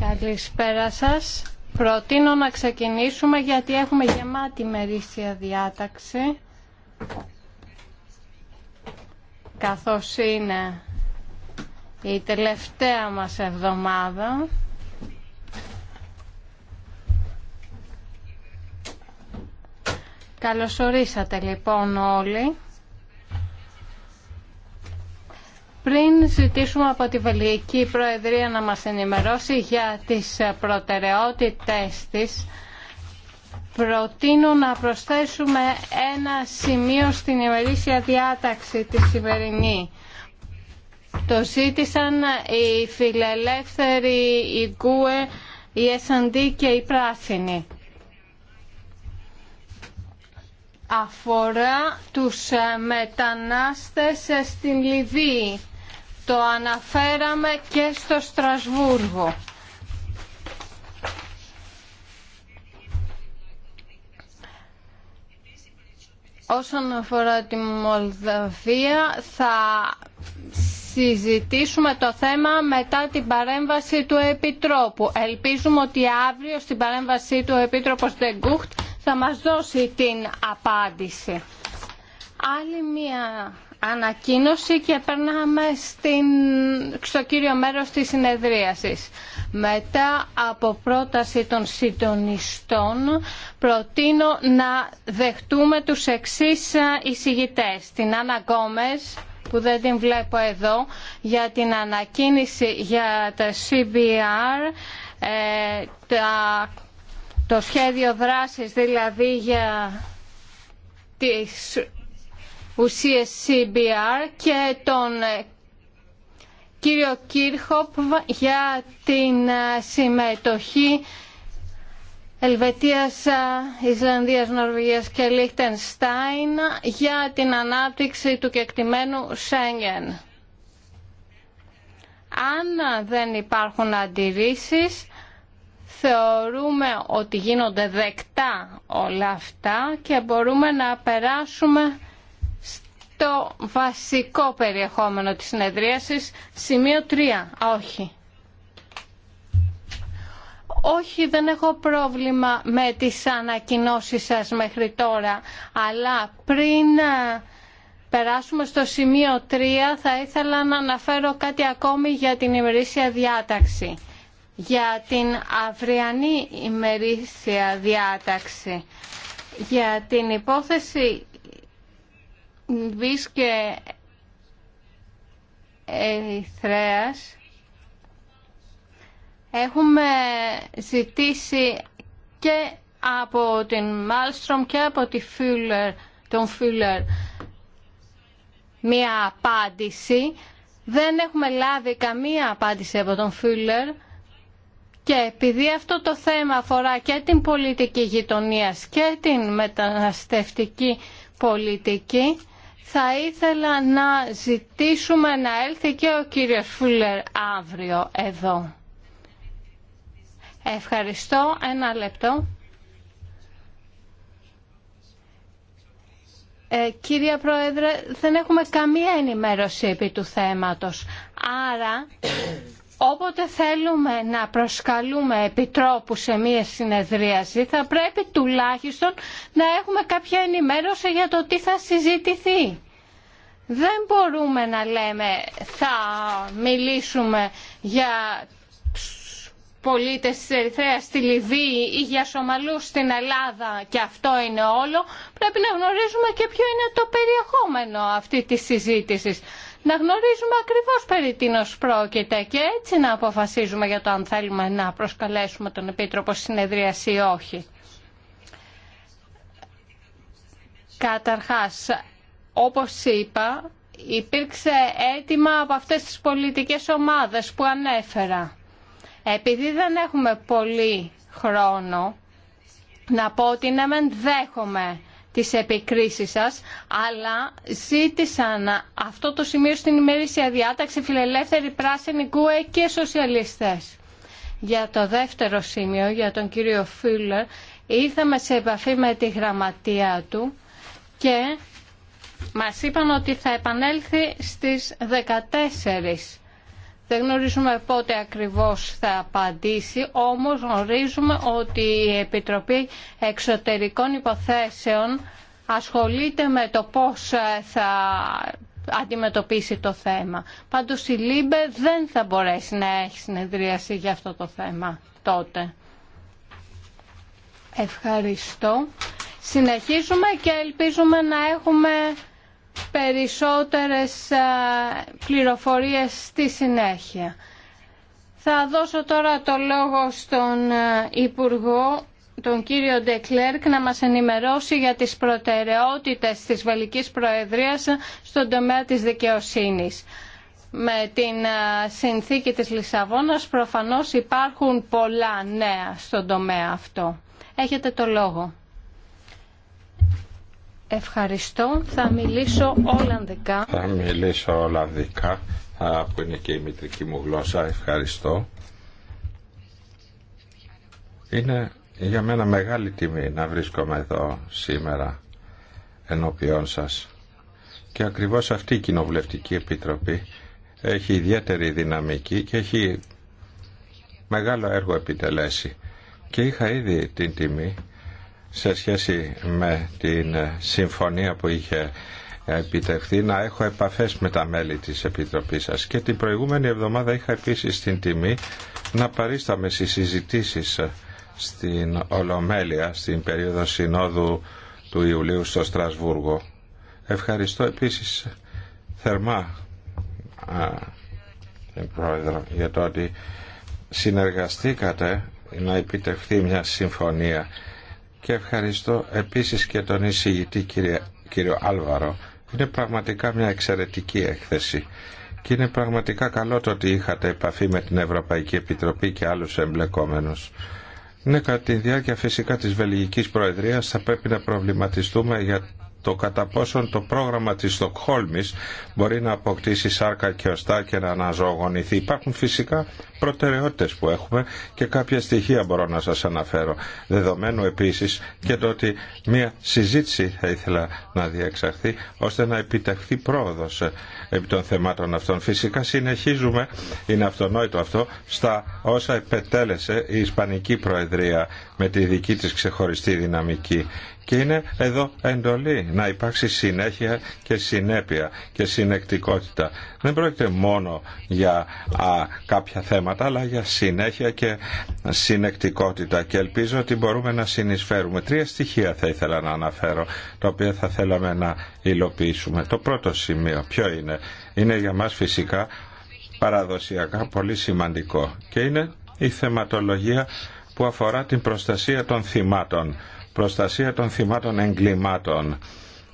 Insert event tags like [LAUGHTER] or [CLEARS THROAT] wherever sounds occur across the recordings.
Καλησπέρα σας. Προτείνω να ξεκινήσουμε γιατί έχουμε γεμάτη μερίσια διάταξη. Καθώς είναι η τελευταία μας εβδομάδα. Καλωσορίσατε λοιπόν όλοι. πριν ζητήσουμε από τη Βελγική Προεδρία να μας ενημερώσει για τις προτεραιότητες της, προτείνω να προσθέσουμε ένα σημείο στην ημερήσια διάταξη τη σημερινή. Το ζήτησαν οι φιλελεύθεροι, οι γκούε, οι S&D και οι πράσινοι. Αφορά τους μετανάστες στην Λιβύη. Το αναφέραμε και στο Στρασβούργο. Όσον αφορά τη Μολδαβία, θα συζητήσουμε το θέμα μετά την παρέμβαση του Επιτρόπου. Ελπίζουμε ότι αύριο στην παρέμβαση του Επίτροπος Δεγκούχτ θα μας δώσει την απάντηση. Άλλη μία ανακοίνωση και περνάμε στην, στο κύριο μέρος της συνεδρίασης. Μετά από πρόταση των συντονιστών προτείνω να δεχτούμε τους εξής ε, εισηγητές. Την Άννα Γκόμες, που δεν την βλέπω εδώ, για την ανακοίνηση για τα CBR, ε, τα, το σχέδιο δράσης δηλαδή για τις ουσίες CBR και τον ε, κύριο Κίρχοπ για την ε, συμμετοχή Ελβετίας, ε, Ισλανδίας, Νορβηγίας και Λίχτενστάιν για την ανάπτυξη του κεκτημένου Σέγγεν. Αν δεν υπάρχουν αντιρρήσεις, θεωρούμε ότι γίνονται δεκτά όλα αυτά και μπορούμε να περάσουμε το βασικό περιεχόμενο της συνεδρίασης, σημείο 3. όχι. Όχι, δεν έχω πρόβλημα με τις ανακοινώσεις σας μέχρι τώρα, αλλά πριν ε, περάσουμε στο σημείο 3 θα ήθελα να αναφέρω κάτι ακόμη για την ημερήσια διάταξη. Για την αυριανή ημερήσια διάταξη. Για την υπόθεση Βίσκε και Ερυθρέας έχουμε ζητήσει και από την Μάλστρομ και από τη τον Φιουλερ μία απάντηση. Δεν έχουμε λάβει καμία απάντηση από τον Φιουλερ και επειδή αυτό το θέμα αφορά και την πολιτική γειτονία και την μεταναστευτική πολιτική, θα ήθελα να ζητήσουμε να έλθει και ο κύριος Φούλερ αύριο εδώ. Ευχαριστώ. Ένα λεπτό. Ε, κυρία Πρόεδρε, δεν έχουμε καμία ενημέρωση επί του θέματος. Άρα Όποτε θέλουμε να προσκαλούμε επιτρόπους σε μία συνεδρίαση θα πρέπει τουλάχιστον να έχουμε κάποια ενημέρωση για το τι θα συζητηθεί. Δεν μπορούμε να λέμε θα μιλήσουμε για πολίτες της Ερυθρέας στη Λιβύη ή για Σομαλούς στην Ελλάδα και αυτό είναι όλο. Πρέπει να γνωρίζουμε και ποιο είναι το περιεχόμενο αυτή της συζήτησης να γνωρίζουμε ακριβώς περί τίνος πρόκειται και έτσι να αποφασίζουμε για το αν θέλουμε να προσκαλέσουμε τον Επίτροπο συνεδρίαση ή όχι. Καταρχάς, όπως είπα, υπήρξε αίτημα από αυτές τις πολιτικές ομάδες που ανέφερα. Επειδή δεν έχουμε πολύ χρόνο, να πω ότι ναι, δέχομαι τις επικρίσεις σας, αλλά ζήτησαν αυτό το σημείο στην ημερήσια διάταξη φιλελεύθερη πράσινη κούε και σοσιαλιστές. Για το δεύτερο σημείο, για τον κύριο Φίλερ, ήρθαμε σε επαφή με τη γραμματεία του και μας είπαν ότι θα επανέλθει στις 14 δεν γνωρίζουμε πότε ακριβώς θα απαντήσει, όμως γνωρίζουμε ότι η Επιτροπή Εξωτερικών Υποθέσεων ασχολείται με το πώς θα αντιμετωπίσει το θέμα. Πάντως η ΛΥΜΠΕ δεν θα μπορέσει να έχει συνεδρίαση για αυτό το θέμα τότε. Ευχαριστώ. Συνεχίζουμε και ελπίζουμε να έχουμε περισσότερες ε, πληροφορίες στη συνέχεια. Θα δώσω τώρα το λόγο στον ε, Υπουργό, τον κύριο Ντεκλέρκ, να μας ενημερώσει για τις προτεραιότητες της Βελικής Προεδρίας στον τομέα της δικαιοσύνης. Με την ε, συνθήκη της Λισαβόνας προφανώς υπάρχουν πολλά νέα στον τομέα αυτό. Έχετε το λόγο. Ευχαριστώ. Θα μιλήσω Ολλανδικά. Θα μιλήσω Ολλανδικά, που είναι και η μητρική μου γλώσσα. Ευχαριστώ. Είναι για μένα μεγάλη τιμή να βρίσκομαι εδώ σήμερα ενώπιόν σας. Και ακριβώς αυτή η Κοινοβουλευτική Επιτροπή έχει ιδιαίτερη δυναμική και έχει μεγάλο έργο επιτελέσει. Και είχα ήδη την τιμή σε σχέση με την συμφωνία που είχε επιτευχθεί να έχω επαφές με τα μέλη της Επιτροπής σας και την προηγούμενη εβδομάδα είχα επίσης την τιμή να παρίσταμε στις συζητήσεις στην Ολομέλεια στην περίοδο συνόδου του Ιουλίου στο Στρασβούργο ευχαριστώ επίσης θερμά την Πρόεδρο για το ότι συνεργαστήκατε να επιτευχθεί μια συμφωνία και ευχαριστώ επίσης και τον εισηγητή κύριο Άλβαρο. Είναι πραγματικά μια εξαιρετική έκθεση και είναι πραγματικά καλό το ότι είχατε επαφή με την Ευρωπαϊκή Επιτροπή και άλλους εμπλεκόμενους. Ναι, κατά τη διάρκεια φυσικά της Βελγικής Προεδρίας θα πρέπει να προβληματιστούμε για το κατά πόσον το πρόγραμμα της Στοκχόλμης μπορεί να αποκτήσει σάρκα και οστά και να αναζωογονηθεί. Υπάρχουν φυσικά προτεραιότητες που έχουμε και κάποια στοιχεία μπορώ να σας αναφέρω. Δεδομένου επίσης και το ότι μια συζήτηση θα ήθελα να διεξαχθεί ώστε να επιτευχθεί πρόοδος επί των θεμάτων αυτών. Φυσικά συνεχίζουμε, είναι αυτονόητο αυτό, στα όσα επετέλεσε η Ισπανική Προεδρία με τη δική της ξεχωριστή δυναμική και είναι εδώ εντολή να υπάρξει συνέχεια και συνέπεια και συνεκτικότητα. Δεν πρόκειται μόνο για α, κάποια θέματα αλλά για συνέχεια και συνεκτικότητα και ελπίζω ότι μπορούμε να συνεισφέρουμε. Τρία στοιχεία θα ήθελα να αναφέρω τα οποία θα θέλαμε να υλοποιήσουμε. Το πρώτο σημείο ποιο είναι. Είναι για μας φυσικά παραδοσιακά πολύ σημαντικό και είναι η θεματολογία που αφορά την προστασία των θυμάτων προστασία των θυμάτων εγκλημάτων.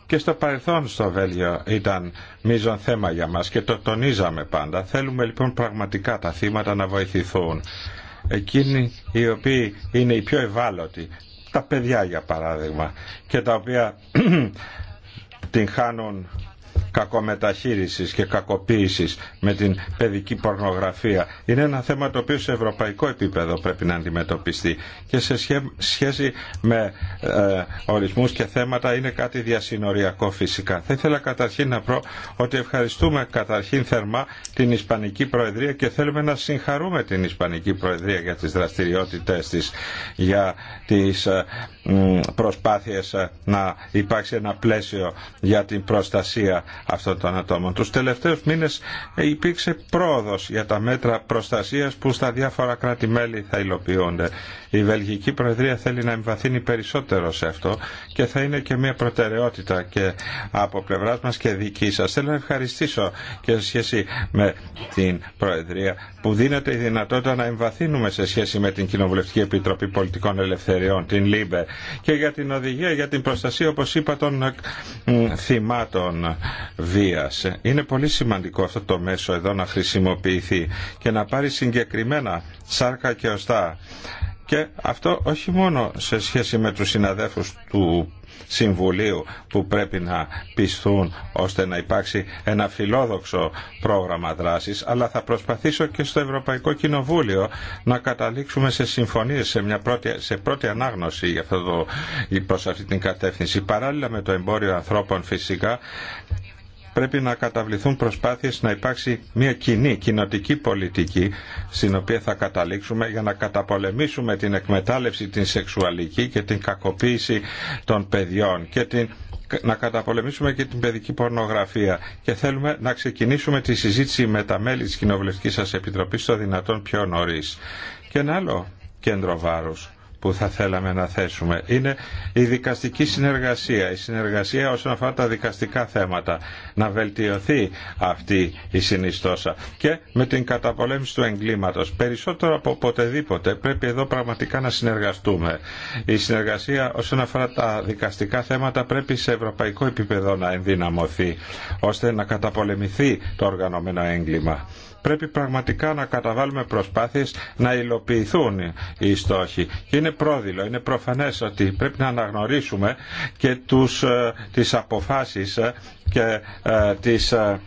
Και στο παρελθόν στο Βέλγιο ήταν μείζον θέμα για μας και το τονίζαμε πάντα. Θέλουμε λοιπόν πραγματικά τα θύματα να βοηθηθούν. Εκείνοι οι οποίοι είναι οι πιο ευάλωτοι, τα παιδιά για παράδειγμα, και τα οποία [CLEARS THROAT] την χάνουν κακομεταχείρισης και κακοποίησης με την παιδική πορνογραφία. Είναι ένα θέμα το οποίο σε ευρωπαϊκό επίπεδο πρέπει να αντιμετωπιστεί και σε σχέση με ε, ορισμούς και θέματα είναι κάτι διασυνοριακό φυσικά. Θα ήθελα καταρχήν να πω ότι ευχαριστούμε καταρχήν θερμά την Ισπανική Προεδρία και θέλουμε να συγχαρούμε την Ισπανική Προεδρία για τις δραστηριότητες της, για τις ε, προσπάθειες ε, να υπάρξει ένα πλαίσιο για την προστασία αυτών των ατόμων. Τους τελευταίους μήνες υπήρξε πρόοδος για τα μέτρα προστασίας που στα διάφορα κράτη-μέλη θα υλοποιούνται. Η Βελγική Προεδρία θέλει να εμβαθύνει περισσότερο σε αυτό και θα είναι και μια προτεραιότητα και από πλευρά μας και δική σας. Θέλω να ευχαριστήσω και σε σχέση με την Προεδρία που δίνεται η δυνατότητα να εμβαθύνουμε σε σχέση με την Κοινοβουλευτική Επιτροπή Πολιτικών Ελευθεριών, την ΛΥΜΠΕ, και για την οδηγία για την προστασία, όπως είπα, των θυμάτων. Είναι πολύ σημαντικό αυτό το μέσο εδώ να χρησιμοποιηθεί και να πάρει συγκεκριμένα σάρκα και οστά. Και αυτό όχι μόνο σε σχέση με τους συναδέλφους του Συμβουλίου που πρέπει να πιστούν ώστε να υπάρξει ένα φιλόδοξο πρόγραμμα δράσης, αλλά θα προσπαθήσω και στο Ευρωπαϊκό Κοινοβούλιο να καταλήξουμε σε συμφωνίες, σε, μια πρώτη, σε πρώτη ανάγνωση για αυτό το, προς αυτή την κατεύθυνση. Παράλληλα με το εμπόριο ανθρώπων φυσικά, πρέπει να καταβληθούν προσπάθειες να υπάρξει μια κοινή κοινοτική πολιτική στην οποία θα καταλήξουμε για να καταπολεμήσουμε την εκμετάλλευση την σεξουαλική και την κακοποίηση των παιδιών και την να καταπολεμήσουμε και την παιδική πορνογραφία και θέλουμε να ξεκινήσουμε τη συζήτηση με τα μέλη της Κοινοβουλευτικής σας Επιτροπής στο δυνατόν πιο νωρίς. Και ένα άλλο κέντρο βάρους που θα θέλαμε να θέσουμε. Είναι η δικαστική συνεργασία, η συνεργασία όσον αφορά τα δικαστικά θέματα. Να βελτιωθεί αυτή η συνιστόσα. Και με την καταπολέμηση του εγκλήματος. Περισσότερο από οποτεδήποτε πρέπει εδώ πραγματικά να συνεργαστούμε. Η συνεργασία όσον αφορά τα δικαστικά θέματα πρέπει σε ευρωπαϊκό επίπεδο να ενδυναμωθεί, ώστε να καταπολεμηθεί το οργανωμένο έγκλημα πρέπει πραγματικά να καταβάλουμε προσπάθειες να υλοποιηθούν οι στόχοι. Και είναι πρόδειλο, είναι προφανές ότι πρέπει να αναγνωρίσουμε και τους, ε, τις αποφάσεις ε, και ε, της, ε,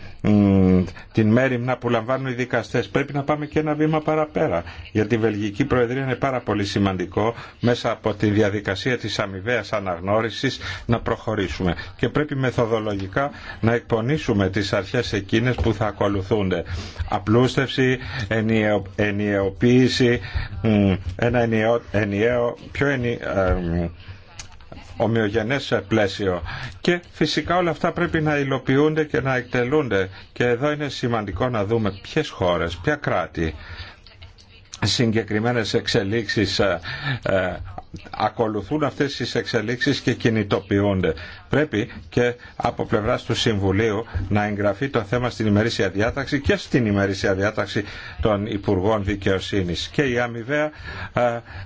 την μέρημνα που λαμβάνουν οι δικαστές. Πρέπει να πάμε και ένα βήμα παραπέρα. Για τη Βελγική Προεδρία είναι πάρα πολύ σημαντικό μέσα από τη διαδικασία της αμοιβαίας αναγνώρισης να προχωρήσουμε. Και πρέπει μεθοδολογικά να εκπονήσουμε τις αρχές εκείνες που θα ακολουθούνται. Απλούστευση, ενιαιο, ενιαιοποίηση, ένα ενιαίο, ενιαίο πιο ενιαίο, ε, ομοιογενές πλαίσιο. Και φυσικά όλα αυτά πρέπει να υλοποιούνται και να εκτελούνται. Και εδώ είναι σημαντικό να δούμε ποιες χώρες, ποια κράτη συγκεκριμένες εξελίξεις ε, ε, ακολουθούν αυτές τις εξελίξεις και κινητοποιούνται. Πρέπει και από πλευρά του Συμβουλίου να εγγραφεί το θέμα στην ημερήσια διάταξη και στην ημερήσια διάταξη των Υπουργών Δικαιοσύνη. Και η αμοιβαία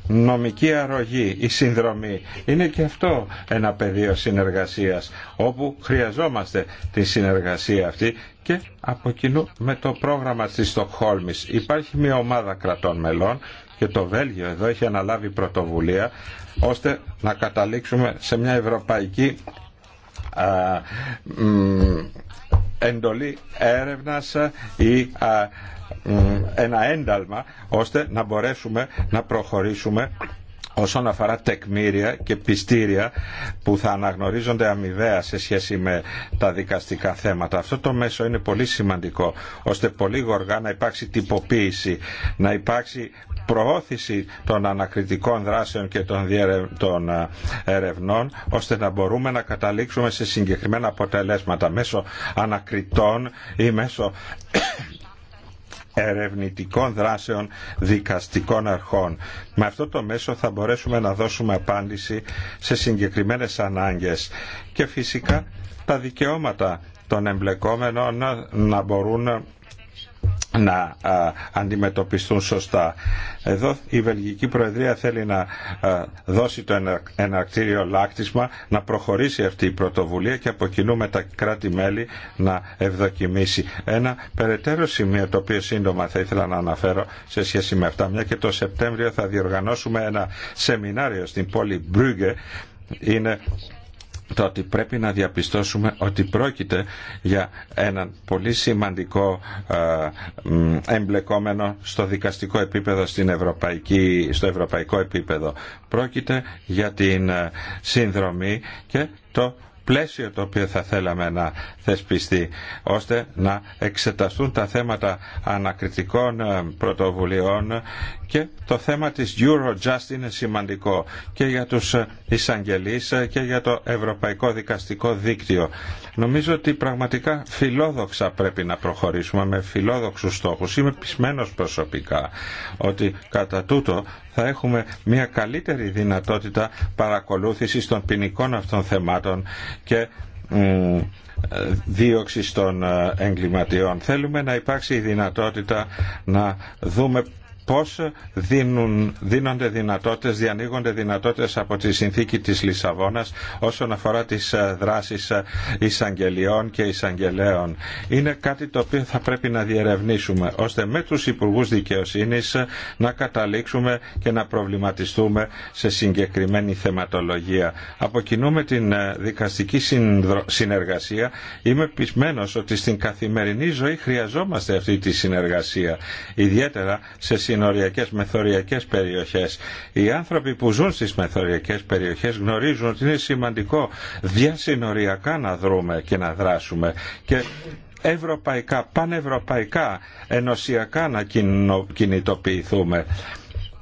νομική αρρωγή, η συνδρομή, είναι και αυτό ένα πεδίο συνεργασία όπου χρειαζόμαστε τη συνεργασία αυτή και από κοινού με το πρόγραμμα της Στοκχόλμης. Υπάρχει μια ομάδα κρατών μελών και το Βέλγιο εδώ έχει αναλάβει πρωτοβουλία ώστε να καταλήξουμε σε μια ευρωπαϊκή εντολή έρευνας ή ένα ένταλμα ώστε να μπορέσουμε να προχωρήσουμε όσον αφορά τεκμήρια και πιστήρια που θα αναγνωρίζονται αμοιβαία σε σχέση με τα δικαστικά θέματα. Αυτό το μέσο είναι πολύ σημαντικό, ώστε πολύ γοργά να υπάρξει τυποποίηση, να υπάρξει προώθηση των ανακριτικών δράσεων και των ε, ερευνών ώστε να μπορούμε να καταλήξουμε σε συγκεκριμένα αποτελέσματα μέσω ανακριτών ή μέσω ερευνητικών δράσεων δικαστικών αρχών. Με αυτό το μέσο θα μπορέσουμε να δώσουμε απάντηση σε συγκεκριμένες ανάγκες και φυσικά τα δικαιώματα των εμπλεκόμενων να μπορούν να αντιμετωπιστούν σωστά. Εδώ η Βελγική Προεδρία θέλει να δώσει το εναρκτήριο λάκτισμα, να προχωρήσει αυτή η πρωτοβουλία και από κοινού με τα κράτη-μέλη να ευδοκιμήσει. Ένα περαιτέρω σημείο το οποίο σύντομα θα ήθελα να αναφέρω σε σχέση με αυτά, μια και το Σεπτέμβριο θα διοργανώσουμε ένα σεμινάριο στην πόλη Μπρούγκε, είναι το ότι πρέπει να διαπιστώσουμε ότι πρόκειται για έναν πολύ σημαντικό ε, εμπλεκόμενο στο δικαστικό επίπεδο στην ευρωπαϊκή, στο ευρωπαϊκό επίπεδο. Πρόκειται για την ε, συνδρομή και το πλαίσιο το οποίο θα θέλαμε να θεσπιστεί ώστε να εξεταστούν τα θέματα ανακριτικών ε, πρωτοβουλειών και το θέμα της Eurojust είναι σημαντικό και για τους ε, εισαγγελείς ε, και για το Ευρωπαϊκό Δικαστικό Δίκτυο. Νομίζω ότι πραγματικά φιλόδοξα πρέπει να προχωρήσουμε με φιλόδοξους στόχους. Είμαι πισμένος προσωπικά ότι κατά τούτο θα έχουμε μια καλύτερη δυνατότητα παρακολούθησης των ποινικών αυτών θεμάτων και δίωξη των ε, εγκληματιών. Θέλουμε να υπάρξει η δυνατότητα να δούμε πώς δίνουν, δίνονται δυνατότητες, διανοίγονται δυνατότητες από τη συνθήκη της Λισαβόνας όσον αφορά τις ε, δράσεις ε, εισαγγελιών και εισαγγελέων. Είναι κάτι το οποίο θα πρέπει να διερευνήσουμε ώστε με τους Υπουργούς Δικαιοσύνης ε, να καταλήξουμε και να προβληματιστούμε σε συγκεκριμένη θεματολογία. Αποκινούμε την δικαστική συνεργασία. Είμαι πεισμένος ότι στην καθημερινή ζωή χρειαζόμαστε αυτή τη συνεργασία. Ιδιαίτερα σε συνοριακές μεθοριακές περιοχές. Οι άνθρωποι που ζουν στις μεθοριακές περιοχές γνωρίζουν ότι είναι σημαντικό διασυνοριακά να δρούμε και να δράσουμε και ευρωπαϊκά, πανευρωπαϊκά, ενωσιακά να κινητοποιηθούμε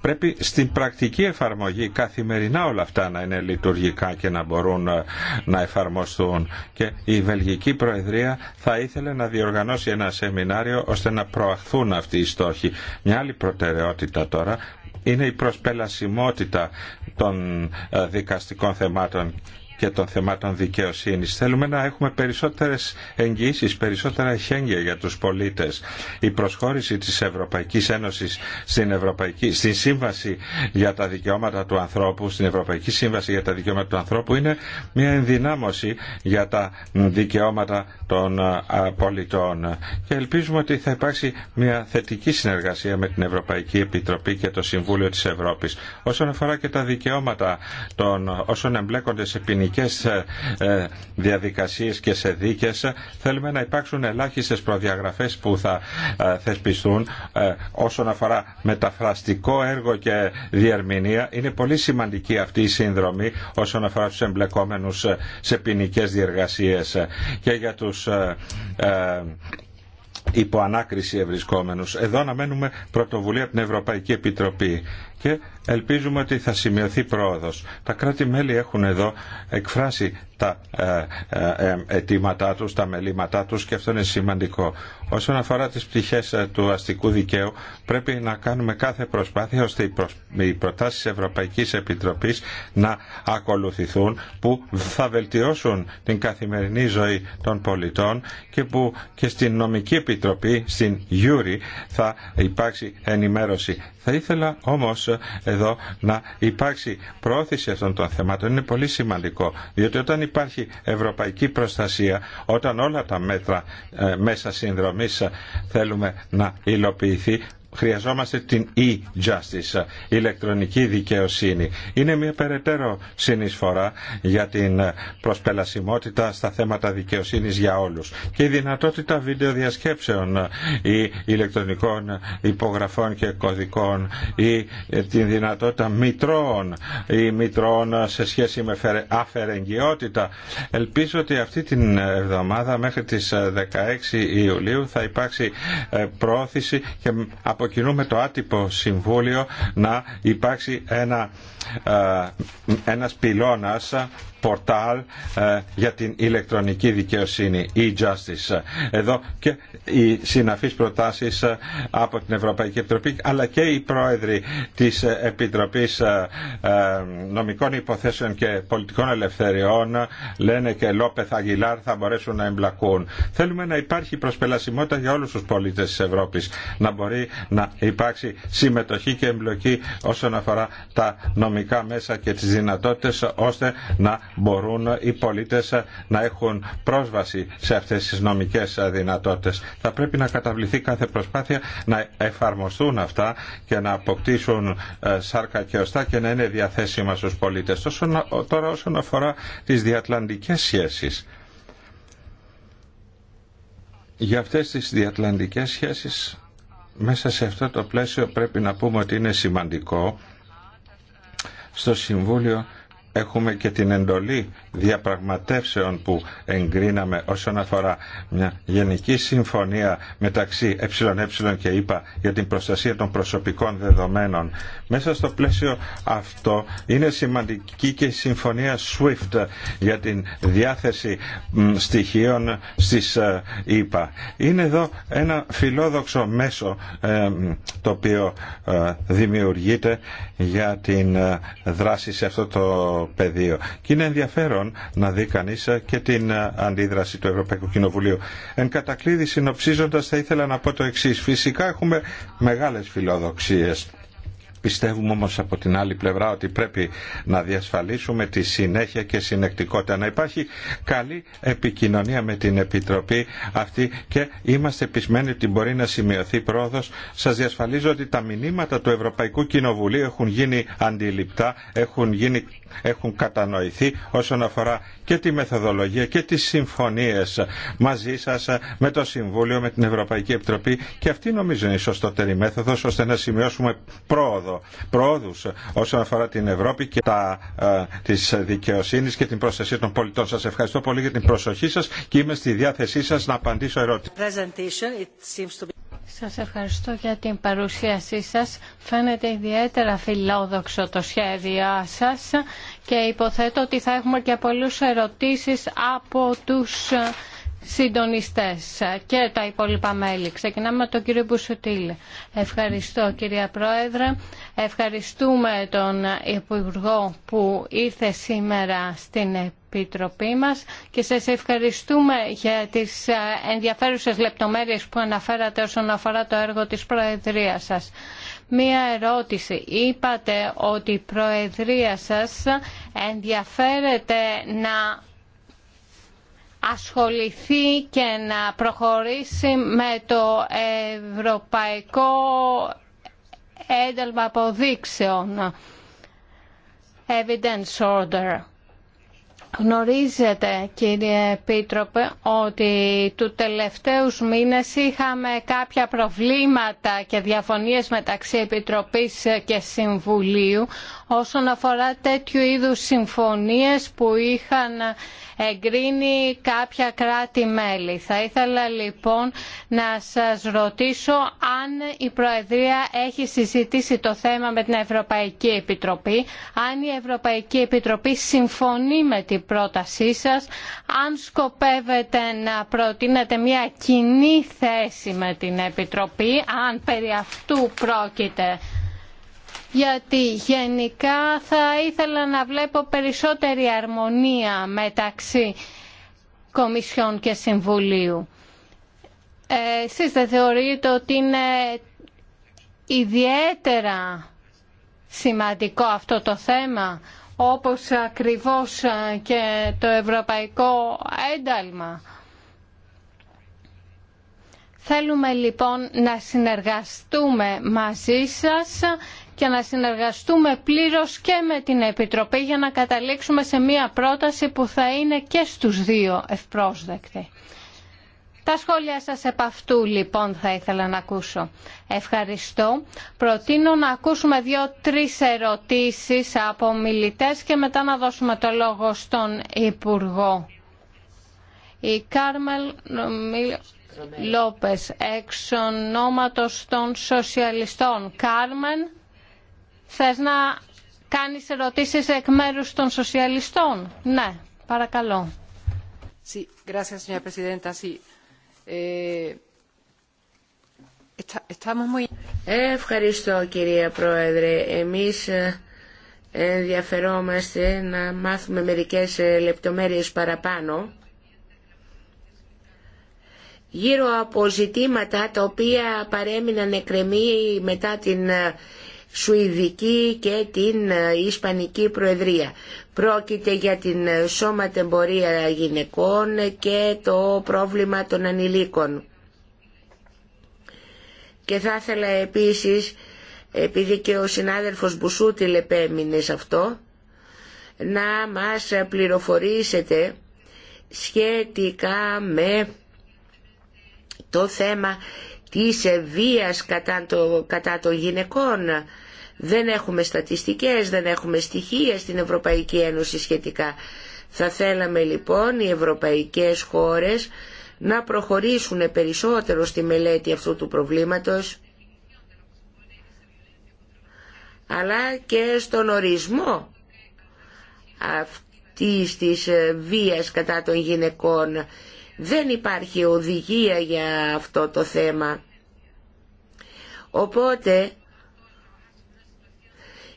πρέπει στην πρακτική εφαρμογή καθημερινά όλα αυτά να είναι λειτουργικά και να μπορούν ε, να εφαρμοστούν. Και η Βελγική Προεδρία θα ήθελε να διοργανώσει ένα σεμινάριο ώστε να προαχθούν αυτοί οι στόχοι. Μια άλλη προτεραιότητα τώρα είναι η προσπελασιμότητα των ε, δικαστικών θεμάτων και των θεμάτων δικαιοσύνη. Θέλουμε να έχουμε περισσότερε εγγύσει, περισσότερα χέγγια για του πολίτε. Η προσχώρηση τη Ευρωπαϊκής Ένωσης στην, Ευρωπαϊκή, στην Σύμβαση για τα Δικαιώματα του Ανθρώπου, στην Ευρωπαϊκή Σύμβαση για τα Δικαιώματα του Ανθρώπου είναι μια ενδυνάμωση για τα δικαιώματα των πολιτών. Και ελπίζουμε ότι θα υπάρξει μια θετική συνεργασία με την Ευρωπαϊκή Επιτροπή και το Συμβούλιο τη Ευρώπη, Όσον αφορά και τα δικαιώματα των όσων εμπλέκονται σε ποινική δικαστικές ε, ε, διαδικασίες και σε δίκες θέλουμε να υπάρξουν ελάχιστες προδιαγραφές που θα ε, θεσπιστούν όσον αφορά μεταφραστικό έργο και διερμηνία. Είναι πολύ σημαντική αυτή η σύνδρομη όσον αφορά τους εμπλεκόμενους σε ποινικέ διεργασίες και για τους υπό ανάκριση ευρισκόμενους. Εδώ αναμένουμε πρωτοβουλία από την Ευρωπαϊκή Επιτροπή και ελπίζουμε ότι θα σημειωθεί πρόοδος. Τα κράτη-μέλη έχουν εδώ εκφράσει τα ε, ε, ε, αιτήματά τους, τα μελήματά τους και αυτό είναι σημαντικό. Όσον αφορά τις πτυχές του αστικού δικαίου πρέπει να κάνουμε κάθε προσπάθεια ώστε οι προτάσεις Ευρωπαϊκής Επιτροπής να ακολουθηθούν που θα βελτιώσουν την καθημερινή ζωή των πολιτών και που και στην νομική επιτροπή, στην Γιούρη, θα υπάρξει ενημέρωση. Θα ήθελα όμως εδώ να υπάρξει πρόθεση αυτών των θεμάτων είναι πολύ σημαντικό διότι όταν υπάρχει ευρωπαϊκή προστασία όταν όλα τα μέτρα ε, μέσα συνδρομής ε, θέλουμε να υλοποιηθεί χρειαζόμαστε την e-justice, ηλεκτρονική δικαιοσύνη. Είναι μια περαιτέρω συνεισφορά για την προσπελασιμότητα στα θέματα δικαιοσύνης για όλους. Και η δυνατότητα βίντεο διασκέψεων ή ηλεκτρονικών υπογραφών και κωδικών ή ε, την δυνατότητα μητρώων ή μητρώων σε σχέση με αφαιρεγγιότητα. Ελπίζω ότι αυτή την εβδομάδα μέχρι τις 16 ε, Ιουλίου θα υπάρξει ε, πρόθεση και από από το άτυπο συμβούλιο να υπάρξει ένα ε, ένας πυλώνας ε, πορτάλ ε, για την ηλεκτρονική δικαιοσύνη e-justice. Εδώ και οι συναφείς προτάσεις από την Ευρωπαϊκή Επιτροπή αλλά και οι πρόεδροι της Επιτροπής Νομικών Υποθέσεων και Πολιτικών Ελευθεριών λένε και Λόπεθ Αγγιλάρ θα μπορέσουν να εμπλακούν. Θέλουμε να υπάρχει προσπελασιμότητα για όλους τους πολίτες της Ευρώπης να μπορεί να υπάρξει συμμετοχή και εμπλοκή όσον αφορά τα νομικά μέσα και τις δυνατότητες ώστε να μπορούν οι πολίτες να έχουν πρόσβαση σε αυτές τις νομικές δυνατότητες. Θα πρέπει να καταβληθεί κάθε προσπάθεια να εφαρμοστούν αυτά και να αποκτήσουν ε, σάρκα και οστά και να είναι διαθέσιμα στους πολίτες. τώρα όσον αφορά τις διατλαντικές σχέσεις. Για αυτές τις διατλαντικές σχέσεις μέσα σε αυτό το πλαίσιο πρέπει να πούμε ότι είναι σημαντικό στο Συμβούλιο έχουμε και την εντολή διαπραγματεύσεων που εγκρίναμε όσον αφορά μια γενική συμφωνία μεταξύ ΕΕ και ΕΠΑ ΕΕ για την προστασία των προσωπικών δεδομένων. Μέσα στο πλαίσιο αυτό είναι σημαντική και η συμφωνία SWIFT για την διάθεση στοιχείων στις ΕΠΑ. ΕΕ. Είναι εδώ ένα φιλόδοξο μέσο ε, το οποίο ε, δημιουργείται για την ε, δράση σε αυτό το πεδίο. Και είναι ενδιαφέρον να δει κανεί ε, και την ε, αντίδραση του Ευρωπαϊκού Κοινοβουλίου. Εν κατακλείδη συνοψίζοντα θα ήθελα να πω το εξή. Φυσικά έχουμε μεγάλε φιλοδοξίε Πιστεύουμε όμως από την άλλη πλευρά ότι πρέπει να διασφαλίσουμε τη συνέχεια και συνεκτικότητα. Να υπάρχει καλή επικοινωνία με την Επιτροπή αυτή και είμαστε πισμένοι ότι μπορεί να σημειωθεί πρόοδος. Σας διασφαλίζω ότι τα μηνύματα του Ευρωπαϊκού Κοινοβουλίου έχουν γίνει αντιληπτά, έχουν, γίνει, έχουν κατανοηθεί όσον αφορά και τη μεθοδολογία και τις συμφωνίες μαζί σας με το Συμβούλιο, με την Ευρωπαϊκή Επιτροπή και αυτή νομίζω είναι η σωστότερη μέθοδος ώστε να σημειώσουμε πρόοδο πρόοδο, πρόοδους όσον αφορά την Ευρώπη και τα, ε, δικαιοσύνης και την προστασία των πολιτών. Σας ευχαριστώ πολύ για την προσοχή σας και είμαι στη διάθεσή σας να απαντήσω ερώτηση. Σας ευχαριστώ για την παρουσίασή σας. Φαίνεται ιδιαίτερα φιλόδοξο το σχέδιο σας και υποθέτω ότι θα έχουμε και πολλούς ερωτήσεις από τους συντονιστές και τα υπόλοιπα μέλη. Ξεκινάμε με τον κύριο Μπουσουτήλη. Ευχαριστώ κυρία Πρόεδρε. Ευχαριστούμε τον Υπουργό που ήρθε σήμερα στην Επιτροπή μας και σας ευχαριστούμε για τις ενδιαφέρουσες λεπτομέρειες που αναφέρατε όσον αφορά το έργο της Προεδρίας σας. Μία ερώτηση. Είπατε ότι η Προεδρία σας ενδιαφέρεται να ασχοληθεί και να προχωρήσει με το ευρωπαϊκό ένταλμα αποδείξεων, evidence order. Γνωρίζετε κύριε Επίτροπε ότι του τελευταίους μήνες είχαμε κάποια προβλήματα και διαφωνίες μεταξύ Επιτροπής και Συμβουλίου όσον αφορά τέτοιου είδους συμφωνίες που είχαν εγκρίνει κάποια κράτη-μέλη. Θα ήθελα λοιπόν να σας ρωτήσω αν η Προεδρία έχει συζητήσει το θέμα με την Ευρωπαϊκή Επιτροπή, αν η Ευρωπαϊκή Επιτροπή συμφωνεί με την πρότασή σας. Αν σκοπεύετε να προτείνετε μια κοινή θέση με την Επιτροπή, αν περί αυτού πρόκειται γιατί γενικά θα ήθελα να βλέπω περισσότερη αρμονία μεταξύ Κομισιόν και Συμβουλίου. Ε, εσείς δεν θεωρείτε ότι είναι ιδιαίτερα σημαντικό αυτό το θέμα όπως ακριβώς ε, και το ευρωπαϊκό ένταλμα. Θέλουμε λοιπόν να συνεργαστούμε μαζί σας και να συνεργαστούμε πλήρως και με την Επιτροπή για να καταλήξουμε σε μία πρόταση που θα είναι και στους δύο ευπρόσδεκτη. Τα σχόλια σας επ' αυτού λοιπόν θα ήθελα να ακούσω. Ευχαριστώ. Προτείνω να ακούσουμε δύο-τρεις ερωτήσεις από μιλητές και μετά να δώσουμε το λόγο στον Υπουργό. Η Κάρμελ Λόπες, εξ ονόματος των Σοσιαλιστών. Κάρμεν, θες να κάνεις ερωτήσεις εκ μέρους των Σοσιαλιστών. Ναι, παρακαλώ. Sí, gracias, señora presidenta. Sí. Ε, ευχαριστώ κυρία Πρόεδρε. Εμείς ε, ενδιαφερόμαστε να μάθουμε μερικές ε, λεπτομέρειες παραπάνω γύρω από ζητήματα τα οποία παρέμειναν εκκρεμή μετά την Σουηδική και την Ισπανική Προεδρία. Πρόκειται για την σώματεμπορία γυναικών και το πρόβλημα των ανηλίκων. Και θα ήθελα επίσης, επειδή και ο συνάδελφος Μπουσούτιλ επέμεινε σε αυτό, να μας πληροφορήσετε σχετικά με το θέμα της βίας κατά, το, κατά των γυναικών δεν έχουμε στατιστικές, δεν έχουμε στοιχεία στην Ευρωπαϊκή Ένωση σχετικά. Θα θέλαμε λοιπόν οι ευρωπαϊκές χώρες να προχωρήσουν περισσότερο στη μελέτη αυτού του προβλήματος αλλά και στον ορισμό αυτής της βίας κατά των γυναικών. Δεν υπάρχει οδηγία για αυτό το θέμα. Οπότε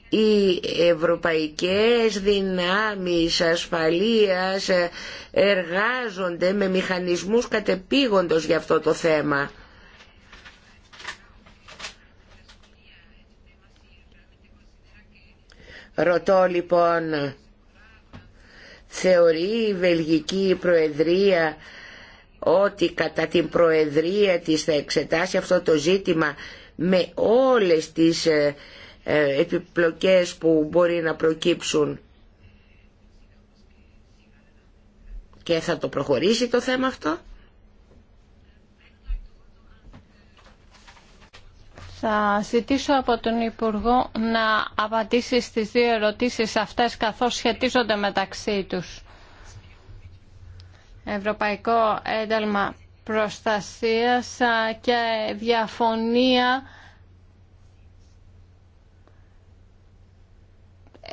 οι ευρωπαϊκές δυνάμεις ασφαλείας εργάζονται με μηχανισμούς κατεπήγοντος για αυτό το θέμα. Ρωτώ λοιπόν, θεωρεί η Βελγική Προεδρία ότι κατά την Προεδρία της θα εξετάσει αυτό το ζήτημα με όλες τις ε, ε, επιπλοκές που μπορεί να προκύψουν και θα το προχωρήσει το θέμα αυτό. Θα ζητήσω από τον Υπουργό να απαντήσει στις δύο ερωτήσεις αυτές καθώς σχετίζονται μεταξύ τους. Ευρωπαϊκό ένταλμα προστασίας και διαφωνία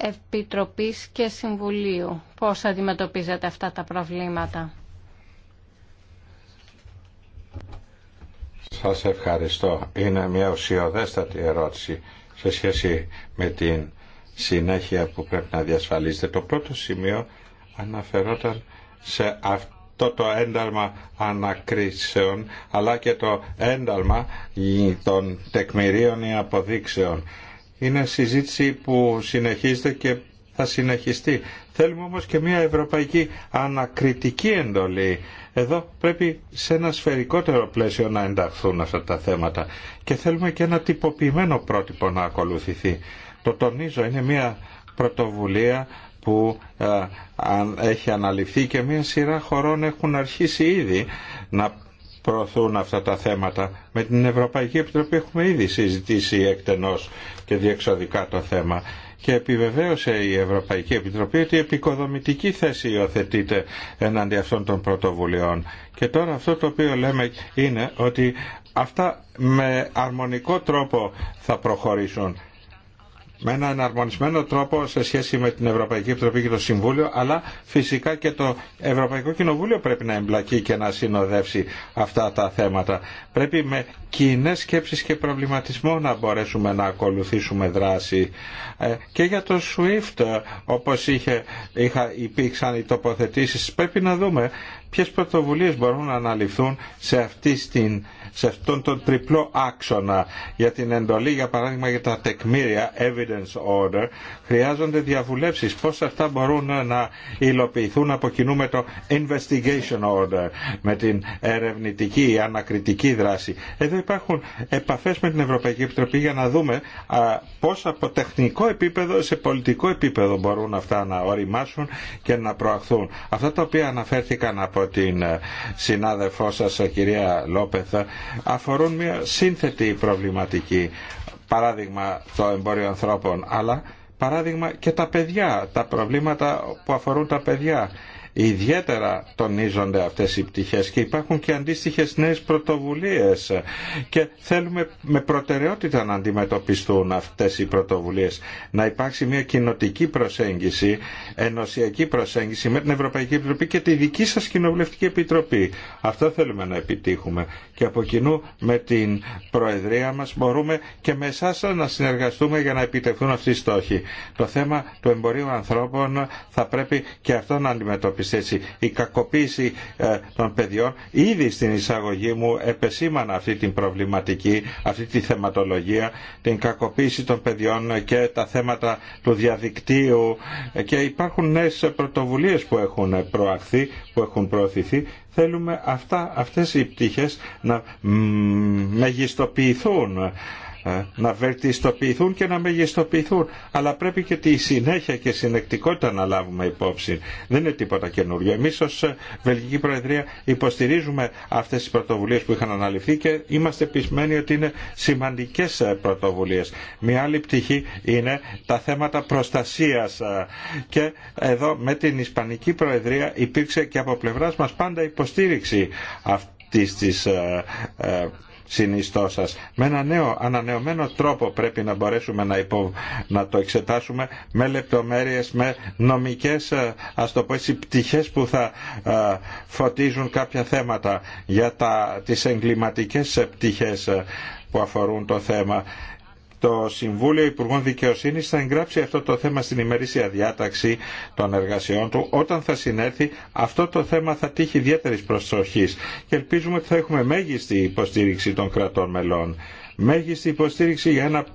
Επιτροπής και Συμβουλίου. Πώς αντιμετωπίζετε αυτά τα προβλήματα. Σας ευχαριστώ. Είναι μια ουσιοδέστατη ερώτηση σε σχέση με την συνέχεια που πρέπει να διασφαλίσετε. Το πρώτο σημείο αναφερόταν σε αυτό το ένταλμα ανακρίσεων αλλά και το ένταλμα των τεκμηρίων ή αποδείξεων είναι συζήτηση που συνεχίζεται και θα συνεχιστεί. Θέλουμε όμως και μια ευρωπαϊκή ανακριτική εντολή. Εδώ πρέπει σε ένα σφαιρικότερο πλαίσιο να ενταχθούν αυτά τα θέματα και θέλουμε και ένα τυποποιημένο πρότυπο να ακολουθηθεί. Το τονίζω, είναι μια πρωτοβουλία που ε, έχει αναλυφθεί και μια σειρά χωρών έχουν αρχίσει ήδη να προωθούν αυτά τα θέματα. Με την Ευρωπαϊκή Επιτροπή έχουμε ήδη συζητήσει εκτενώς και διεξοδικά το θέμα και επιβεβαίωσε η Ευρωπαϊκή Επιτροπή ότι η επικοδομητική θέση υιοθετείται εναντί αυτών των πρωτοβουλειών. Και τώρα αυτό το οποίο λέμε είναι ότι αυτά με αρμονικό τρόπο θα προχωρήσουν με ένα εναρμονισμένο τρόπο σε σχέση με την Ευρωπαϊκή Επιτροπή και το Συμβούλιο, αλλά φυσικά και το Ευρωπαϊκό Κοινοβούλιο πρέπει να εμπλακεί και να συνοδεύσει αυτά τα θέματα. Πρέπει με κοινέ σκέψεις και προβληματισμό να μπορέσουμε να ακολουθήσουμε δράση. Ε, και για το SWIFT, όπως είχε, υπήρξαν οι τοποθετήσεις, πρέπει να δούμε ποιες πρωτοβουλίες μπορούν να αναλυθούν σε, αυτή σε αυτόν τον τριπλό άξονα για την εντολή, για παράδειγμα για τα τεκμήρια, evidence order, χρειάζονται διαβουλεύσεις πώς αυτά μπορούν να υλοποιηθούν από κοινού με το investigation order, με την ερευνητική ή ανακριτική δράση. Εδώ υπάρχουν επαφές με την Ευρωπαϊκή Επιτροπή για να δούμε πώς από τεχνικό επίπεδο σε πολιτικό επίπεδο μπορούν αυτά να οριμάσουν και να προαχθούν. Αυτά τα οποία αναφέρθηκαν από την ε, συνάδελφό σας ε, κυρία Λόπεθα ε, αφορούν μια σύνθετη προβληματική παράδειγμα το εμπόριο ανθρώπων αλλά παράδειγμα και τα παιδιά τα προβλήματα που αφορούν τα παιδιά Ιδιαίτερα τονίζονται αυτές οι πτυχές και υπάρχουν και αντίστοιχες νέες πρωτοβουλίες και θέλουμε με προτεραιότητα να αντιμετωπιστούν αυτές οι πρωτοβουλίες. Να υπάρξει μια κοινοτική προσέγγιση, ενωσιακή προσέγγιση με την Ευρωπαϊκή Επιτροπή και τη δική σας Κοινοβουλευτική Επιτροπή. Αυτό θέλουμε να επιτύχουμε και από κοινού με την Προεδρία μας μπορούμε και με εσάς να συνεργαστούμε για να επιτευχθούν αυτοί οι στόχοι. Το θέμα του εμπορίου ανθρώπων θα πρέπει και αυτό να αντιμετωπιστεί η κακοποίηση ε, των παιδιών ήδη στην εισαγωγή μου επεσήμανα αυτή την προβληματική, αυτή τη θεματολογία, την κακοποίηση των παιδιών και τα θέματα του διαδικτύου και υπάρχουν νέες πρωτοβουλίες που έχουν προαχθεί, που έχουν προωθηθεί θέλουμε αυτά, αυτές οι πτυχές να μεγιστοποιηθούν ε, να βελτιστοποιηθούν και να μεγιστοποιηθούν. Αλλά πρέπει και τη συνέχεια και συνεκτικότητα να λάβουμε υπόψη. Δεν είναι τίποτα καινούριο. Εμεί ω ε, Βελγική Προεδρία υποστηρίζουμε αυτέ τι πρωτοβουλίε που είχαν αναλυφθεί και είμαστε πεισμένοι ότι είναι σημαντικέ ε, πρωτοβουλίε. Μια άλλη πτυχή είναι τα θέματα προστασία. Και εδώ με την Ισπανική Προεδρία υπήρξε και από πλευρά μα πάντα υποστήριξη αυτή τη με ένα νέο ανανεωμένο τρόπο πρέπει να μπορέσουμε να, να το εξετάσουμε με λεπτομέρειες, με νομικές ε, ας το πτυχές που θα ε, φωτίζουν κάποια θέματα για τα, τις εγκληματικές ε, πτυχές που αφορούν το θέμα το Συμβούλιο Υπουργών Δικαιοσύνη θα εγγράψει αυτό το θέμα στην ημερήσια διάταξη των εργασιών του. Όταν θα συνέλθει, αυτό το θέμα θα τύχει ιδιαίτερη προσοχή και ελπίζουμε ότι θα έχουμε μέγιστη υποστήριξη των κρατών μελών μέγιστη υποστήριξη για ένα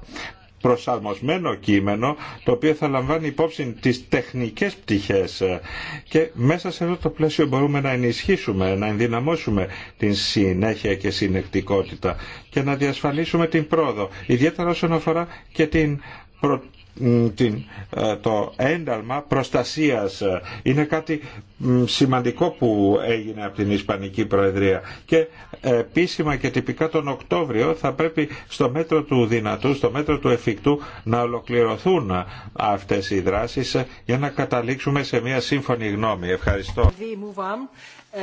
προσαρμοσμένο κείμενο το οποίο θα λαμβάνει υπόψη τις τεχνικές πτυχές και μέσα σε αυτό το πλαίσιο μπορούμε να ενισχύσουμε, να ενδυναμώσουμε την συνέχεια και συνεκτικότητα και να διασφαλίσουμε την πρόοδο, ιδιαίτερα όσον αφορά και την ε, το ένταλμα προστασίας. Είναι κάτι σημαντικό που έγινε από την Ισπανική Προεδρία και ε, επίσημα και τυπικά τον Οκτώβριο θα πρέπει στο μέτρο του δυνατού, στο μέτρο του εφικτού να ολοκληρωθούν αυτές οι δράσεις για να καταλήξουμε σε μια σύμφωνη γνώμη. Ευχαριστώ. Ε,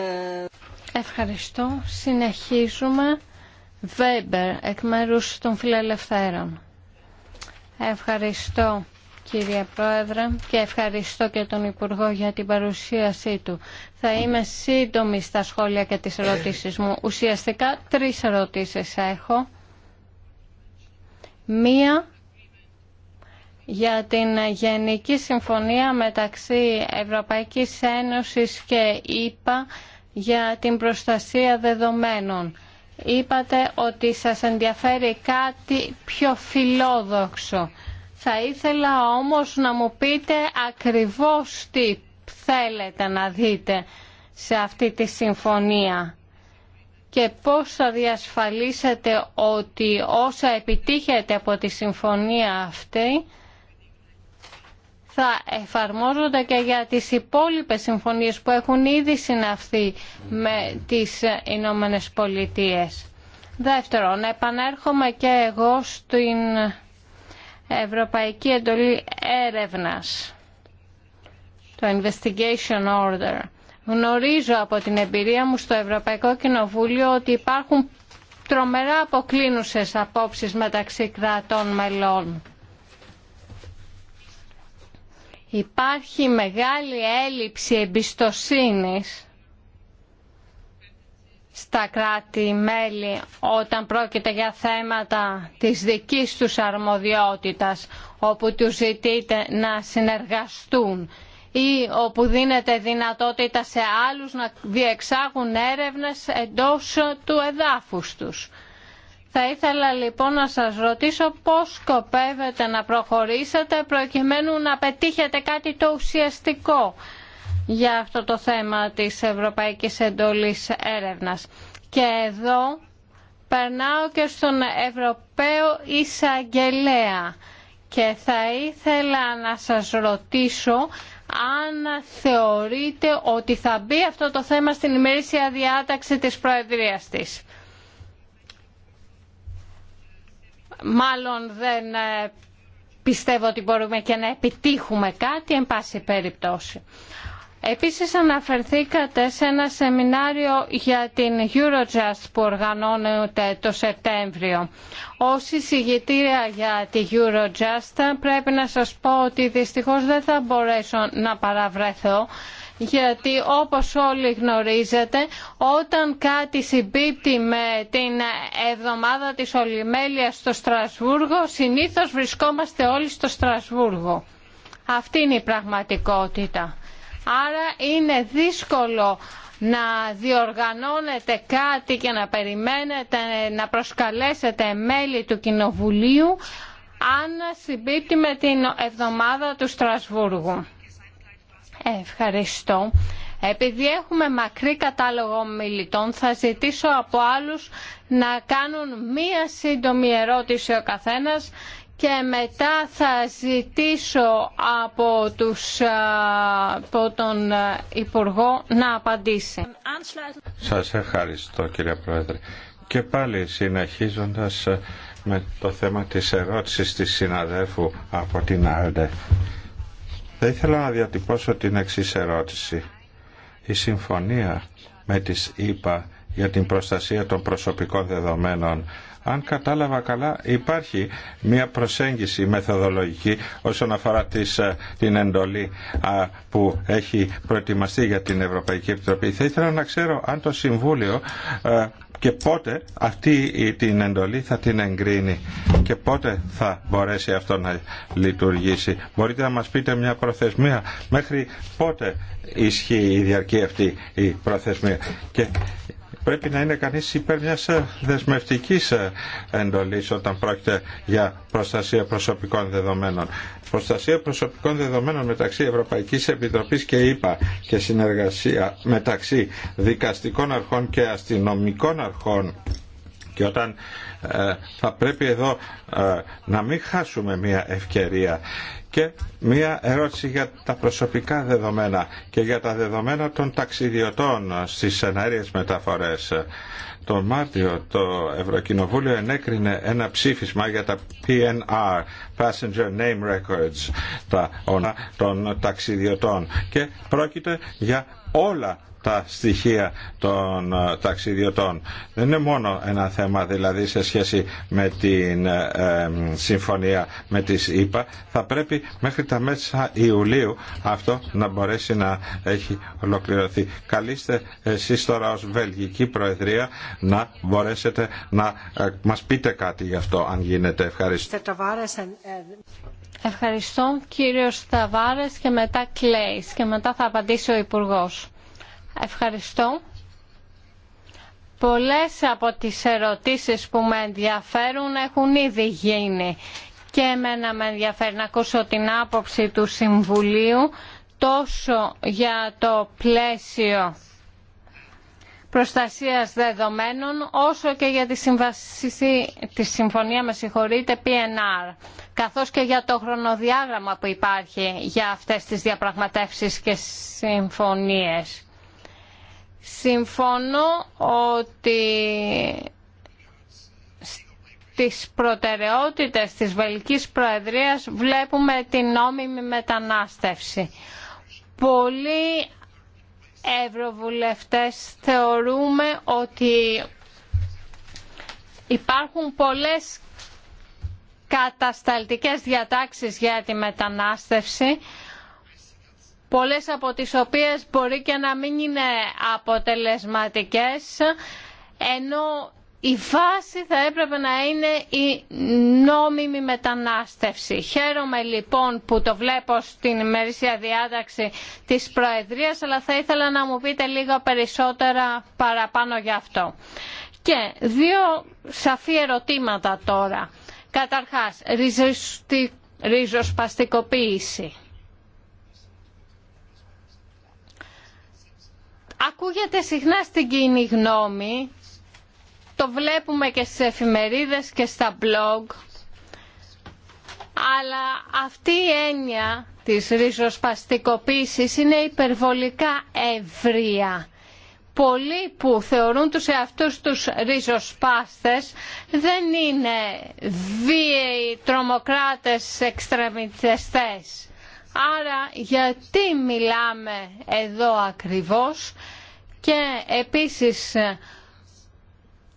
Ευχαριστώ. Συνεχίζουμε. Βέμπερ, εκ μέρους των φιλελευθέρων. Ευχαριστώ κύριε Πρόεδρε και ευχαριστώ και τον Υπουργό για την παρουσίασή του. Θα είμαι σύντομη στα σχόλια και τις ερωτήσεις μου. Ουσιαστικά τρεις ερωτήσεις έχω. Μία για την Γενική Συμφωνία μεταξύ Ευρωπαϊκής Ένωσης και ΕΠΑ για την προστασία δεδομένων. Είπατε ότι σας ενδιαφέρει κάτι πιο φιλόδοξο. Θα ήθελα όμως να μου πείτε ακριβώς τι θέλετε να δείτε σε αυτή τη συμφωνία και πώς θα διασφαλίσετε ότι όσα επιτύχετε από τη συμφωνία αυτή θα εφαρμόζονται και για τις υπόλοιπες συμφωνίες που έχουν ήδη συναυθεί με τις Ηνωμένε Πολιτείες. Δεύτερον, επανέρχομαι και εγώ στην Ευρωπαϊκή Εντολή Έρευνας, το Investigation Order. Γνωρίζω από την εμπειρία μου στο Ευρωπαϊκό Κοινοβούλιο ότι υπάρχουν τρομερά αποκλίνουσες απόψεις μεταξύ κρατών μελών. Υπάρχει μεγάλη έλλειψη εμπιστοσύνης στα κράτη-μέλη όταν πρόκειται για θέματα της δικής τους αρμοδιότητας όπου τους ζητείτε να συνεργαστούν ή όπου δίνεται δυνατότητα σε άλλους να διεξάγουν έρευνες εντός του εδάφους τους. Θα ήθελα λοιπόν να σας ρωτήσω πώς σκοπεύετε να προχωρήσετε προκειμένου να πετύχετε κάτι το ουσιαστικό για αυτό το θέμα της Ευρωπαϊκής Εντολής Έρευνας. Και εδώ περνάω και στον Ευρωπαίο Ισαγγελέα και θα ήθελα να σας ρωτήσω αν θεωρείτε ότι θα μπει αυτό το θέμα στην ημερήσια διάταξη της Προεδρίας της. μάλλον δεν ε, πιστεύω ότι μπορούμε και να επιτύχουμε κάτι εν πάση περιπτώσει. Επίσης αναφερθήκατε σε ένα σεμινάριο για την Eurojust που οργανώνεται το Σεπτέμβριο. Ως εισηγητήρια για τη Eurojust πρέπει να σας πω ότι δυστυχώς δεν θα μπορέσω να παραβρεθώ γιατί όπως όλοι γνωρίζετε όταν κάτι συμπίπτει με την εβδομάδα της Ολυμέλειας στο Στρασβούργο συνήθως βρισκόμαστε όλοι στο Στρασβούργο. Αυτή είναι η πραγματικότητα. Άρα είναι δύσκολο να διοργανώνετε κάτι και να περιμένετε να προσκαλέσετε μέλη του Κοινοβουλίου αν συμπίπτει με την εβδομάδα του Στρασβούργου. Ευχαριστώ. Επειδή έχουμε μακρύ κατάλογο μιλητών, θα ζητήσω από άλλους να κάνουν μία σύντομη ερώτηση ο καθένας και μετά θα ζητήσω από, τον Υπουργό να απαντήσει. Σας ευχαριστώ κύριε Πρόεδρε. Και πάλι συνεχίζοντας ε, με το θέμα της ερώτησης της συναδέλφου από την άλδε. Θα ήθελα να διατυπώσω την εξή ερώτηση. Η συμφωνία με τις ΗΠΑ για την προστασία των προσωπικών δεδομένων αν κατάλαβα καλά, υπάρχει μια προσέγγιση μεθοδολογική όσον αφορά ε, την εντολή που έχει προετοιμαστεί για την Ευρωπαϊκή Επιτροπή. Θα ήθελα να ξέρω αν το Συμβούλιο ε, και πότε αυτή την εντολή θα την εγκρίνει και πότε θα μπορέσει αυτό να λειτουργήσει. Μπορείτε να μας πείτε μια προθεσμία μέχρι πότε ισχύει η διαρκή αυτή η προθεσμία πρέπει να είναι κανείς υπέρ μιας ε, δεσμευτικής ε, εντολής όταν πρόκειται για προστασία προσωπικών δεδομένων. Προστασία προσωπικών δεδομένων μεταξύ Ευρωπαϊκής Επιτροπής και ΕΥΠΑ και συνεργασία μεταξύ δικαστικών αρχών και αστυνομικών αρχών και όταν ε, θα πρέπει εδώ να μην χάσουμε μια ευκαιρία και μία ερώτηση για τα προσωπικά δεδομένα και για τα δεδομένα των ταξιδιωτών στις σενάριες μεταφορές. Το Μάρτιο το Ευρωκοινοβούλιο ενέκρινε ένα ψήφισμα για τα PNR, Passenger Name Records, τα όνα των ταξιδιωτών. Και πρόκειται για όλα τα στοιχεία των ε, ταξιδιωτών. Δεν είναι μόνο ένα θέμα δηλαδή σε σχέση με την ε, συμφωνία με τις ΗΠΑ. Θα πρέπει μέχρι τα μέσα Ιουλίου αυτό να μπορέσει να έχει ολοκληρωθεί. Καλείστε εσείς τώρα ως Βελγική Προεδρία να μπορέσετε να ε, μας πείτε κάτι γι' αυτό αν γίνεται. Ευχαριστώ. Ευχαριστώ κύριο Σταβάρες και μετά Κλέης και μετά θα απαντήσει ο Υπουργός. Ευχαριστώ. Πολλές από τις ερωτήσεις που με ενδιαφέρουν έχουν ήδη γίνει και εμένα με ενδιαφέρει να ακούσω την άποψη του Συμβουλίου τόσο για το πλαίσιο προστασίας δεδομένων όσο και για τη, συμβασιση τη συμφωνία με συγχωρείτε PNR καθώς και για το χρονοδιάγραμμα που υπάρχει για αυτές τις διαπραγματεύσεις και συμφωνίες. Συμφωνώ ότι τις προτεραιότητες της Βελικής Προεδρίας βλέπουμε την νόμιμη μετανάστευση. Πολλοί ευρωβουλευτές θεωρούμε ότι υπάρχουν πολλές κατασταλτικές διατάξεις για τη μετανάστευση πολλές από τις οποίες μπορεί και να μην είναι αποτελεσματικές, ενώ η βάση θα έπρεπε να είναι η νόμιμη μετανάστευση. Χαίρομαι λοιπόν που το βλέπω στην ημερήσια διάταξη της Προεδρίας, αλλά θα ήθελα να μου πείτε λίγο περισσότερα παραπάνω γι' αυτό. Και δύο σαφή ερωτήματα τώρα. Καταρχάς, ριζοσπαστικοποίηση. ακούγεται συχνά στην κοινή γνώμη, το βλέπουμε και στις εφημερίδες και στα blog, αλλά αυτή η έννοια της ριζοσπαστικοποίησης είναι υπερβολικά ευρία. Πολλοί που θεωρούν τους εαυτούς τους ριζοσπάστες δεν είναι βίαιοι τρομοκράτες εξτρεμιστές Άρα γιατί μιλάμε εδώ ακριβώς και επίσης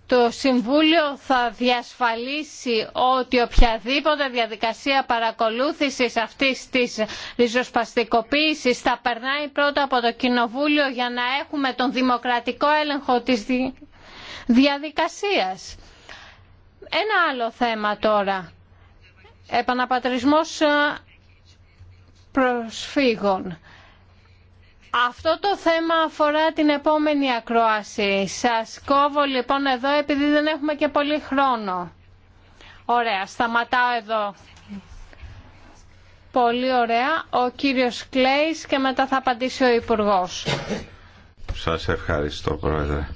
το Συμβούλιο θα διασφαλίσει ότι οποιαδήποτε διαδικασία παρακολούθησης αυτής της ριζοσπαστικοποίησης θα περνάει πρώτα από το Κοινοβούλιο για να έχουμε τον δημοκρατικό έλεγχο της διαδικασίας. Ένα άλλο θέμα τώρα. Επαναπατρισμός ε, προσφύγων. Αυτό το θέμα αφορά την επόμενη ακρόαση. Σας κόβω λοιπόν εδώ επειδή δεν έχουμε και πολύ χρόνο. Ωραία, σταματάω εδώ. Πολύ ωραία. Ο κύριος Κλέης και μετά θα απαντήσει ο Υπουργός. Σας ευχαριστώ Πρόεδρε.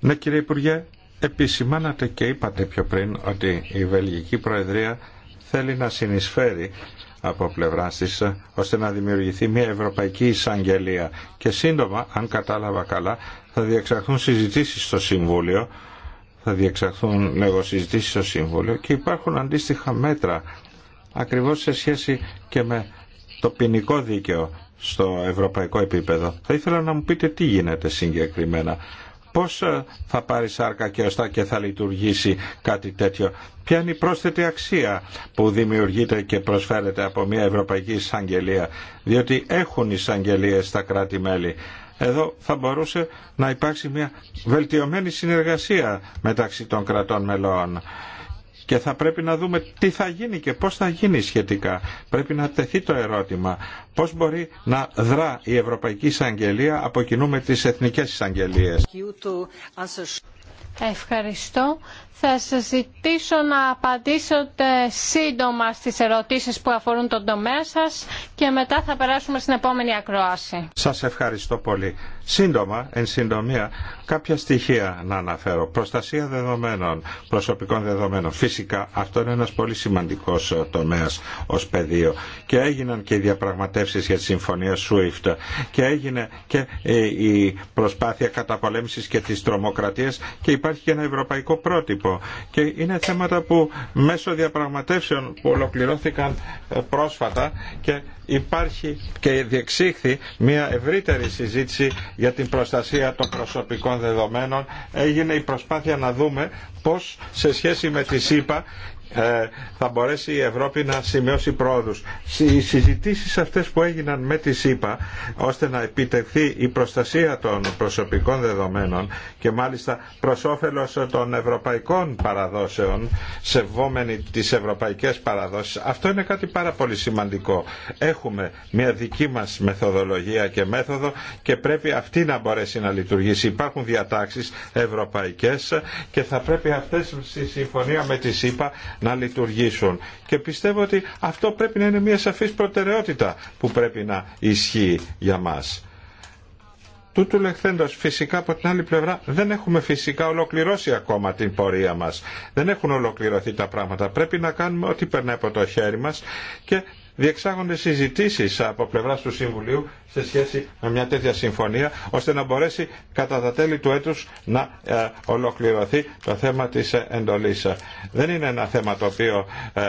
Ναι κύριε Υπουργέ, επισημάνατε και είπατε πιο πριν ότι η Βελγική Προεδρία θέλει να συνεισφέρει από πλευρά τη, ώστε να δημιουργηθεί μια ευρωπαϊκή εισαγγελία. Και σύντομα, αν κατάλαβα καλά, θα διεξαχθούν συζητήσει στο Συμβούλιο. Θα διεξαχθούν, λέγω, ναι, συζητήσει στο Συμβούλιο και υπάρχουν αντίστοιχα μέτρα ακριβώς σε σχέση και με το ποινικό δίκαιο στο ευρωπαϊκό επίπεδο. Θα ήθελα να μου πείτε τι γίνεται συγκεκριμένα. Πώς ε, θα πάρει σάρκα και ωστά και θα λειτουργήσει κάτι τέτοιο. Ποια είναι η πρόσθετη αξία που δημιουργείται και προσφέρεται από μια Ευρωπαϊκή Εισαγγελία. Διότι έχουν εισαγγελίε στα κράτη-μέλη. Εδώ θα μπορούσε να υπάρξει μια βελτιωμένη συνεργασία μεταξύ των κρατών μελών και θα πρέπει να δούμε τι θα γίνει και πώς θα γίνει σχετικά. Πρέπει να τεθεί το ερώτημα πώς μπορεί να δρά η Ευρωπαϊκή Εισαγγελία από κοινού με τις Εθνικές Εισαγγελίες. Ευχαριστώ. Θα σας ζητήσω να απαντήσετε σύντομα στις ερωτήσεις που αφορούν τον τομέα σας και μετά θα περάσουμε στην επόμενη ακρόαση. Σας ευχαριστώ πολύ. Σύντομα, εν συντομία, κάποια στοιχεία να αναφέρω. Προστασία δεδομένων, προσωπικών δεδομένων. Φυσικά αυτό είναι ένας πολύ σημαντικός ε, τομέας ως πεδίο. Και έγιναν και οι διαπραγματεύσεις για τη συμφωνία SWIFT και έγινε και ε, η προσπάθεια καταπολέμησης και της τρομοκρατίας και υπάρχει και ένα ευρωπαϊκό πρότυπο. Και είναι θέματα που μέσω διαπραγματεύσεων που ολοκληρώθηκαν ε, πρόσφατα και υπάρχει και διεξήχθη μια ευρύτερη συζήτηση για την προστασία των προσωπικών δεδομένων έγινε η προσπάθεια να δούμε πώς σε σχέση με τη ΣΥΠΑ ε, θα μπορέσει η Ευρώπη να σημειώσει πρόοδους. Οι συζητήσεις αυτές που έγιναν με τη ΣΥΠΑ ώστε να επιτευχθεί η προστασία των προσωπικών δεδομένων και μάλιστα προς όφελος των ευρωπαϊκών παραδόσεων σεβόμενοι τις ευρωπαϊκές παραδόσεις αυτό είναι κάτι πάρα πολύ σημαντικό. Έχουμε μια δική μας μεθοδολογία και μέθοδο και πρέπει αυτή να μπορέσει να λειτουργήσει. Υπάρχουν διατάξεις ευρωπαϊκές και θα πρέπει αυτές στη συμφωνία με τη ΣΥΠΑ να λειτουργήσουν. Και πιστεύω ότι αυτό πρέπει να είναι μια σαφής προτεραιότητα που πρέπει να ισχύει για μας. Τούτου λεχθέντος φυσικά από την άλλη πλευρά δεν έχουμε φυσικά ολοκληρώσει ακόμα την πορεία μας. Δεν έχουν ολοκληρωθεί τα πράγματα. Πρέπει να κάνουμε ό,τι περνάει από το χέρι μας και διεξάγονται συζητήσεις από πλευρά του Συμβουλίου σε σχέση με μια τέτοια συμφωνία, ώστε να μπορέσει κατά τα τέλη του έτους να ε, ολοκληρωθεί το θέμα τη εντολής. Δεν είναι ένα θέμα το οποίο ε,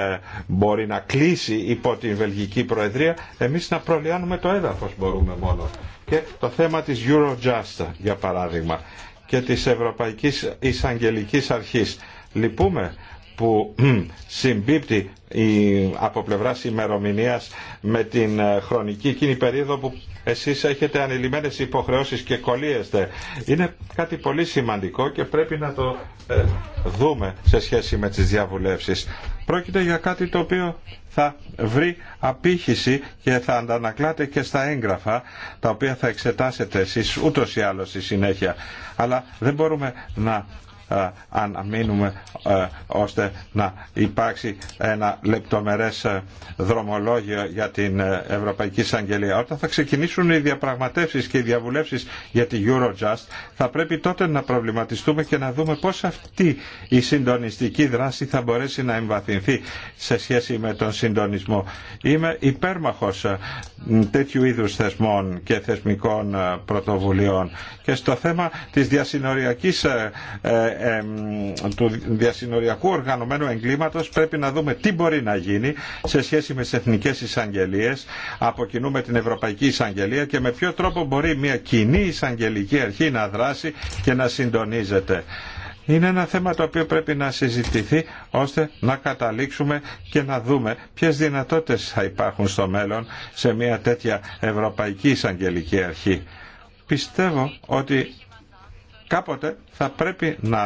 μπορεί να κλείσει υπό την Βελγική Προεδρία. Εμείς να προλιάνουμε το έδαφο μπορούμε μόνο. Και το θέμα της Eurojust, για παράδειγμα, και τη Ευρωπαϊκή Εισαγγελική Αρχή. Λυπούμε που [CLEARS THROAT] συμπίπτει από πλευρά ημερομηνία με την ε, χρονική εκείνη περίοδο που εσείς έχετε ανηλυμένες υποχρεώσεις και κολλείεστε. Είναι κάτι πολύ σημαντικό και πρέπει να το ε, δούμε σε σχέση με τις διαβουλεύσεις. Πρόκειται για κάτι το οποίο θα βρει απήχηση και θα αντανακλάτε και στα έγγραφα τα οποία θα εξετάσετε εσείς ούτως ή άλλως στη συνέχεια. Αλλά δεν μπορούμε να ε, αν μείνουμε, ε, ώστε να υπάρξει ένα λεπτομερές ε, δρομολόγιο για την Ευρωπαϊκή Εισαγγελία. Όταν θα ξεκινήσουν οι διαπραγματεύσεις και οι διαβουλεύσεις για τη Eurojust θα πρέπει τότε να προβληματιστούμε και να δούμε πώς αυτή η συντονιστική δράση θα μπορέσει να εμβαθυνθεί σε σχέση με τον συντονισμό. Είμαι υπέρμαχος τέτοιου είδους θεσμών και θεσμικών πρωτοβουλειών και στο θέμα της διασυνοριακής του διασυνοριακού οργανωμένου εγκλήματος πρέπει να δούμε τι μπορεί να γίνει σε σχέση με τις εθνικές εισαγγελίες από την Ευρωπαϊκή Εισαγγελία και με ποιο τρόπο μπορεί μια κοινή εισαγγελική αρχή να δράσει και να συντονίζεται. Είναι ένα θέμα το οποίο πρέπει να συζητηθεί ώστε να καταλήξουμε και να δούμε ποιες δυνατότητες θα υπάρχουν στο μέλλον σε μια τέτοια Ευρωπαϊκή Εισαγγελική Αρχή. Πιστεύω ότι κάποτε θα πρέπει να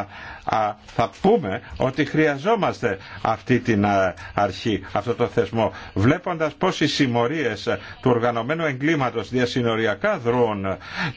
α, θα πούμε ότι χρειαζόμαστε αυτή την αρχή, αυτό το θεσμό. Βλέποντας πώς οι συμμορίες του οργανωμένου εγκλήματος διασυνοριακά δρούν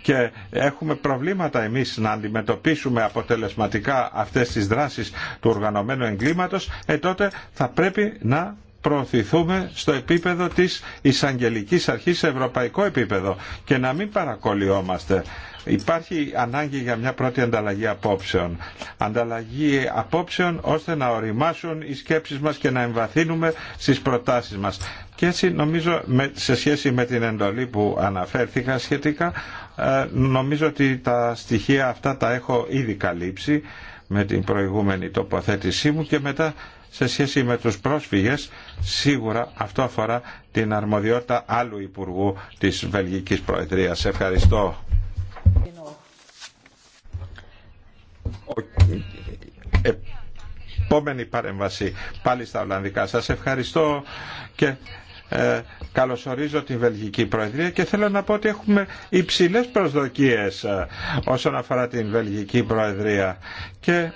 και έχουμε προβλήματα εμείς να αντιμετωπίσουμε αποτελεσματικά αυτές τις δράσεις του οργανωμένου εγκλήματος, ε, τότε θα πρέπει να προωθηθούμε στο επίπεδο της εισαγγελική αρχής σε ευρωπαϊκό επίπεδο και να μην παρακολιόμαστε. Υπάρχει ανάγκη για μια πρώτη ανταλλαγή απόψεων. Ανταλλαγή απόψεων ώστε να οριμάσουν οι σκέψεις μας και να εμβαθύνουμε στις προτάσεις μας. Και έτσι νομίζω σε σχέση με την εντολή που αναφέρθηκα σχετικά ε, νομίζω ότι τα στοιχεία αυτά τα έχω ήδη καλύψει με την προηγούμενη τοποθέτησή μου και μετά σε σχέση με τους πρόσφυγες σίγουρα αυτό αφορά την αρμοδιότητα άλλου Υπουργού της Βελγικής Προεδρίας. Ευχαριστώ. Ε, επόμενη παρέμβαση πάλι στα Ολλανδικά. Σας ευχαριστώ και ε, καλωσορίζω την Βελγική Προεδρία και θέλω να πω ότι έχουμε υψηλές προσδοκίες ε, όσον αφορά την Βελγική Προεδρία και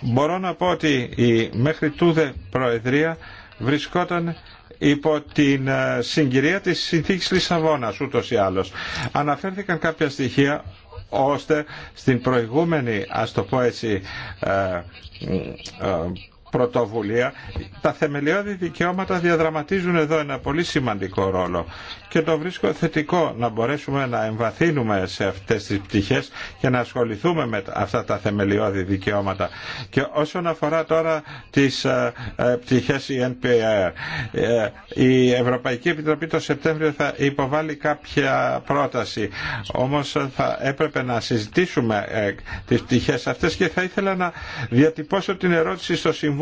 μπορώ να πω ότι η μέχρι τούδε Προεδρία βρισκόταν υπό την ε, συγκυρία της συνθήκης Λισαβόνας ούτως ή άλλως. Αναφέρθηκαν κάποια στοιχεία ώστε στην προηγούμενη, ας το πω έτσι, πρωτοβουλία, τα θεμελιώδη δικαιώματα διαδραματίζουν εδώ ένα πολύ σημαντικό ρόλο και το βρίσκω θετικό να μπορέσουμε να εμβαθύνουμε σε αυτές τις πτυχές και να ασχοληθούμε με αυτά τα θεμελιώδη δικαιώματα. Και όσον αφορά τώρα τις ε, ε, πτυχές η NPR, ε, η Ευρωπαϊκή Επιτροπή το Σεπτέμβριο θα υποβάλει κάποια πρόταση, όμως θα έπρεπε να συζητήσουμε τις πτυχές αυτές και θα ήθελα να διατυπώσω την ερώτηση στο Συμβούλιο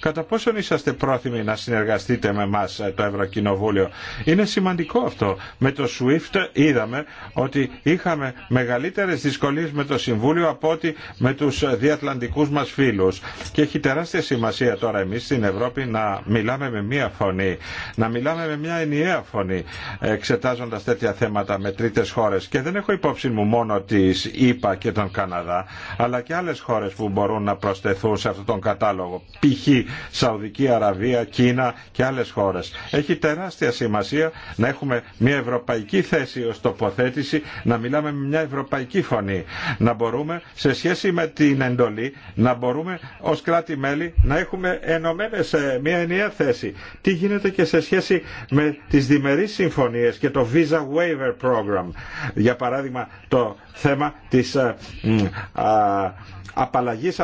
Κατά πόσον είσαστε πρόθυμοι να συνεργαστείτε με εμά ε, το Ευρωκοινοβούλιο. Είναι σημαντικό αυτό. Με το SWIFT είδαμε ότι είχαμε μεγαλύτερε δυσκολίε με το Συμβούλιο από ότι με του διατλαντικού μα φίλου Και έχει τεράστια σημασία τώρα εμεί στην Ευρώπη να μιλάμε με μία φωνή, να μιλάμε με μία ενιαία φωνή, εξεταζοντα τέτοια θέματα με τριτε χωρε Και δεν έχω υπόψη μου μόνο τις ΗΠΑ και τον Καναδά, αλλά και άλλε χώρε που μπορούν να προσθεθούν σε αυτόν τον κατάλογο π.χ. Σαουδική Αραβία, Κίνα και άλλες χώρες. Έχει τεράστια σημασία να έχουμε μια ευρωπαϊκή θέση ως τοποθέτηση, να μιλάμε με μια ευρωπαϊκή φωνή. Να μπορούμε σε σχέση με την εντολή, να μπορούμε ως κράτη-μέλη να έχουμε ενωμένε ε, μια ενιαία θέση. Τι γίνεται και σε σχέση με τις διμερείς συμφωνίες και το Visa Waiver Program. Για παράδειγμα το θέμα της α, ε, α, απαλλαγής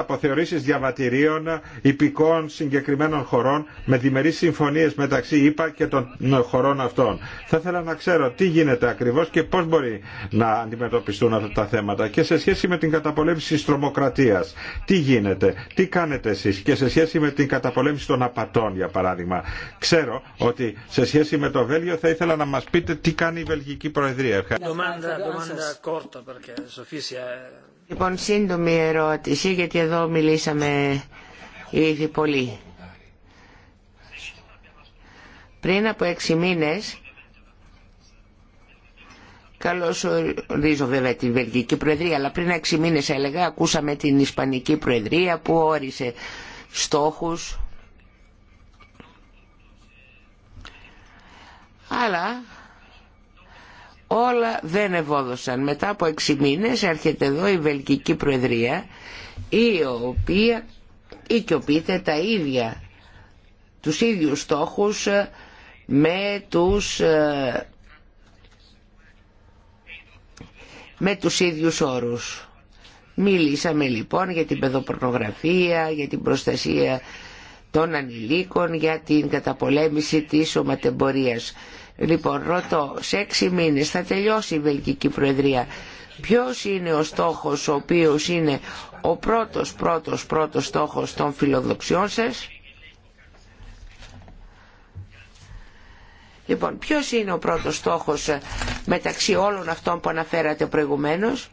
διαβατηρίων τυπικών συγκεκριμένων χωρών με διμερείς συμφωνίες μεταξύ ΙΠΑ και των χωρών αυτών. Θα ήθελα να ξέρω τι γίνεται ακριβώς και πώς μπορεί να αντιμετωπιστούν αυτά τα θέματα και σε σχέση με την καταπολέμηση της τρομοκρατίας. Τι γίνεται, τι κάνετε εσείς και σε σχέση με την καταπολέμηση των απατών για παράδειγμα. Ξέρω ότι σε σχέση με το Βέλγιο θα ήθελα να μας πείτε τι κάνει η Βελγική Προεδρία. Λοιπόν, σύντομη ερώτηση, γιατί εδώ μιλήσαμε ήδη πολύ. Πριν από έξι μήνες, καλώς ορίζω βέβαια την Βελγική Προεδρία, αλλά πριν έξι μήνες έλεγα, ακούσαμε την Ισπανική Προεδρία που όρισε στόχους. Αλλά όλα δεν ευόδωσαν. Μετά από έξι μήνες έρχεται εδώ η Βελγική Προεδρία, η οποία οικιοποιείται τα ίδια, τους ίδιους στόχους ε, με τους, ε, με τους ίδιους όρους. Μιλήσαμε λοιπόν για την παιδοπορνογραφία, για την προστασία των ανηλίκων, για την καταπολέμηση της σωματεμπορίας. Λοιπόν, ρωτώ, σε έξι μήνες θα τελειώσει η Βελγική Προεδρία. Ποιος είναι ο στόχος ο οποίος είναι ο πρώτος πρώτος πρώτος στόχος των φιλοδοξιών σας. Λοιπόν, ποιος είναι ο πρώτος στόχος ε, μεταξύ όλων αυτών που αναφέρατε προηγουμένως.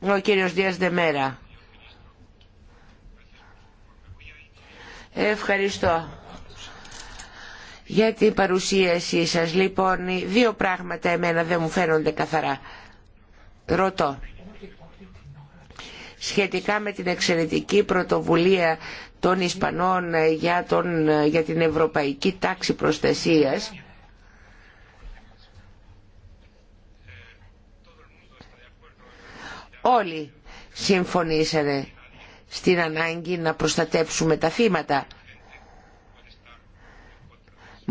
Ο κύριος Δίας Δεμέρα. Ευχαριστώ για την παρουσίασή σας. Λοιπόν, δύο πράγματα εμένα δεν μου φαίνονται καθαρά. Ρωτώ. Σχετικά με την εξαιρετική πρωτοβουλία των Ισπανών για, τον, για την Ευρωπαϊκή Τάξη Προστασίας, όλοι συμφωνήσανε στην ανάγκη να προστατεύσουμε τα θύματα.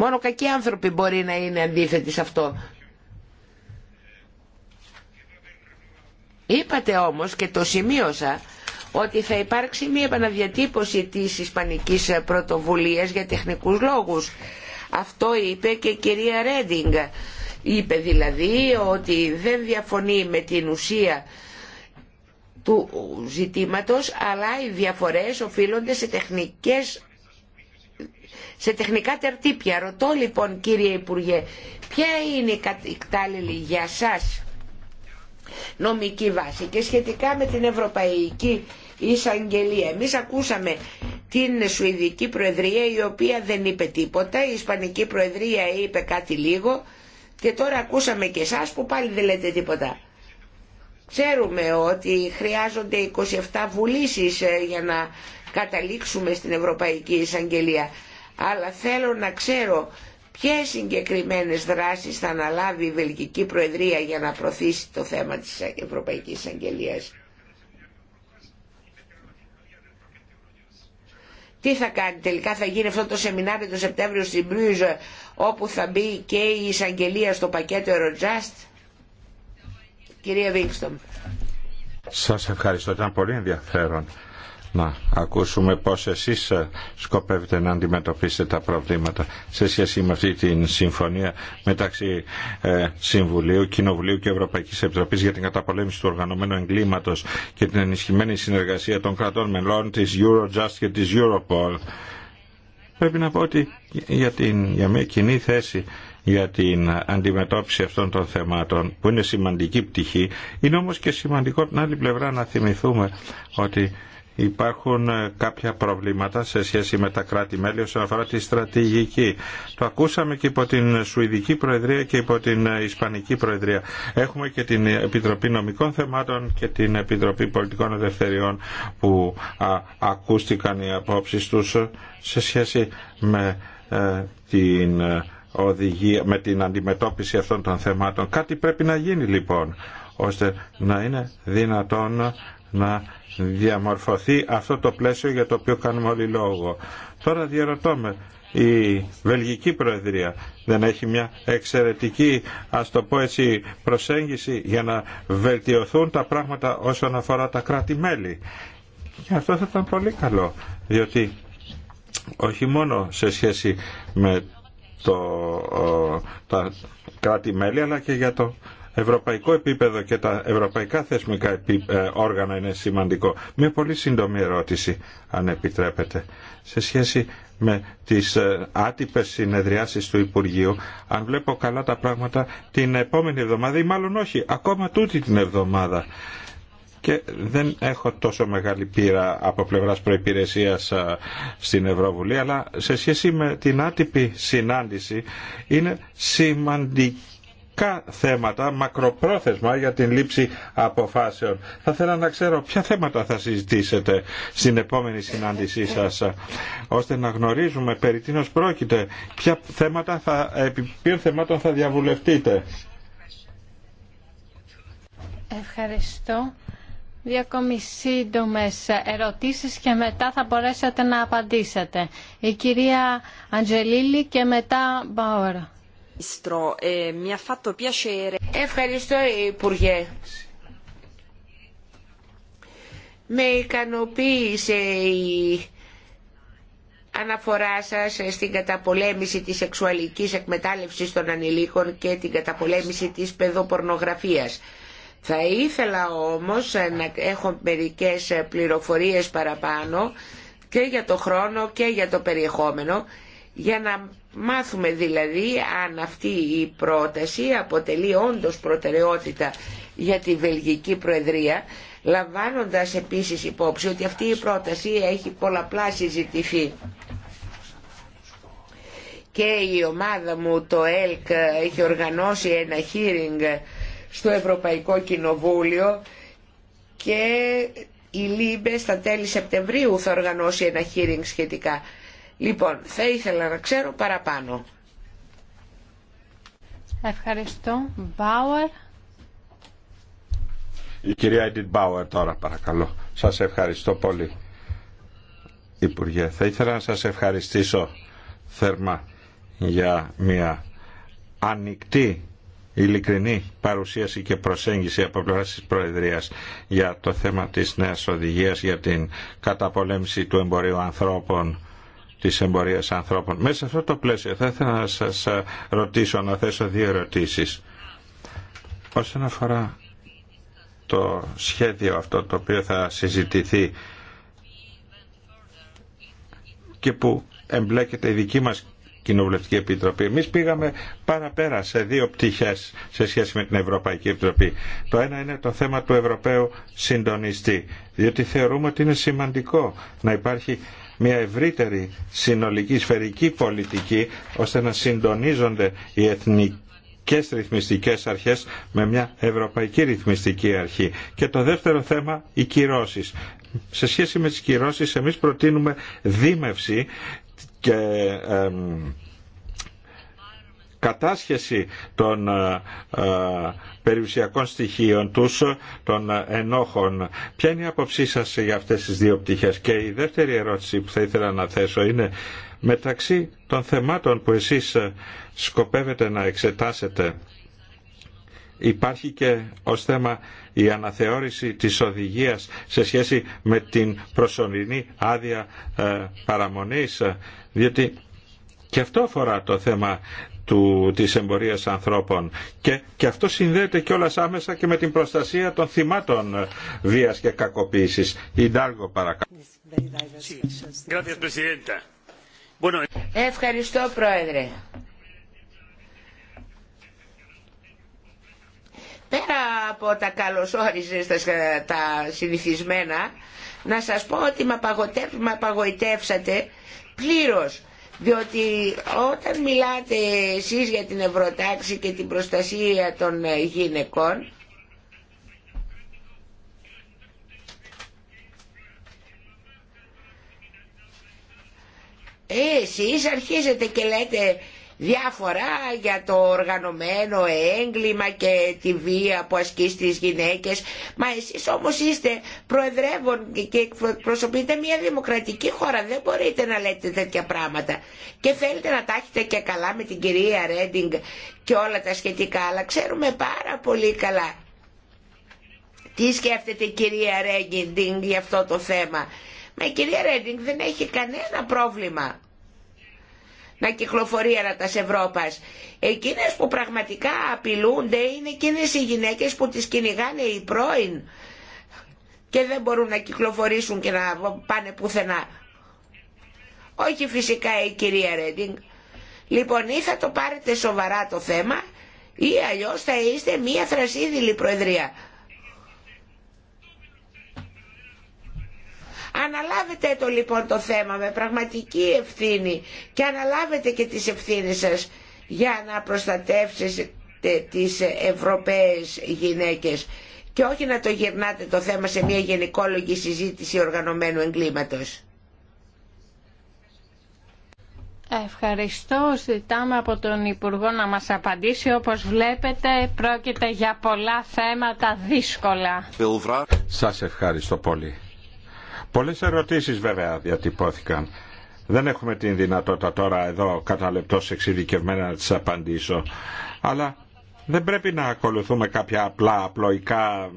Μόνο κακοί άνθρωποι μπορεί να είναι αντίθετοι σε αυτό. Είπατε όμως και το σημείωσα ότι θα υπάρξει μια επαναδιατύπωση της Ισπανικής πρωτοβουλίας για τεχνικούς λόγους. Αυτό είπε και η κυρία Ρέντινγκ. Είπε δηλαδή ότι δεν διαφωνεί με την ουσία του ζητήματος αλλά οι διαφορές οφείλονται σε τεχνικές σε τεχνικά τερτύπια. Ρωτώ λοιπόν κύριε Υπουργέ, ποια είναι η κατάλληλη για σας νομική βάση και σχετικά με την Ευρωπαϊκή Εισαγγελία. Εμείς ακούσαμε την Σουηδική Προεδρία η οποία δεν είπε τίποτα, η Ισπανική Προεδρία είπε κάτι λίγο και τώρα ακούσαμε και εσάς που πάλι δεν λέτε τίποτα. Ξέρουμε ότι χρειάζονται 27 βουλήσεις ε, για να καταλήξουμε στην Ευρωπαϊκή Εισαγγελία αλλά θέλω να ξέρω ποιες συγκεκριμένες δράσεις θα αναλάβει η Βελγική Προεδρία για να προωθήσει το θέμα της Ευρωπαϊκής Αγγελίας. Τι θα κάνει τελικά, θα γίνει αυτό το σεμινάριο το Σεπτέμβριο στην Μπρουζ όπου θα μπει και η εισαγγελία στο πακέτο Eurojust. Κυρία Βίγκστομ. Σας ευχαριστώ, ήταν πολύ ενδιαφέρον να ακούσουμε πώς εσείς ε, σκοπεύετε να αντιμετωπίσετε τα προβλήματα σε σχέση με αυτή την συμφωνία μεταξύ ε, Συμβουλίου, Κοινοβουλίου και Ευρωπαϊκής Επιτροπής για την καταπολέμηση του οργανωμένου εγκλήματος και την ενισχυμένη συνεργασία των κρατών μελών της Eurojust και της Europol. Πρέπει να πω ότι για, την, για μια κοινή θέση για την αντιμετώπιση αυτών των θεμάτων που είναι σημαντική πτυχή είναι όμως και σημαντικό την άλλη πλευρά να θυμηθούμε ότι υπάρχουν ε, κάποια προβλήματα σε σχέση με τα κράτη-μέλη όσον αφορά τη στρατηγική. Το ακούσαμε και υπό την Σουηδική Προεδρία και υπό την ε, Ισπανική Προεδρία. Έχουμε και την Επιτροπή Νομικών Θεμάτων και την Επιτροπή Πολιτικών Ελευθεριών που ακούστηκαν οι απόψεις τους σε σχέση με ε, την οδηγία, με την αντιμετώπιση αυτών των θεμάτων. Κάτι πρέπει να γίνει λοιπόν ώστε να είναι δυνατόν να διαμορφωθεί αυτό το πλαίσιο για το οποίο κάνουμε όλοι λόγο. Τώρα διαρωτώ με, η Βελγική Προεδρία δεν έχει μια εξαιρετική ας το πω έτσι προσέγγιση για να βελτιωθούν τα πράγματα όσον αφορά τα κράτη-μέλη. Και αυτό θα ήταν πολύ καλό, διότι όχι μόνο σε σχέση με το, τα κράτη-μέλη αλλά και για το ευρωπαϊκό επίπεδο και τα ευρωπαϊκά θεσμικά ε, όργανα είναι σημαντικό. Μια πολύ σύντομη ερώτηση, αν επιτρέπετε. Σε σχέση με τις ε, άτυπες συνεδριάσεις του Υπουργείου, αν βλέπω καλά τα πράγματα, την επόμενη εβδομάδα ή μάλλον όχι, ακόμα τούτη την εβδομάδα και δεν έχω τόσο μεγάλη πείρα από πλευράς προϋπηρεσίας ε, στην Ευρωβουλή αλλά σε σχέση με την άτυπη συνάντηση είναι σημαντική θέματα μακροπρόθεσμα για την λήψη αποφάσεων. Θα ήθελα να ξέρω ποια θέματα θα συζητήσετε στην επόμενη συνάντησή σας ώστε να γνωρίζουμε περί τίνος πρόκειται, ποια θέματα θα, επί ποιων θεμάτων θα διαβουλευτείτε. Ευχαριστώ. Δύο ακόμη σύντομε ερωτήσεις και μετά θα μπορέσετε να απαντήσετε. Η κυρία Αντζελίλη και μετά Μπαόρα. E Ευχαριστώ Υπουργέ. Με ικανοποίησε η αναφορά σας στην καταπολέμηση της σεξουαλικής εκμετάλλευσης των ανηλίκων και την καταπολέμηση της παιδοπορνογραφίας. Θα ήθελα όμως να έχω μερικές πληροφορίες παραπάνω και για το χρόνο και για το περιεχόμενο για να μάθουμε δηλαδή αν αυτή η πρόταση αποτελεί όντως προτεραιότητα για τη Βελγική Προεδρία λαμβάνοντας επίσης υπόψη ότι αυτή η πρόταση έχει πολλαπλά συζητηθεί και η ομάδα μου το ΕΛΚ έχει οργανώσει ένα hearing στο Ευρωπαϊκό Κοινοβούλιο και η ΛΥΜΠΕ στα τέλη Σεπτεμβρίου θα οργανώσει ένα hearing σχετικά. Λοιπόν, θα ήθελα να ξέρω παραπάνω. Ευχαριστώ. Μπάουερ. Η κυρία Έντιν Μπάουερ τώρα παρακαλώ. Σας ευχαριστώ πολύ. Υπουργέ, θα ήθελα να σας ευχαριστήσω θερμά για μια ανοιχτή ειλικρινή παρουσίαση και προσέγγιση από πλευρά της Προεδρίας για το θέμα της νέας οδηγίας για την καταπολέμηση του εμπορίου ανθρώπων της εμπορίας ανθρώπων. Μέσα σε αυτό το πλαίσιο θα ήθελα να σας ρωτήσω, να θέσω δύο ερωτήσεις. Όσον αφορά το σχέδιο αυτό το οποίο θα συζητηθεί και που εμπλέκεται η δική μας Κοινοβουλευτική Επιτροπή. Εμεί πήγαμε παραπέρα σε δύο πτυχέ σε σχέση με την Ευρωπαϊκή Επιτροπή. Το ένα είναι το θέμα του Ευρωπαίου συντονιστή, διότι θεωρούμε ότι είναι σημαντικό να υπάρχει μια ευρύτερη συνολική σφαιρική πολιτική ώστε να συντονίζονται οι εθνικές ρυθμιστικές αρχές με μια ευρωπαϊκή ρυθμιστική αρχή. Και το δεύτερο θέμα, οι κυρώσεις. Σε σχέση με τις κυρώσεις, εμείς προτείνουμε δίμευση και κατάσχεση των ε, ε, περιουσιακών στοιχείων τους, των ενόχων. Ποια είναι η άποψή σας για αυτές τις δύο πτυχές. Και η δεύτερη ερώτηση που θα ήθελα να θέσω είναι μεταξύ των θεμάτων που εσείς σκοπεύετε να εξετάσετε υπάρχει και ως θέμα η αναθεώρηση της οδηγίας σε σχέση με την προσωρινή άδεια ε, παραμονής διότι και αυτό αφορά το θέμα του, της εμπορίας ανθρώπων. Και, και αυτό συνδέεται και όλας άμεσα και με την προστασία των θυμάτων βίας και κακοποίησης. Ιντάργο παρακαλώ. Ευχαριστώ Πρόεδρε. Πέρα από τα καλωσόριζες, τα συνηθισμένα, να σας πω ότι με απαγοητεύσατε πλήρως διότι όταν μιλάτε εσείς για την ευρωτάξη και την προστασία των ε, γυναικών ε, εσείς αρχίζετε και λέτε διάφορα για το οργανωμένο έγκλημα και τη βία που ασκεί στις γυναίκες. Μα εσείς όμως είστε προεδρεύον και προσωπείτε μια δημοκρατική χώρα. Δεν μπορείτε να λέτε τέτοια πράγματα. Και θέλετε να τα έχετε και καλά με την κυρία Ρέντινγκ και όλα τα σχετικά. Αλλά ξέρουμε πάρα πολύ καλά τι σκέφτεται η κυρία Ρέντινγκ για αυτό το θέμα. Μα η κυρία Ρέντινγκ δεν έχει κανένα πρόβλημα να κυκλοφορεί ένα της Ευρώπας. Εκείνες που πραγματικά απειλούνται είναι εκείνες οι γυναίκες που τις κυνηγάνε οι πρώην και δεν μπορούν να κυκλοφορήσουν και να πάνε πουθενά. Όχι φυσικά η κυρία Ρέντινγκ. Λοιπόν ή θα το πάρετε σοβαρά το θέμα ή αλλιώς θα είστε μία θρασίδηλη προεδρία. Αναλάβετε το λοιπόν το θέμα με πραγματική ευθύνη και αναλάβετε και τις ευθύνες σας για να προστατεύσετε τις Ευρωπαίες γυναίκες και όχι να το γυρνάτε το θέμα σε μια γενικόλογη συζήτηση οργανωμένου εγκλήματος. Ευχαριστώ. Ζητάμε από τον Υπουργό να μας απαντήσει. Όπως βλέπετε πρόκειται για πολλά θέματα δύσκολα. Σας ευχαριστώ πολύ. Πολλές ερωτήσεις βέβαια διατυπώθηκαν. Δεν έχουμε την δυνατότητα τώρα εδώ κατά λεπτός εξειδικευμένα να τις απαντήσω. Αλλά δεν πρέπει να ακολουθούμε κάποια απλά, απλοϊκά,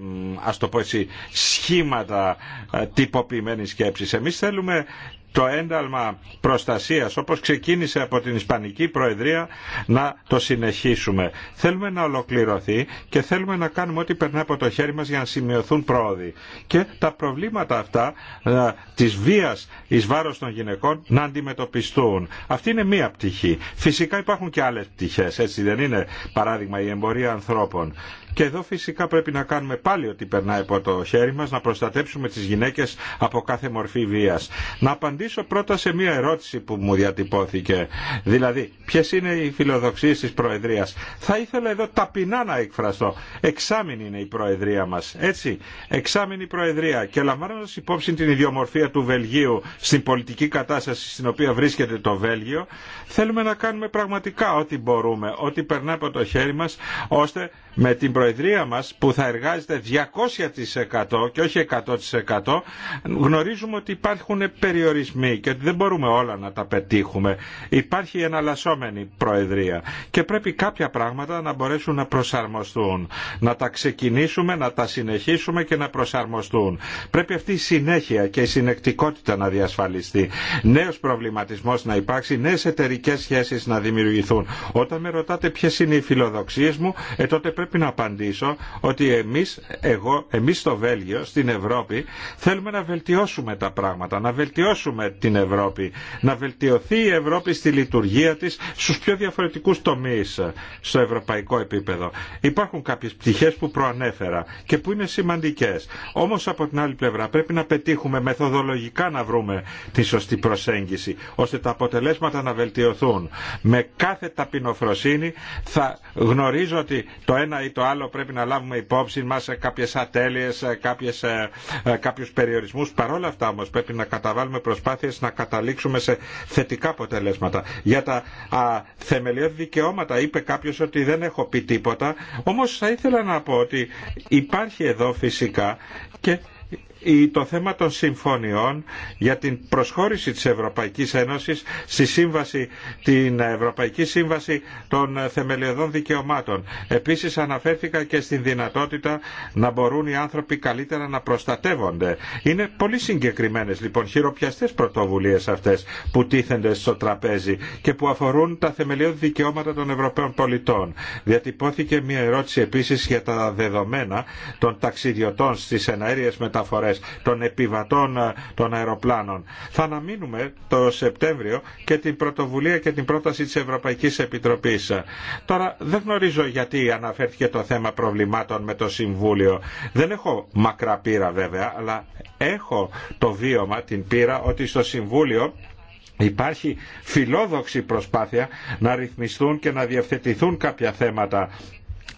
ας το πω έτσι, σχήματα ε, τύποποιημένη σκέψη. Εμείς θέλουμε το ένταλμα προστασίας όπως ξεκίνησε από την Ισπανική Προεδρία να το συνεχίσουμε. Θέλουμε να ολοκληρωθεί και θέλουμε να κάνουμε ό,τι περνά από το χέρι μας για να σημειωθούν πρόοδοι. Και τα προβλήματα αυτά ε, της βίας εις βάρος των γυναικών να αντιμετωπιστούν. Αυτή είναι μία πτυχή. Φυσικά υπάρχουν και άλλες πτυχές, έτσι δεν είναι παράδειγμα η εμπορία ανθρώπων. Και εδώ φυσικά πρέπει να κάνουμε πάλι ό,τι περνάει από το χέρι μας, να προστατέψουμε τις γυναίκες από κάθε μορφή βίας. Να απαντήσω πρώτα σε μία ερώτηση που μου διατυπώθηκε. Δηλαδή, ποιες είναι οι φιλοδοξίες της Προεδρίας. Θα ήθελα εδώ ταπεινά να εκφραστώ. Εξάμεινη είναι η Προεδρία μας, έτσι. Εξάμεινη Προεδρία και λαμβάνοντας υπόψη την ιδιομορφία του Βελγίου στην πολιτική κατάσταση στην οποία βρίσκεται το Βέλγιο, θέλουμε να κάνουμε πραγματικά ό,τι μπορούμε, ό,τι περνάει από το χέρι μας, ώστε με την Προεδρία μας που θα εργάζεται 200% και όχι 100% γνωρίζουμε ότι υπάρχουν περιορισμοί και ότι δεν μπορούμε όλα να τα πετύχουμε. Υπάρχει η εναλλασσόμενη Προεδρία και πρέπει κάποια πράγματα να μπορέσουν να προσαρμοστούν, να τα ξεκινήσουμε, να τα συνεχίσουμε και να προσαρμοστούν. Πρέπει αυτή η συνέχεια και η συνεκτικότητα να διασφαλιστεί. Νέος προβληματισμός να υπάρξει, νέες εταιρικές σχέσεις να δημιουργηθούν. Όταν με ρωτάτε ποιες είναι οι φιλοδοξίες μου, ε, τότε πρέπει να απαντήσω ότι εμείς, εγώ, εμείς στο Βέλγιο, στην Ευρώπη, θέλουμε να βελτιώσουμε τα πράγματα, να βελτιώσουμε την Ευρώπη, να βελτιωθεί η Ευρώπη στη λειτουργία της στους πιο διαφορετικούς τομείς στο ευρωπαϊκό επίπεδο. Υπάρχουν κάποιες πτυχές που προανέφερα και που είναι σημαντικές. Όμως από την άλλη πλευρά πρέπει να πετύχουμε μεθοδολογικά να βρούμε τη σωστή προσέγγιση, ώστε τα αποτελέσματα να βελτιωθούν. Με κάθε ταπεινοφροσύνη θα γνωρίζω ότι το ένα ή το άλλο πρέπει να λάβουμε υπόψη μας κάποιες ατέλειες, κάποιες, ε, ε, κάποιους περιορισμούς. Παρόλα αυτά όμως πρέπει να καταβάλουμε προσπάθειες να καταλήξουμε σε θετικά αποτελέσματα. Για τα θεμελιώδη δικαιώματα είπε κάποιος ότι δεν έχω πει τίποτα, όμως θα ήθελα να πω ότι υπάρχει εδώ φυσικά και το θέμα των συμφωνιών για την προσχώρηση της Ευρωπαϊκής Ένωσης στη σύμβαση, την Ευρωπαϊκή Σύμβαση των Θεμελιωδών Δικαιωμάτων. Επίσης αναφέρθηκα και στην δυνατότητα να μπορούν οι άνθρωποι καλύτερα να προστατεύονται. Είναι πολύ συγκεκριμένες λοιπόν χειροπιαστές πρωτοβουλίες αυτές που τίθενται στο τραπέζι και που αφορούν τα θεμελιώδη δικαιώματα των Ευρωπαίων πολιτών. Διατυπώθηκε μια ερώτηση επίσης για τα δεδομένα των ταξιδιωτών στις εναέριες μεταφορές των επιβατών ε, των αεροπλάνων. Θα αναμείνουμε το Σεπτέμβριο και την πρωτοβουλία και την πρόταση της Ευρωπαϊκής Επιτροπής. Τώρα δεν γνωρίζω γιατί αναφέρθηκε το θέμα προβλημάτων με το Συμβούλιο. Δεν έχω μακρά πείρα βέβαια, αλλά έχω το βίωμα, την πείρα, ότι στο Συμβούλιο Υπάρχει φιλόδοξη προσπάθεια να ρυθμιστούν και να διευθετηθούν κάποια θέματα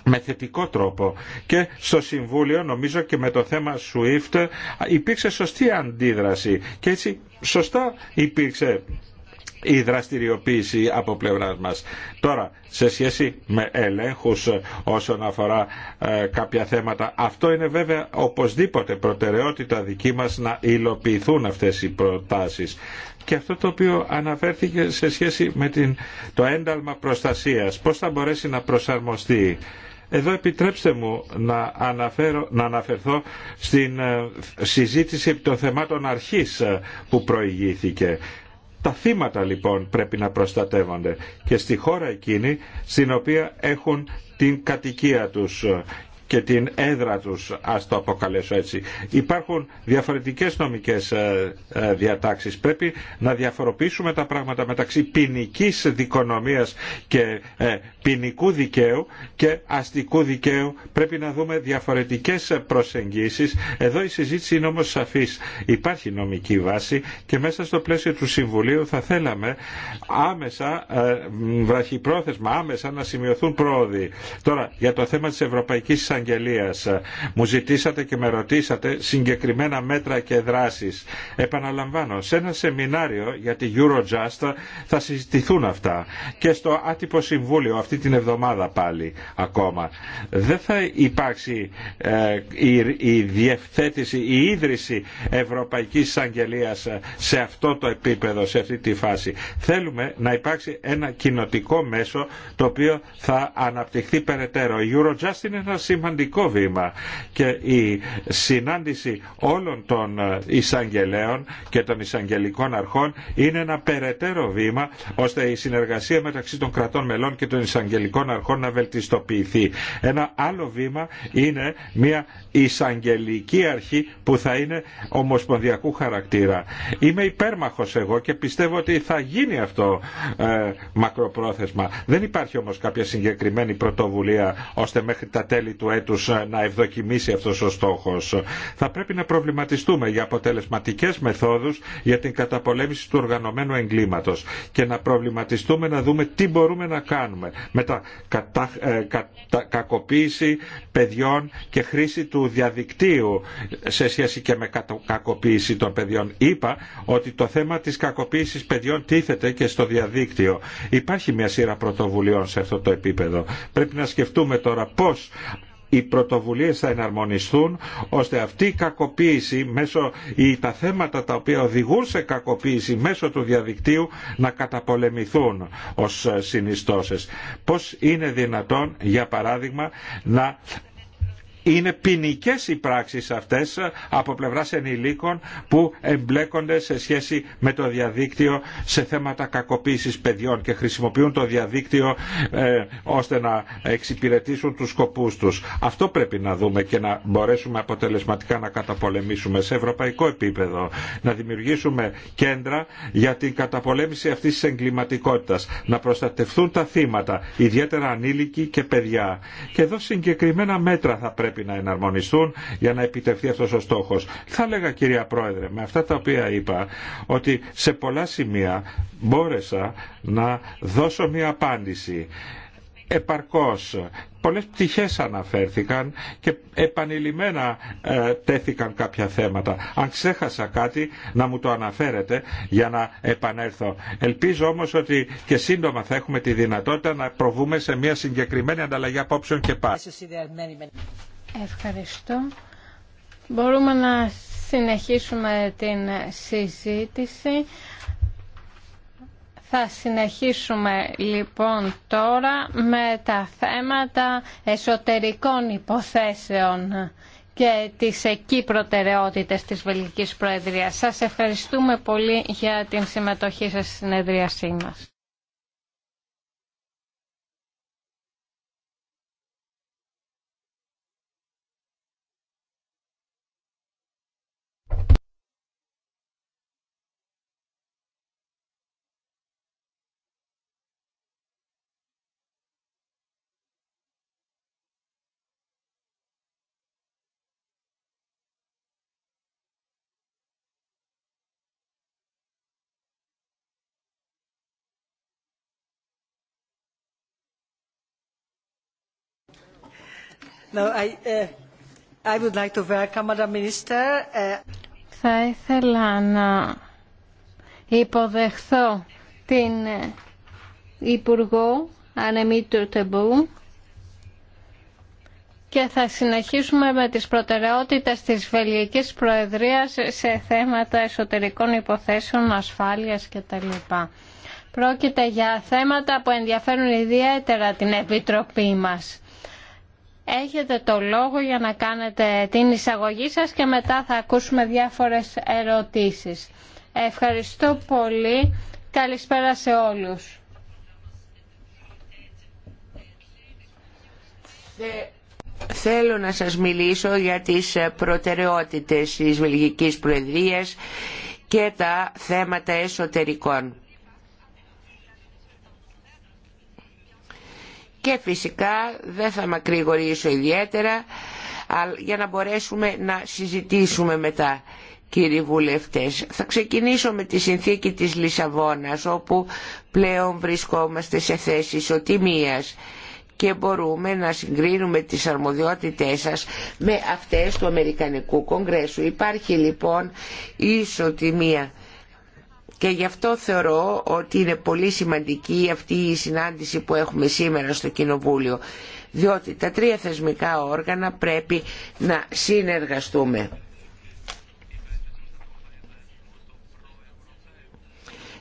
με θετικό τρόπο και στο Συμβούλιο νομίζω και με το θέμα SWIFT υπήρξε σωστή αντίδραση και έτσι σωστά υπήρξε η δραστηριοποίηση από πλευράς μας. Τώρα, σε σχέση με ελέγχους όσον αφορά ε, κάποια θέματα, αυτό είναι βέβαια οπωσδήποτε προτεραιότητα δική μας να υλοποιηθούν αυτές οι προτάσεις. Και αυτό το οποίο αναφέρθηκε σε σχέση με την, το ένταλμα προστασίας, πώς θα μπορέσει να προσαρμοστεί εδώ επιτρέψτε μου να, αναφερθώ στην ε, συζήτηση επί των θεμάτων αρχής ε, που προηγήθηκε. Τα θύματα λοιπόν πρέπει να προστατεύονται και στη χώρα εκείνη στην οποία έχουν την κατοικία τους και την έδρα τους, ας το αποκαλέσω έτσι. Υπάρχουν διαφορετικές νομικές ε, ε, διατάξεις. Πρέπει να διαφοροποιήσουμε τα πράγματα μεταξύ ποινική δικονομίας και ε, ποινικού δικαίου και αστικού δικαίου. Πρέπει να δούμε διαφορετικές προσεγγίσεις. Εδώ η συζήτηση είναι όμως σαφής. Υπάρχει νομική βάση και μέσα στο πλαίσιο του Συμβουλίου θα θέλαμε άμεσα, βραχυπρόθεσμα, άμεσα να σημειωθούν πρόοδοι. Τώρα, για το θέμα της Ευρωπαϊκής μου ζητήσατε και με ρωτήσατε συγκεκριμένα μέτρα και δράσεις. Επαναλαμβάνω, σε ένα σεμινάριο για τη Eurojust θα συζητηθούν αυτά και στο άτυπο συμβούλιο αυτή την εβδομάδα πάλι ακόμα. Δεν θα υπάρξει ε, η, η διευθέτηση, η ίδρυση Ευρωπαϊκής Εισαγγελίας σε αυτό το επίπεδο, σε αυτή τη φάση. Θέλουμε να υπάρξει ένα κοινοτικό μέσο το οποίο θα αναπτυχθεί περαιτέρω. Η Eurojust είναι ένα σημαντικό βήμα και η συνάντηση όλων των εισαγγελέων και των εισαγγελικών αρχών είναι ένα περαιτέρω βήμα ώστε η συνεργασία μεταξύ των κρατών μελών και των εισαγγελικών αρχών να βελτιστοποιηθεί. Ένα άλλο βήμα είναι μια εισαγγελική αρχή που θα είναι ομοσπονδιακού χαρακτήρα. Είμαι υπέρμαχος εγώ και πιστεύω ότι θα γίνει αυτό ε, μακροπρόθεσμα. Δεν υπάρχει όμως κάποια συγκεκριμένη πρωτοβουλία ώστε μέχρι τα τέλη του έτους ε, να ευδοκιμήσει αυτός ο στόχος. Θα πρέπει να προβληματιστούμε για αποτελεσματικές μεθόδους για την καταπολέμηση του οργανωμένου εγκλήματος και να προβληματιστούμε να δούμε τι μπορούμε να κάνουμε με τα ε, κακοποίηση παιδιών και χρήση του διαδικτύου σε σχέση και με κακοποίηση των παιδιών. Είπα ότι το θέμα της κακοποίησης παιδιών τίθεται και στο διαδίκτυο. Υπάρχει μια σειρά πρωτοβουλειών σε αυτό το επίπεδο. Πρέπει να σκεφτούμε τώρα πώς οι πρωτοβουλίες θα εναρμονιστούν ώστε αυτή η κακοποίηση μέσω, ή τα θέματα τα οποία οδηγούν σε κακοποίηση μέσω του διαδικτύου να καταπολεμηθούν ως συνιστώσεις. Πώς είναι δυνατόν για παράδειγμα να είναι ποινικέ οι πράξεις αυτές από πλευρά ενηλίκων που εμπλέκονται σε σχέση με το διαδίκτυο σε θέματα κακοποίηση παιδιών και χρησιμοποιούν το διαδίκτυο ε, ώστε να εξυπηρετήσουν τους σκοπούς τους. Αυτό πρέπει να δούμε και να μπορέσουμε αποτελεσματικά να καταπολεμήσουμε σε ευρωπαϊκό επίπεδο, να δημιουργήσουμε κέντρα για την καταπολέμηση αυτή τη εγκληματικότητα, να προστατευτούν τα θύματα, ιδιαίτερα ανήλικοι και παιδιά. Και εδώ συγκεκριμένα μέτρα θα πρέπει πρέπει να εναρμονιστούν για να επιτευχθεί αυτός ο στόχος. Θα λέγα κυρία Πρόεδρε, με αυτά τα οποία είπα, ότι σε πολλά σημεία μπόρεσα να δώσω μια απάντηση επαρκώς. Πολλές πτυχές αναφέρθηκαν και επανειλημμένα ε, τέθηκαν κάποια θέματα. Αν ξέχασα κάτι να μου το αναφέρετε για να επανέλθω. Ελπίζω όμως ότι και σύντομα θα έχουμε τη δυνατότητα να προβούμε σε μια συγκεκριμένη ανταλλαγή απόψεων και πάλι. Ευχαριστώ. Μπορούμε να συνεχίσουμε την συζήτηση. Θα συνεχίσουμε λοιπόν τώρα με τα θέματα εσωτερικών υποθέσεων και τις εκεί προτεραιότητες της Βελγικής Προεδρίας. Σας ευχαριστούμε πολύ για την συμμετοχή σας στη συνεδρίασή μας. Θα ήθελα να υποδεχθώ την Υπουργό Ανεμή Τεμπού και θα συνεχίσουμε με τις προτεραιότητες της Βελγικής Προεδρίας σε θέματα εσωτερικών υποθέσεων, ασφάλειας κτλ. Πρόκειται για θέματα που ενδιαφέρουν ιδιαίτερα την Επιτροπή μας. Έχετε το λόγο για να κάνετε την εισαγωγή σας και μετά θα ακούσουμε διάφορες ερωτήσεις. Ευχαριστώ πολύ. Καλησπέρα σε όλους. Θέλω να σας μιλήσω για τις προτεραιότητες της Βελγικής Προεδρίας και τα θέματα εσωτερικών. και φυσικά δεν θα μακρηγορήσω ιδιαίτερα για να μπορέσουμε να συζητήσουμε μετά κύριοι βουλευτές. Θα ξεκινήσω με τη συνθήκη της Λισαβόνας όπου πλέον βρισκόμαστε σε θέση ισοτιμίας και μπορούμε να συγκρίνουμε τις αρμοδιότητές σας με αυτές του Αμερικανικού Κογκρέσου. Υπάρχει λοιπόν ισοτιμία και γι' αυτό θεωρώ ότι είναι πολύ σημαντική αυτή η συνάντηση που έχουμε σήμερα στο Κοινοβούλιο. Διότι τα τρία θεσμικά όργανα πρέπει να συνεργαστούμε.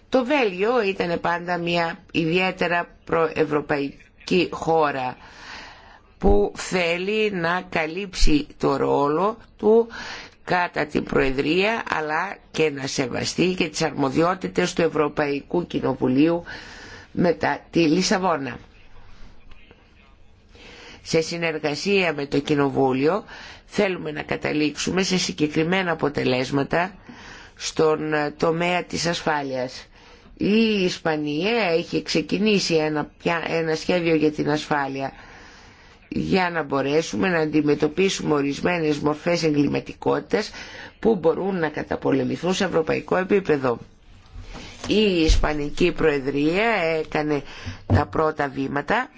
Το Βέλγιο ήταν πάντα μια ιδιαίτερα προευρωπαϊκή χώρα που θέλει να καλύψει το ρόλο του κατά την Προεδρία αλλά και να σεβαστεί και τις αρμοδιότητες του Ευρωπαϊκού Κοινοβουλίου μετά τη Λισαβόνα. Σε συνεργασία με το Κοινοβούλιο θέλουμε να καταλήξουμε σε συγκεκριμένα αποτελέσματα στον τομέα της ασφάλειας. Η Ισπανία έχει ξεκινήσει ένα, ένα σχέδιο για την ασφάλεια για να μπορέσουμε να αντιμετωπίσουμε ορισμένες μορφές εγκληματικότητας που μπορούν να καταπολεμηθούν σε ευρωπαϊκό επίπεδο. Η Ισπανική Προεδρία έκανε τα πρώτα βήματα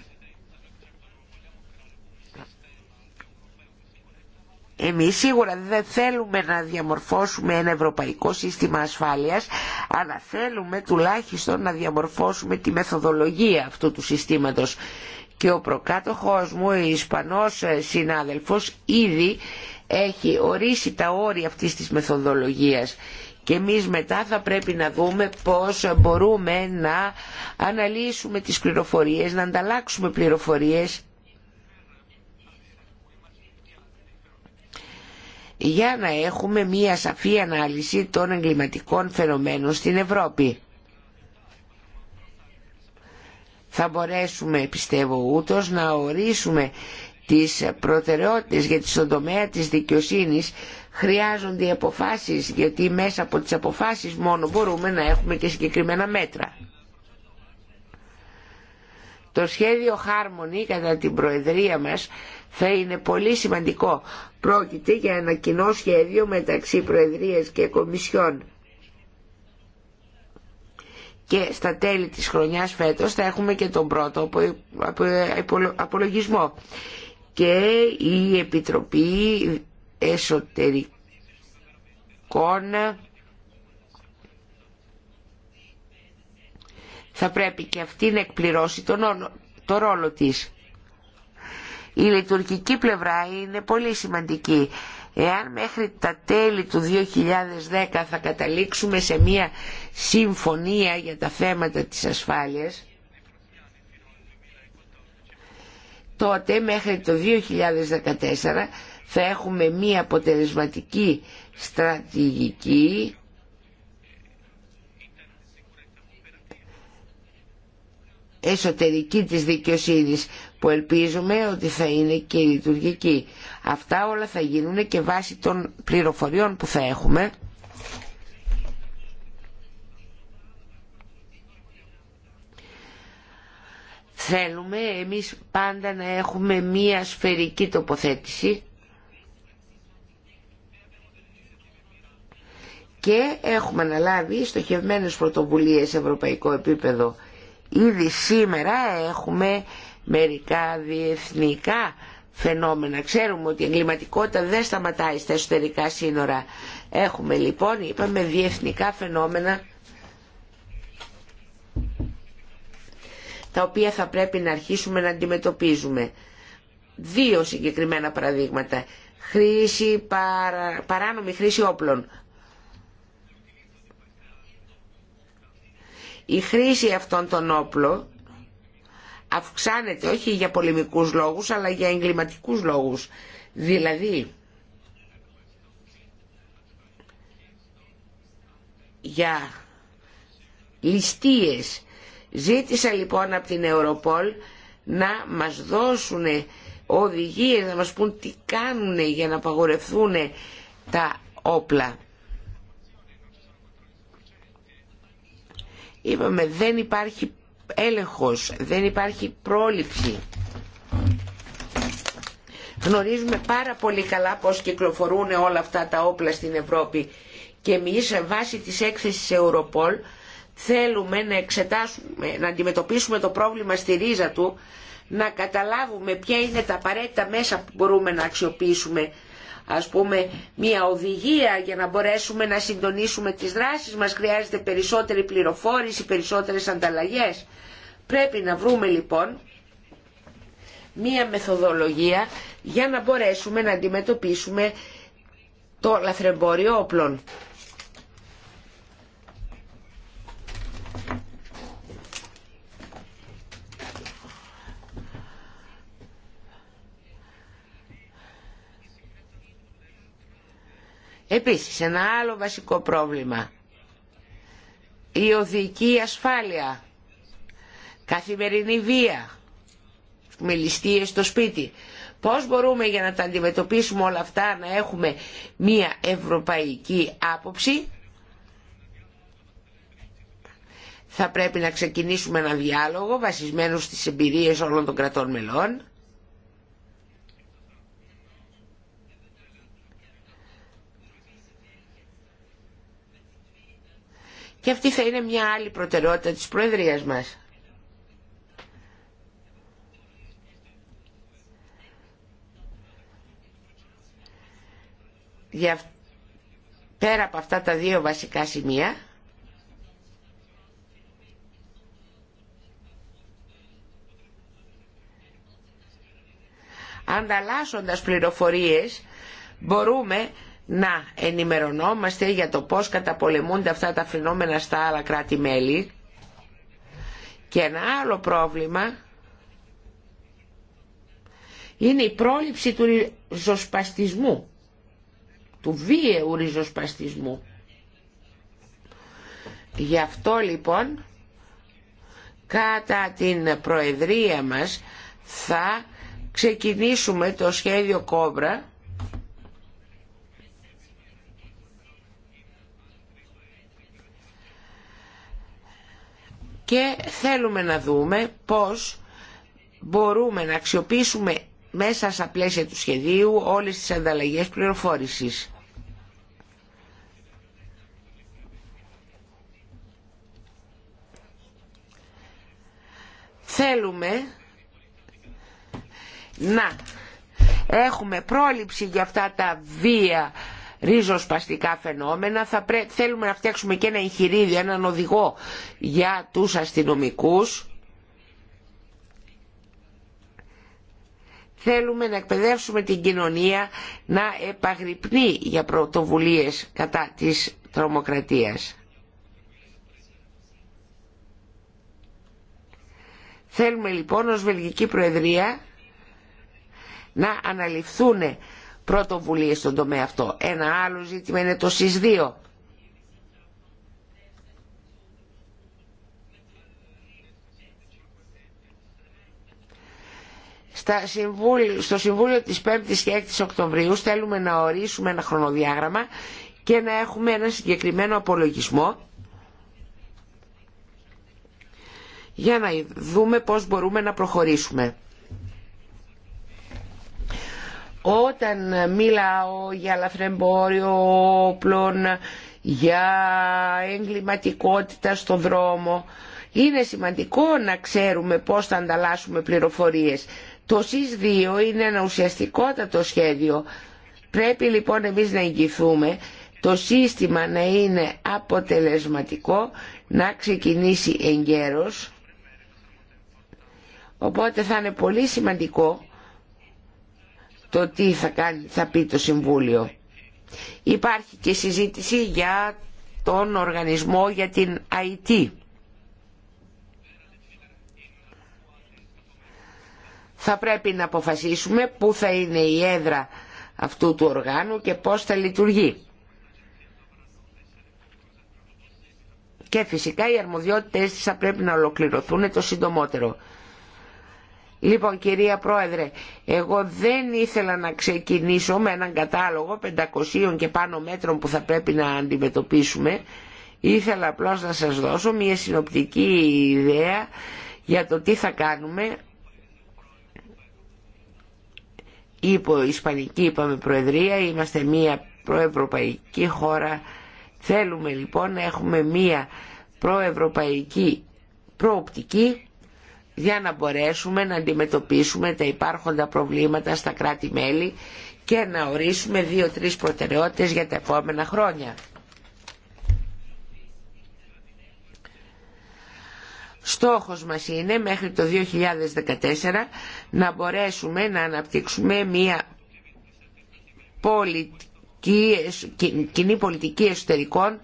Εμείς σίγουρα δεν θέλουμε να διαμορφώσουμε ένα ευρωπαϊκό σύστημα ασφάλειας, αλλά θέλουμε τουλάχιστον να διαμορφώσουμε τη μεθοδολογία αυτού του συστήματος και ο προκάτοχός μου, ο Ισπανός ε, συνάδελφος, ήδη έχει ορίσει τα όρια αυτής της μεθοδολογίας και εμείς μετά θα πρέπει να δούμε πώς μπορούμε να αναλύσουμε τις πληροφορίες, να ανταλλάξουμε πληροφορίες για να έχουμε μία σαφή ανάλυση των εγκληματικών φαινομένων στην Ευρώπη. θα μπορέσουμε πιστεύω ούτως να ορίσουμε τις προτεραιότητες γιατί στον τομέα της δικαιοσύνης χρειάζονται οι αποφάσεις γιατί μέσα από τις αποφάσεις μόνο μπορούμε να έχουμε και συγκεκριμένα μέτρα. Το σχέδιο Harmony κατά την Προεδρία μας θα είναι πολύ σημαντικό. Πρόκειται για ένα κοινό σχέδιο μεταξύ Προεδρίας και Κομισιόν και στα τέλη της χρονιάς φέτος θα έχουμε και τον πρώτο απολογισμό. Και η Επιτροπή Εσωτερικών θα πρέπει και αυτή να εκπληρώσει τον, το ρόλο της. Η λειτουργική πλευρά είναι πολύ σημαντική. Εάν μέχρι τα τέλη του 2010 θα καταλήξουμε σε μια συμφωνία για τα θέματα της ασφάλειας, τότε μέχρι το 2014 θα έχουμε μία αποτελεσματική στρατηγική εσωτερική της δικαιοσύνης που ελπίζουμε ότι θα είναι και λειτουργική. Αυτά όλα θα γίνουν και βάσει των πληροφοριών που θα έχουμε θέλουμε εμείς πάντα να έχουμε μία σφαιρική τοποθέτηση και έχουμε αναλάβει στοχευμένες πρωτοβουλίες σε ευρωπαϊκό επίπεδο. Ήδη σήμερα έχουμε μερικά διεθνικά φαινόμενα. Ξέρουμε ότι η εγκληματικότητα δεν σταματάει στα εσωτερικά σύνορα. Έχουμε λοιπόν, είπαμε, διεθνικά φαινόμενα τα οποία θα πρέπει να αρχίσουμε να αντιμετωπίζουμε. Δύο συγκεκριμένα παραδείγματα. Χρήση, παράνομη χρήση όπλων. Η χρήση αυτών των όπλων αυξάνεται όχι για πολεμικούς λόγους αλλά για εγκληματικούς λόγους. Δηλαδή για ληστείες. Ζήτησα λοιπόν από την Ευρωπόλ να μας δώσουν οδηγίες, να μας πούν τι κάνουν για να απαγορευτούν τα όπλα. Είπαμε δεν υπάρχει έλεγχος, δεν υπάρχει πρόληψη. Γνωρίζουμε πάρα πολύ καλά πώς κυκλοφορούν όλα αυτά τα όπλα στην Ευρώπη και εμείς βάση της έκθεσης Europol θέλουμε να εξετάσουμε, να αντιμετωπίσουμε το πρόβλημα στη ρίζα του, να καταλάβουμε ποια είναι τα απαραίτητα μέσα που μπορούμε να αξιοποιήσουμε ας πούμε μια οδηγία για να μπορέσουμε να συντονίσουμε τις δράσεις μας χρειάζεται περισσότερη πληροφόρηση, περισσότερες ανταλλαγές. Πρέπει να βρούμε λοιπόν μια μεθοδολογία για να μπορέσουμε να αντιμετωπίσουμε το λαθρεμπόριο όπλων. Επίσης, ένα άλλο βασικό πρόβλημα. Η οδική ασφάλεια, καθημερινή βία, με στο σπίτι. Πώς μπορούμε για να τα αντιμετωπίσουμε όλα αυτά, να έχουμε μία ευρωπαϊκή άποψη. Θα πρέπει να ξεκινήσουμε ένα διάλογο βασισμένο στις εμπειρίες όλων των κρατών μελών Και αυτή θα είναι μια άλλη προτεραιότητα της Προεδρίας μας. Για... Πέρα από αυτά τα δύο βασικά σημεία, ανταλλάσσοντας πληροφορίες μπορούμε να ενημερωνόμαστε για το πώς καταπολεμούνται αυτά τα φαινόμενα στα άλλα κράτη-μέλη. Και ένα άλλο πρόβλημα είναι η πρόληψη του ριζοσπαστισμού, του βίαιου ριζοσπαστισμού. Γι' αυτό λοιπόν κατά την προεδρία μας θα ξεκινήσουμε το σχέδιο κόμπρα και θέλουμε να δούμε πώς μπορούμε να αξιοποιήσουμε μέσα στα πλαίσια του σχεδίου όλες τις ανταλλαγές πληροφόρησης. Θέλουμε να έχουμε πρόληψη για αυτά τα βία ριζοσπαστικά φαινόμενα. Θα Θέλουμε να φτιάξουμε και ένα εγχειρίδιο, έναν οδηγό για τους αστυνομικούς. Θέλουμε να εκπαιδεύσουμε την κοινωνία να επαγρυπνεί για πρωτοβουλίες κατά της τρομοκρατίας. Θέλουμε λοιπόν ως Βελγική Προεδρία να αναλυφθούν Πρωτοβουλίε στον τομέα αυτό. Ένα άλλο ζήτημα είναι το ΣΥΣ 2. στο Συμβούλιο της 5ης και 6ης Οκτωβρίου θέλουμε να ορίσουμε ένα χρονοδιάγραμμα και να έχουμε ένα συγκεκριμένο απολογισμό για να δούμε πώς μπορούμε να προχωρήσουμε. Όταν μιλάω για λαθρεμπόριο όπλων, για εγκληματικότητα στο δρόμο, είναι σημαντικό να ξέρουμε πώς θα ανταλλάσσουμε πληροφορίες. Το ΣΥΣ 2 είναι ένα ουσιαστικότατο σχέδιο. Πρέπει λοιπόν εμείς να εγγυθούμε το σύστημα να είναι αποτελεσματικό, να ξεκινήσει εγκαίρως. Οπότε θα είναι πολύ σημαντικό το τι θα, κάνει, θα πει το Συμβούλιο. Υπάρχει και συζήτηση για τον οργανισμό για την IT. Θα πρέπει να αποφασίσουμε πού θα είναι η έδρα αυτού του οργάνου και πώς θα λειτουργεί. Και φυσικά οι αρμοδιότητες θα πρέπει να ολοκληρωθούν το συντομότερο. Λοιπόν κυρία Πρόεδρε, εγώ δεν ήθελα να ξεκινήσω με έναν κατάλογο 500 και πάνω μέτρων που θα πρέπει να αντιμετωπίσουμε. Ήθελα απλώς να σας δώσω μια συνοπτική ιδέα για το τι θα κάνουμε υπό Ισπανική είπαμε Προεδρία, είμαστε μια προευρωπαϊκή χώρα. Θέλουμε λοιπόν να έχουμε μια προευρωπαϊκή προοπτική για να μπορέσουμε να αντιμετωπίσουμε τα υπάρχοντα προβλήματα στα κράτη-μέλη και να ορίσουμε δύο-τρεις προτεραιότητες για τα επόμενα χρόνια. Στόχος μας είναι μέχρι το 2014 να μπορέσουμε να αναπτύξουμε μια πολιτική, κοινή πολιτική εσωτερικών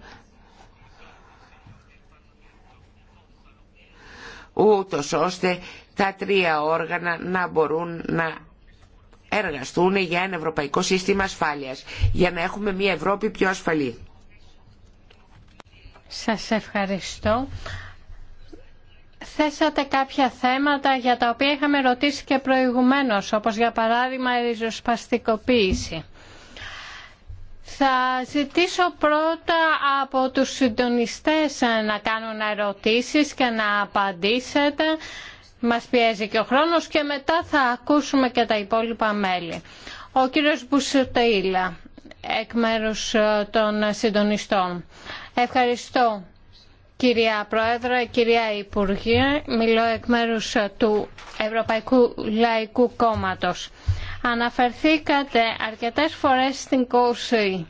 ούτως ώστε τα τρία όργανα να μπορούν να εργαστούν για ένα ευρωπαϊκό σύστημα ασφάλειας, για να έχουμε μια Ευρώπη πιο ασφαλή. Σας ευχαριστώ. Θέσατε κάποια θέματα για τα οποία είχαμε ρωτήσει και προηγουμένως, όπως για παράδειγμα η ριζοσπαστικοποίηση. Θα ζητήσω πρώτα από τους συντονιστές να κάνουν ερωτήσεις και να απαντήσετε. Μας πιέζει και ο χρόνος και μετά θα ακούσουμε και τα υπόλοιπα μέλη. Ο κύριος Μπουσουτείλα, εκ μέρους ε, των συντονιστών. Ευχαριστώ. Κυρία Πρόεδρε, κυρία Υπουργέ, μιλώ εκ μέρους ε, του Ευρωπαϊκού Λαϊκού Κόμματος. Αναφερθήκατε αρκετές φορές στην κόση.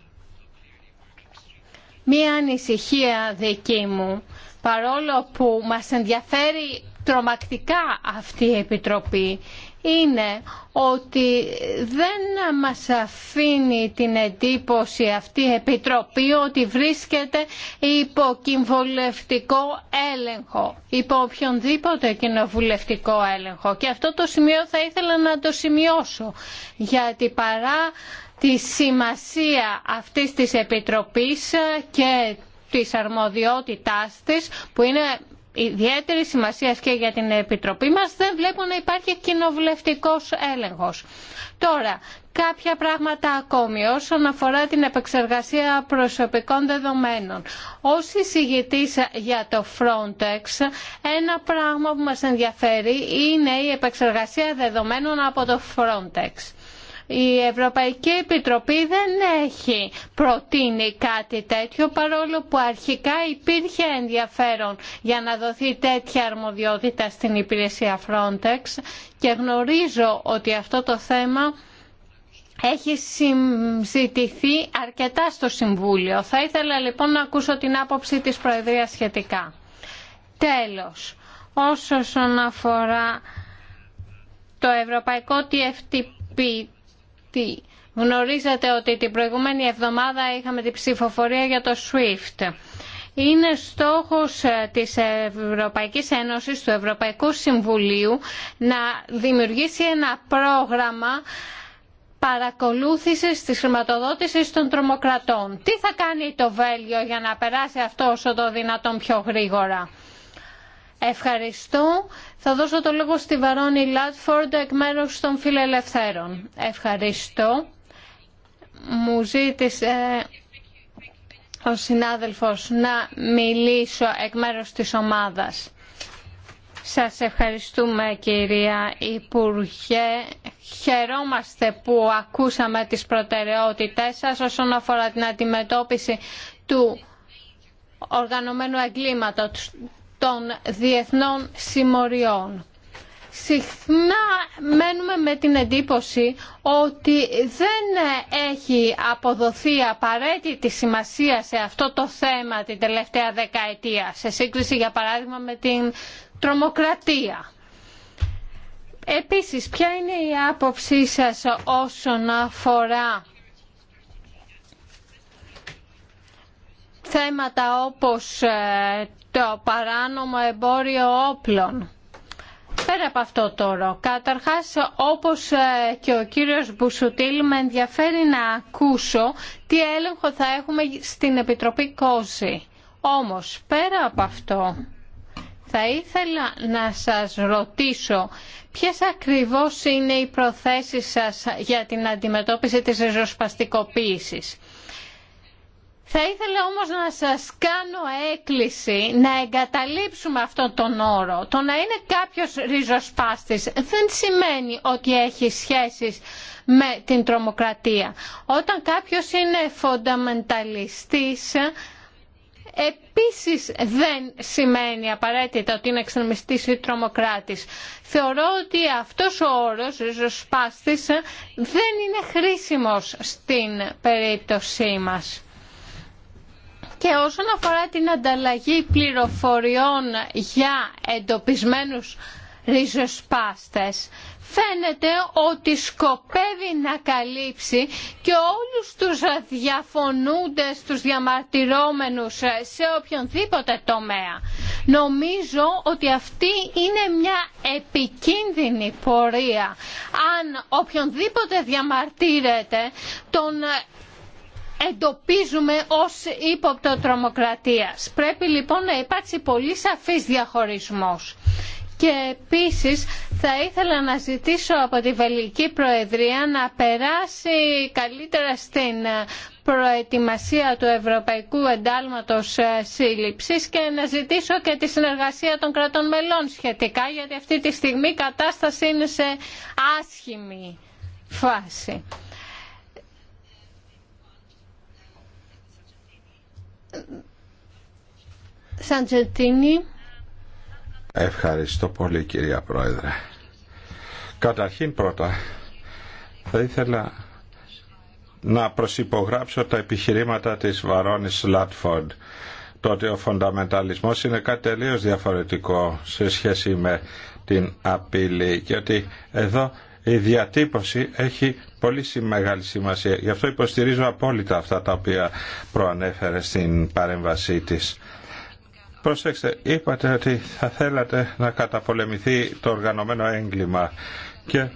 Μία ανησυχία δική μου, παρόλο που μας ενδιαφέρει τρομακτικά αυτή η Επιτροπή, είναι ότι δεν μας αφήνει την εντύπωση αυτή η Επιτροπή ότι βρίσκεται υπό κοινοβουλευτικό έλεγχο, υπό οποιονδήποτε κοινοβουλευτικό έλεγχο. Και αυτό το σημείο θα ήθελα να το σημειώσω, γιατί παρά τη σημασία αυτής της Επιτροπής και της αρμοδιότητάς της που είναι ιδιαίτερη σημασία και για την Επιτροπή μας δεν βλέπω να υπάρχει κοινοβουλευτικός έλεγχος. Τώρα, κάποια πράγματα ακόμη όσον αφορά την επεξεργασία προσωπικών δεδομένων. Ως εισηγητής για το Frontex, ένα πράγμα που μας ενδιαφέρει είναι η επεξεργασία δεδομένων από το Frontex. Η Ευρωπαϊκή Επιτροπή δεν έχει προτείνει κάτι τέτοιο παρόλο που αρχικά υπήρχε ενδιαφέρον για να δοθεί τέτοια αρμοδιότητα στην υπηρεσία Frontex και γνωρίζω ότι αυτό το θέμα έχει συζητηθεί αρκετά στο Συμβούλιο. Θα ήθελα λοιπόν να ακούσω την άποψη της Προεδρίας σχετικά. Τέλος, όσον αφορά το Ευρωπαϊκό TFTP, τι. Γνωρίζετε ότι την προηγούμενη εβδομάδα είχαμε την ψηφοφορία για το SWIFT. Είναι στόχος ε, της Ευρωπαϊκής Ένωσης, του Ευρωπαϊκού Συμβουλίου, να δημιουργήσει ένα πρόγραμμα παρακολούθησης της χρηματοδότησης των τρομοκρατών. Τι θα κάνει το Βέλγιο για να περάσει αυτό όσο το δυνατόν πιο γρήγορα. Ευχαριστώ. Θα δώσω το λόγο στη Βαρόνι Λάτφορντ εκ μέρου των Φιλελευθέρων. Ευχαριστώ. Μου ζήτησε ε, ο συνάδελφος να μιλήσω εκ μέρους της ομάδας. Σας ευχαριστούμε κυρία Υπουργέ. Χαιρόμαστε που ακούσαμε τις προτεραιότητές σας όσον αφορά την αντιμετώπιση του οργανωμένου εγκλήματος των διεθνών συμμοριών. Συχνά μένουμε με την εντύπωση ότι δεν έχει αποδοθεί απαραίτητη σημασία σε αυτό το θέμα την τελευταία δεκαετία, σε σύγκριση για παράδειγμα με την τρομοκρατία. Επίσης, ποια είναι η άποψή σας όσον αφορά θέματα όπως ε, το παράνομο εμπόριο όπλων. Πέρα από αυτό τώρα, καταρχάς όπως ε, και ο κύριος Μπουσουτήλ με ενδιαφέρει να ακούσω τι έλεγχο θα έχουμε στην Επιτροπή Κόζη. Όμως πέρα από αυτό θα ήθελα να σας ρωτήσω ποιες ακριβώς είναι οι προθέσεις σας για την αντιμετώπιση της ριζοσπαστικοποίησης. Θα ήθελα όμως να σας κάνω έκκληση να εγκαταλείψουμε αυτόν τον όρο. Το να είναι κάποιος ριζοσπάστης δεν σημαίνει ότι έχει σχέσεις με την τρομοκρατία. Όταν κάποιος είναι φονταμενταλιστής, επίσης δεν σημαίνει απαραίτητα ότι είναι εξτρεμιστής ή τρομοκράτης. Θεωρώ ότι αυτός ο όρος, ριζοσπάστης, δεν είναι χρήσιμος στην περίπτωσή μας. Και όσον αφορά την ανταλλαγή πληροφοριών για εντοπισμένους ριζοσπάστες, φαίνεται ότι σκοπεύει να καλύψει και όλους τους διαφωνούντες, τους διαμαρτυρόμενους σε οποιονδήποτε τομέα. Νομίζω ότι αυτή είναι μια επικίνδυνη πορεία. Αν οποιονδήποτε διαμαρτύρεται, τον εντοπίζουμε ως ύποπτο τρομοκρατίας. Πρέπει λοιπόν να υπάρξει πολύ σαφής διαχωρισμός. Και επίσης θα ήθελα να ζητήσω από τη Βελική Προεδρία να περάσει καλύτερα στην προετοιμασία του Ευρωπαϊκού Εντάλματος ε, Σύλληψης και να ζητήσω και τη συνεργασία των κρατών μελών σχετικά γιατί αυτή τη στιγμή η κατάσταση είναι σε άσχημη φάση. Σαντζετίνη. Ευχαριστώ πολύ κυρία Πρόεδρε. Καταρχήν πρώτα θα ήθελα να προσυπογράψω τα επιχειρήματα της Βαρόνης Λάτφορντ το ότι ο φονταμενταλισμός είναι κάτι τελείως διαφορετικό σε σχέση με την απειλή και ότι εδώ η διατύπωση έχει πολύ μεγάλη σημασία. Γι' αυτό υποστηρίζω απόλυτα αυτά τα οποία προανέφερε στην παρέμβασή της. Προσέξτε, είπατε ότι θα θέλατε να καταπολεμηθεί το οργανωμένο έγκλημα και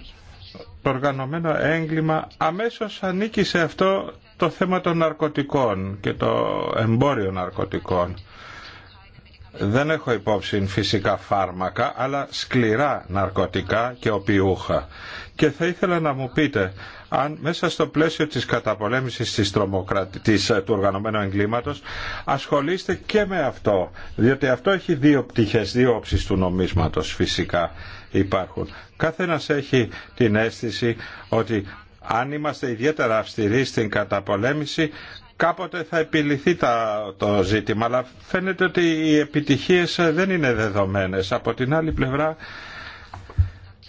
το οργανωμένο έγκλημα αμέσως ανήκει σε αυτό το θέμα των ναρκωτικών και το εμπόριο ναρκωτικών δεν έχω υπόψη φυσικά φάρμακα, αλλά σκληρά ναρκωτικά και οπιούχα. Και θα ήθελα να μου πείτε αν μέσα στο πλαίσιο της καταπολέμησης της, της ε, του οργανωμένου εγκλήματος ασχολείστε και με αυτό, διότι αυτό έχει δύο πτυχές, δύο όψεις του νομίσματος φυσικά υπάρχουν. Κάθε έχει την αίσθηση ότι αν είμαστε ιδιαίτερα αυστηροί στην καταπολέμηση κάποτε θα επιληθεί το ζήτημα, αλλά φαίνεται ότι οι επιτυχίες δεν είναι δεδομένες. Από την άλλη πλευρά,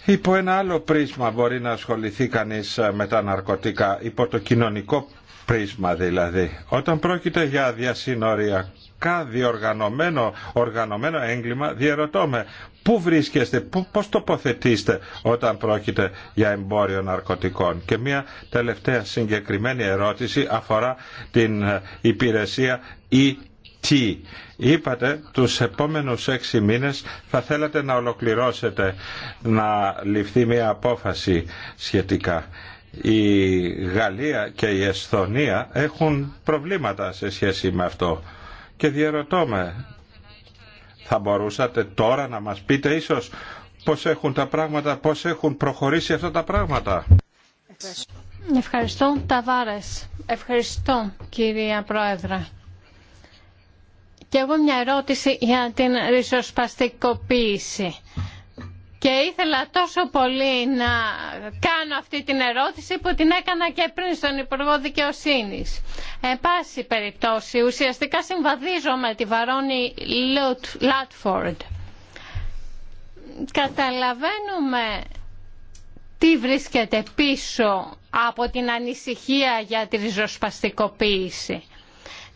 υπό ένα άλλο πρίσμα μπορεί να ασχοληθεί κανείς με τα ναρκωτικά, υπό το κοινωνικό πρίσμα δηλαδή. Όταν πρόκειται για διασύνορια κακά διοργανωμένο οργανωμένο έγκλημα διαρωτώ με πού βρίσκεστε, πού, πώς τοποθετήστε όταν πρόκειται για εμπόριο ναρκωτικών. Και μια τελευταία συγκεκριμένη ερώτηση αφορά την ε, υπηρεσία ή e τι. Είπατε τους επόμενους έξι μήνες θα θέλατε να ολοκληρώσετε να ληφθεί μια απόφαση σχετικά. Η ειπατε τους επομενους εξι μηνες θα θελατε να ολοκληρωσετε να ληφθει μια αποφαση σχετικα η γαλλια και η Εσθονία έχουν προβλήματα σε σχέση με αυτό. Και διαρωτώ με, θα μπορούσατε τώρα να μας πείτε ίσως πώς έχουν τα πράγματα, πώς έχουν προχωρήσει αυτά τα πράγματα. Ευχαριστώ. Ταβάρες. Ευχαριστώ κυρία Πρόεδρε. Και εγώ μια ερώτηση για την ριζοσπαστικοποίηση. Και ήθελα τόσο πολύ να κάνω αυτή την ερώτηση που την έκανα και πριν στον Υπουργό δικαιοσύνη. Εν πάση περιπτώσει, ουσιαστικά συμβαδίζω με τη Βαρόνη Λάτφορντ. Καταλαβαίνουμε τι βρίσκεται πίσω από την ανησυχία για τη ριζοσπαστικοποίηση.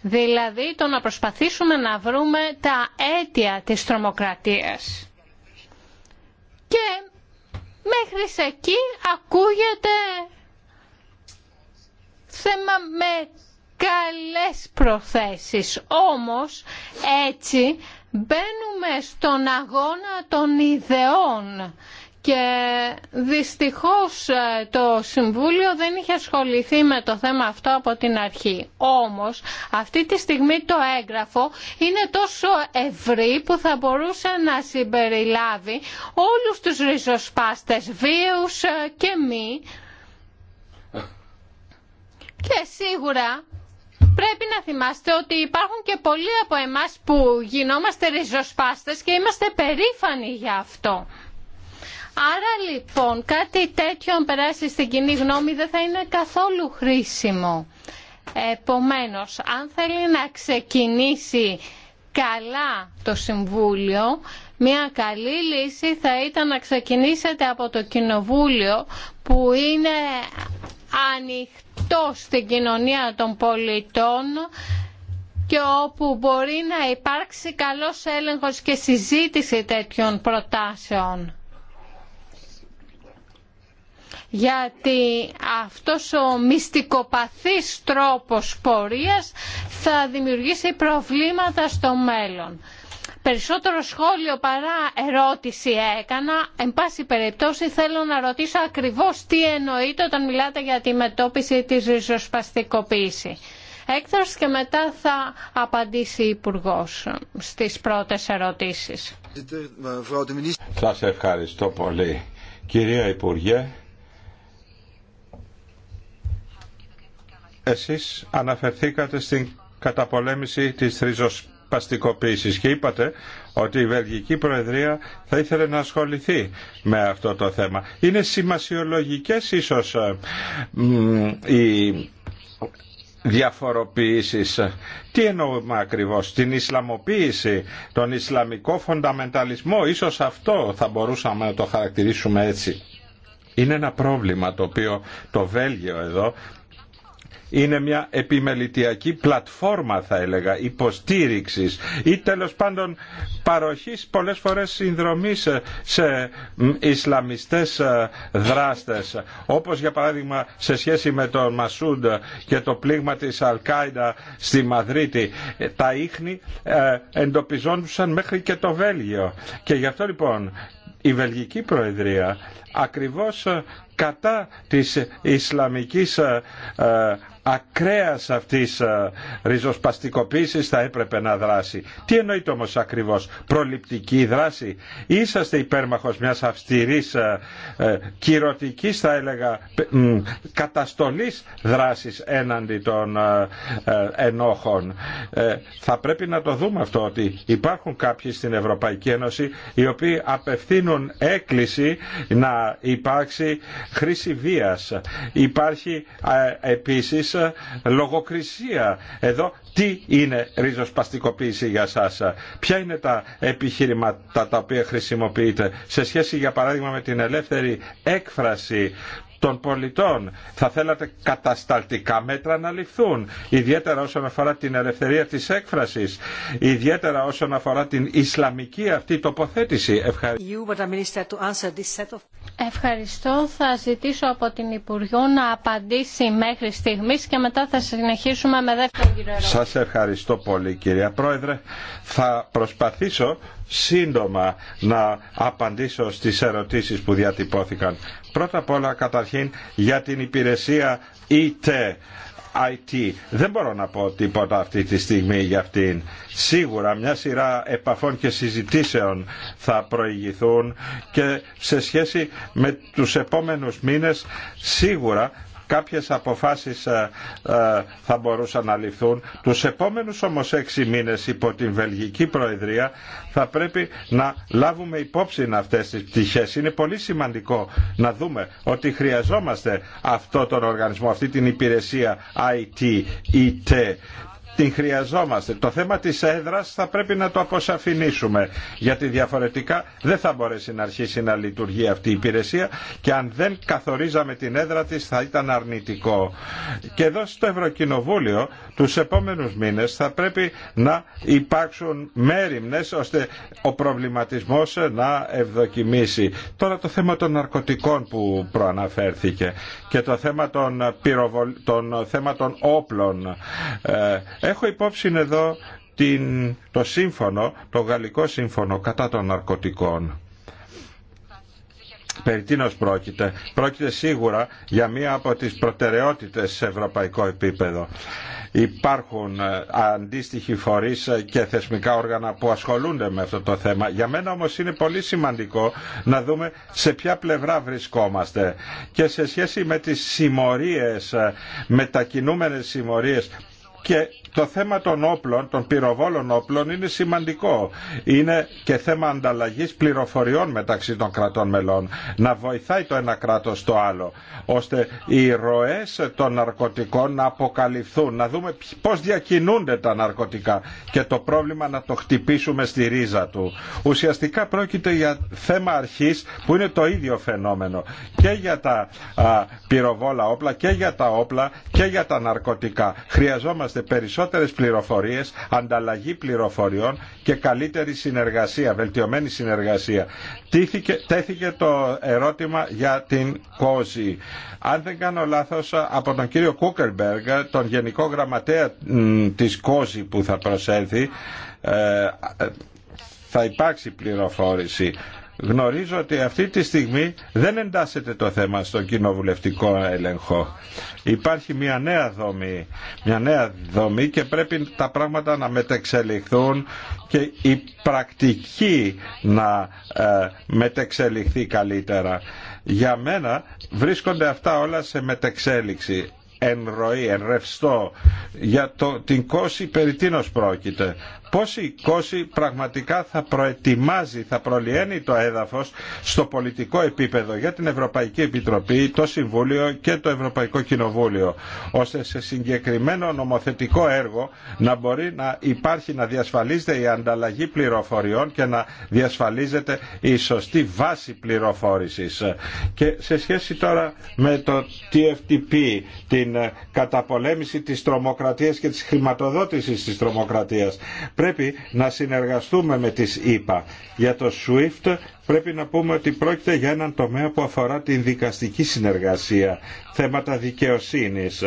Δηλαδή το να προσπαθήσουμε να βρούμε τα αίτια της τρομοκρατίας. Και μέχρι εκεί ακούγεται θέμα με καλές προθέσεις. Όμως έτσι μπαίνουμε στον αγώνα των ιδεών και δυστυχώς ε, το Συμβούλιο δεν είχε ασχοληθεί με το θέμα αυτό από την αρχή. Όμως αυτή τη στιγμή το έγγραφο είναι τόσο ευρύ που θα μπορούσε να συμπεριλάβει όλους τους ριζοσπάστες βίους ε, και μη και σίγουρα πρέπει να θυμάστε ότι υπάρχουν και πολλοί από εμάς που γινόμαστε ριζοσπάστες και είμαστε περήφανοι για αυτό. Άρα λοιπόν κάτι τέτοιο αν περάσει στην κοινή γνώμη δεν θα είναι καθόλου χρήσιμο. Επομένως, αν θέλει να ξεκινήσει καλά το Συμβούλιο, μια καλή λύση θα ήταν να ξεκινήσετε από το Κοινοβούλιο που είναι ανοιχτό στην κοινωνία των πολιτών και όπου μπορεί να υπάρξει καλός έλεγχος και συζήτηση τέτοιων προτάσεων γιατί αυτός ο μυστικοπαθής τρόπος πορείας θα δημιουργήσει προβλήματα στο μέλλον. Περισσότερο σχόλιο παρά ερώτηση έκανα. Εν πάση περιπτώσει θέλω να ρωτήσω ακριβώς τι εννοείται όταν μιλάτε για τη μετώπιση της ριζοσπαστικοποίηση. Έκτος και μετά θα απαντήσει η υπουργό στις πρώτες ερωτήσεις. Σας ευχαριστώ πολύ. Κυρία Υπουργέ, Εσείς αναφερθήκατε στην καταπολέμηση της θρηζοσπαστικοποίησης και είπατε ότι η Βελγική Προεδρία θα ήθελε να ασχοληθεί με αυτό το θέμα. Είναι σημασιολογικές ίσως ε, οι διαφοροποιήσεις. Τι εννοούμε ακριβώς, την Ισλαμοποίηση, τον Ισλαμικό φονταμενταλισμό, ίσως αυτό θα μπορούσαμε να το χαρακτηρίσουμε έτσι. Είναι ένα πρόβλημα το οποίο το Βέλγιο εδώ είναι μια επιμελητιακή πλατφόρμα θα έλεγα υποστήριξης ή τέλος πάντων παροχής πολλές φορές συνδρομής σε Ισλαμιστές ε, δράστες όπως για παράδειγμα σε σχέση με τον Μασούντ και το πλήγμα της Αλκάιντα στη Μαδρίτη ε, τα ίχνη ε, εντοπιζόντουσαν μέχρι και το Βέλγιο και γι' αυτό λοιπόν η Βελγική Προεδρία ακριβώς κατά της Ισλαμικής ακραίας αυτής ριζοσπαστικοποίησης θα έπρεπε να δράσει. Τι εννοείται όμως ακριβώς προληπτική δράση. Είσαστε υπέρμαχος μιας αυστηρής ε, κυρωτικής θα έλεγα καταστολής δράσης έναντι των ε, ενόχων. Ε, θα πρέπει να το δούμε αυτό ότι υπάρχουν κάποιοι στην Ευρωπαϊκή Ένωση οι οποίοι απευθύνουν έκκληση να υπάρξει χρήση βίας. Υπάρχει επίσης ε, λογοκρισία. Εδώ τι είναι ριζοσπαστικοποίηση για σας. Ποια είναι τα επιχειρήματα τα οποία χρησιμοποιείτε σε σχέση για παράδειγμα με την ελεύθερη έκφραση των πολιτών. Θα θέλατε κατασταλτικά μέτρα να ληφθούν, ιδιαίτερα όσον αφορά την ελευθερία της έκφρασης, ιδιαίτερα όσον αφορά την Ισλαμική αυτή τοποθέτηση. Ευχαριστώ. Ευχαριστώ. Θα ζητήσω από την Υπουργό να απαντήσει μέχρι στιγμής και μετά θα συνεχίσουμε με δεύτερο γύρο. Σας ευχαριστώ πολύ κυρία Πρόεδρε. Θα προσπαθήσω σύντομα να απαντήσω στις ερωτήσεις που διατυπώθηκαν. Πρώτα απ' όλα καταρχήν για την υπηρεσία IT. IT. Δεν μπορώ να πω τίποτα αυτή τη στιγμή για αυτήν. Σίγουρα μια σειρά επαφών και συζητήσεων θα προηγηθούν και σε σχέση με τους επόμενους μήνες σίγουρα κάποιες αποφάσεις ε, ε, θα μπορούσαν να ληφθούν. Τους επόμενους όμως έξι μήνες υπό την Βελγική Προεδρία θα πρέπει να λάβουμε υπόψη αυτές τις πτυχές. Είναι πολύ σημαντικό να δούμε ότι χρειαζόμαστε αυτό τον οργανισμό, αυτή την υπηρεσία IT, IT e την χρειαζόμαστε. Το θέμα της έδρας θα πρέπει να το αποσαφηνίσουμε, γιατί διαφορετικά δεν θα μπορέσει να αρχίσει να λειτουργεί αυτή η υπηρεσία και αν δεν καθορίζαμε την έδρα της θα ήταν αρνητικό. Και εδώ στο Ευρωκοινοβούλιο τους επόμενους μήνες θα πρέπει να υπάρξουν μέρημνες ώστε ο προβληματισμός να ευδοκιμήσει. Τώρα το θέμα των ναρκωτικών που προαναφέρθηκε και το θέμα των, των, θέμα των όπλων ε, Έχω υπόψη εδώ την, το σύμφωνο, το γαλλικό σύμφωνο κατά των ναρκωτικών. Περί τίνος πρόκειται. Πρόκειται σίγουρα για μία από τις προτεραιότητες σε ευρωπαϊκό επίπεδο. Υπάρχουν ε, αντίστοιχοι φορείς ε, και θεσμικά όργανα που ασχολούνται με αυτό το θέμα. Για μένα όμως είναι πολύ σημαντικό να δούμε σε ποια πλευρά βρισκόμαστε και σε σχέση με τις συμμορίες, ε, μετακινούμενες συμμορίες και το θέμα των όπλων, των πυροβόλων όπλων είναι σημαντικό. Είναι και θέμα ανταλλαγής πληροφοριών μεταξύ των κρατών μελών. Να βοηθάει το ένα κράτος το άλλο, ώστε οι ροές των ναρκωτικών να αποκαλυφθούν, να δούμε πώς διακινούνται τα ναρκωτικά και το πρόβλημα να το χτυπήσουμε στη ρίζα του. Ουσιαστικά πρόκειται για θέμα αρχής που είναι το ίδιο φαινόμενο και για τα πυροβόλα όπλα και για τα όπλα και για τα ναρκωτικά. Χρειαζόμαστε περισσότερο περισσότερες πληροφορίες, ανταλλαγή πληροφοριών και καλύτερη συνεργασία, βελτιωμένη συνεργασία. Τήθηκε, τέθηκε το ερώτημα για την κόζη. Αν δεν κάνω λάθος, από τον κύριο Κούκερμπεργκ, τον Γενικό Γραμματέα της κόζη που θα προσέλθει, ε, θα υπάρξει πληροφόρηση. Γνωρίζω ότι αυτή τη στιγμή δεν εντάσσεται το θέμα στο κοινοβουλευτικό έλεγχο. Υπάρχει μια νέα δομή, μια νέα δομή και πρέπει τα πράγματα να μετεξελιχθούν και η πρακτική να ε, μετεξελιχθεί καλύτερα. Για μένα βρίσκονται αυτά όλα σε μετεξέλιξη εν ροή, εν ρευστό. Για το, την κόση περί τίνος πρόκειται πώς η κόση πραγματικά θα προετοιμάζει, θα προλυαίνει το έδαφος στο πολιτικό επίπεδο για την Ευρωπαϊκή Επιτροπή, το Συμβούλιο και το Ευρωπαϊκό Κοινοβούλιο, ώστε σε συγκεκριμένο νομοθετικό έργο να μπορεί να υπάρχει, να διασφαλίζεται η ανταλλαγή πληροφοριών και να διασφαλίζεται η σωστή βάση πληροφόρησης. Και σε σχέση τώρα με το TFTP, την καταπολέμηση της τρομοκρατίας και της χρηματοδότησης της τρομοκρατίας, πρέπει να συνεργαστούμε με τις ΗΠΑ. Για το SWIFT πρέπει να πούμε ότι πρόκειται για έναν τομέα που αφορά την δικαστική συνεργασία, θέματα δικαιοσύνης.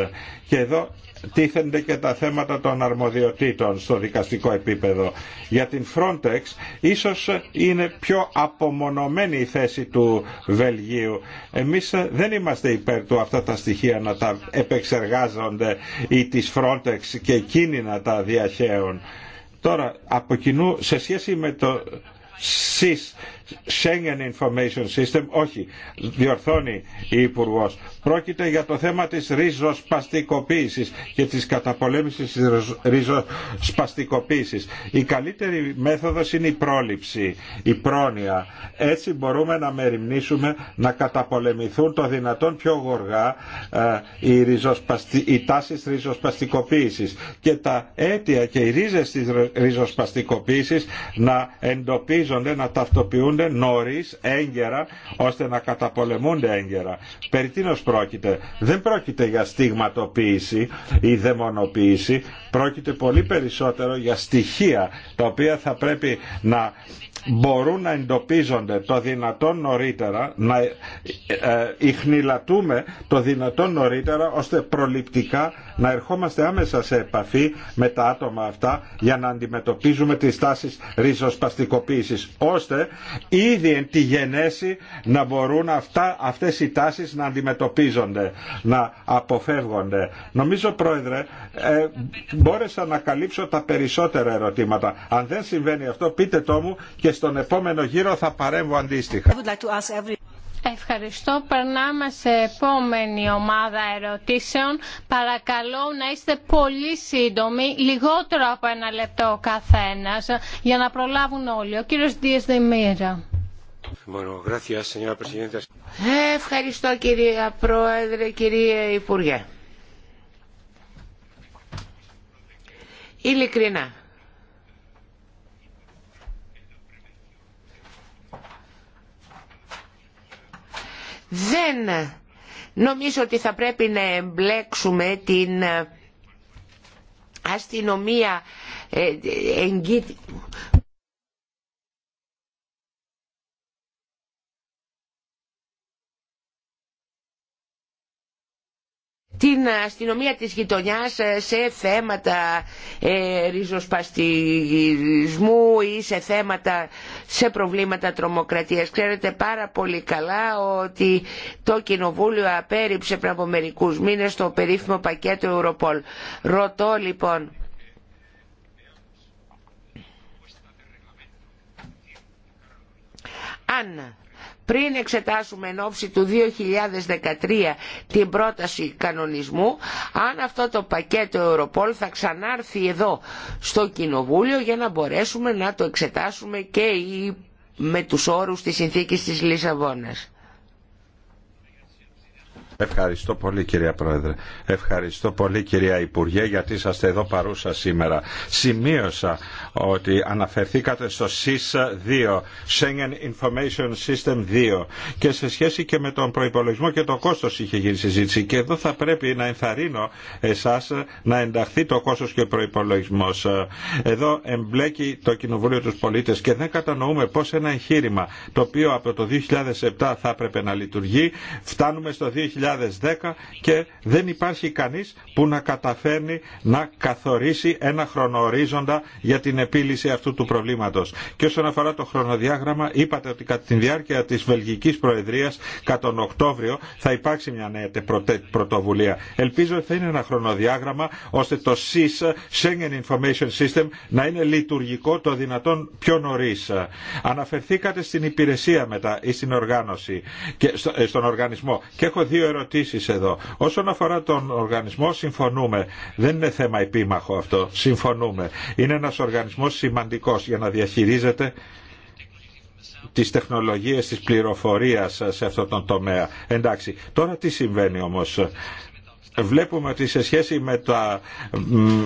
Και εδώ τίθενται και τα θέματα των αρμοδιοτήτων στο δικαστικό επίπεδο. Για την Frontex ίσως είναι πιο απομονωμένη η θέση του Βελγίου. Εμείς δεν είμαστε υπέρ του αυτά τα στοιχεία να τα επεξεργάζονται ή της Frontex και εκείνοι να τα διαχέουν. Τώρα, από κοινού, σε σχέση με το ΣΥΣ Schengen Information System, όχι, διορθώνει η Υπουργό. Πρόκειται για το θέμα της ριζοσπαστικοποίησης και της καταπολέμησης της ριζοσπαστικοποίησης. Η καλύτερη μέθοδος είναι η πρόληψη, η πρόνοια. Έτσι μπορούμε να μεριμνήσουμε να καταπολεμηθούν το δυνατόν πιο γοργά ε, οι, ριζοσπαστι... οι τάσεις ριζοσπαστικοποίησης και τα αίτια και οι ρίζες της ριζοσπαστικοποίησης να εντοπίζονται, να ταυτοποιούν κινούνται νωρί, έγκαιρα, ώστε να καταπολεμούνται έγκαιρα. Περί τίνο πρόκειται. Δεν πρόκειται για στιγματοποίηση ή δαιμονοποίηση. Πρόκειται πολύ περισσότερο για στοιχεία τα οποία θα πρέπει να μπορούν να εντοπίζονται το δυνατόν νωρίτερα, να ε, ε, ε το δυνατόν νωρίτερα ώστε προληπτικά να ερχόμαστε άμεσα σε επαφή με τα άτομα αυτά για να αντιμετωπίζουμε τις τάσεις ριζοσπαστικοποίησης ώστε ήδη εν τη γενέση να μπορούν αυτά, αυτές οι τάσεις να αντιμετωπίζονται, να αποφεύγονται. Νομίζω Πρόεδρε ε, μπόρεσα να καλύψω τα περισσότερα ερωτήματα. Αν δεν συμβαίνει αυτό πείτε το μου και στον επόμενο γύρο θα παρέμβω αντίστοιχα. Ευχαριστώ. Περνάμε σε επόμενη ομάδα ερωτήσεων. Παρακαλώ να είστε πολύ σύντομοι, λιγότερο από ένα λεπτό ο καθένας, για να προλάβουν όλοι. Ο κύριος Δίας Δημήρα. Ευχαριστώ κυρία Πρόεδρε, κυρία Υπουργέ. Ειλικρινά, Δεν νομίζω ότι θα πρέπει να εμπλέξουμε την ε, αστυνομία ε, εγκύτη την αστυνομία της γειτονιάς ε, σε θέματα ε, ριζοσπαστισμού ή σε θέματα σε προβλήματα τρομοκρατίας. Ξέρετε πάρα πολύ καλά ότι το Κοινοβούλιο απέριψε πριν από μερικού μήνες το περίφημο πακέτο Europol. Ρωτώ λοιπόν... Αν πριν εξετάσουμε εν ώψη του 2013 την πρόταση κανονισμού αν αυτό το πακέτο Europol θα ξανάρθει εδώ στο Κοινοβούλιο για να μπορέσουμε να το εξετάσουμε και με τους όρους της συνθήκης της Λισαβόνας. Ευχαριστώ πολύ κυρία Πρόεδρε. Ευχαριστώ πολύ κυρία Υπουργέ γιατί είσαστε εδώ παρούσα σήμερα. Σημείωσα ότι αναφερθήκατε στο SIS-2, Schengen Information System 2 και σε σχέση και με τον προϋπολογισμό και το κόστος είχε γίνει συζήτηση και εδώ θα πρέπει να ενθαρρύνω εσάς να ενταχθεί το κόστος και ο προϋπολογισμός. Εδώ εμπλέκει το Κοινοβούλιο τους πολίτες και δεν κατανοούμε πώς ένα εγχείρημα το οποίο από το 2007 θα έπρεπε να λειτουργεί φτάνουμε στο 2010 και δεν υπάρχει κανείς που να καταφέρνει να καθορίσει ένα χρονοορίζοντα για την επίλυση αυτού του προβλήματος. Και όσον αφορά το χρονοδιάγραμμα, είπατε ότι κατά τη διάρκεια της Βελγικής Προεδρίας κατά τον Οκτώβριο θα υπάρξει μια νέα πρωτοβουλία. Ελπίζω ότι θα είναι ένα χρονοδιάγραμμα ώστε το SIS, Schengen Information System, να είναι λειτουργικό το δυνατόν πιο νωρί. Αναφερθήκατε στην υπηρεσία μετά ή στην οργάνωση και ε, στον οργανισμό. Και έχω δύο ερωτήσεις εδώ. Όσον αφορά τον οργανισμό συμφωνούμε. Δεν είναι θέμα επίμαχο αυτό. Συμφωνούμε. Είναι ένας οργανισμός σημαντικός για να διαχειρίζεται τις τεχνολογίες της πληροφορίας σε αυτόν τον τομέα. Εντάξει, τώρα τι συμβαίνει όμως. Βλέπουμε ότι σε σχέση με τα,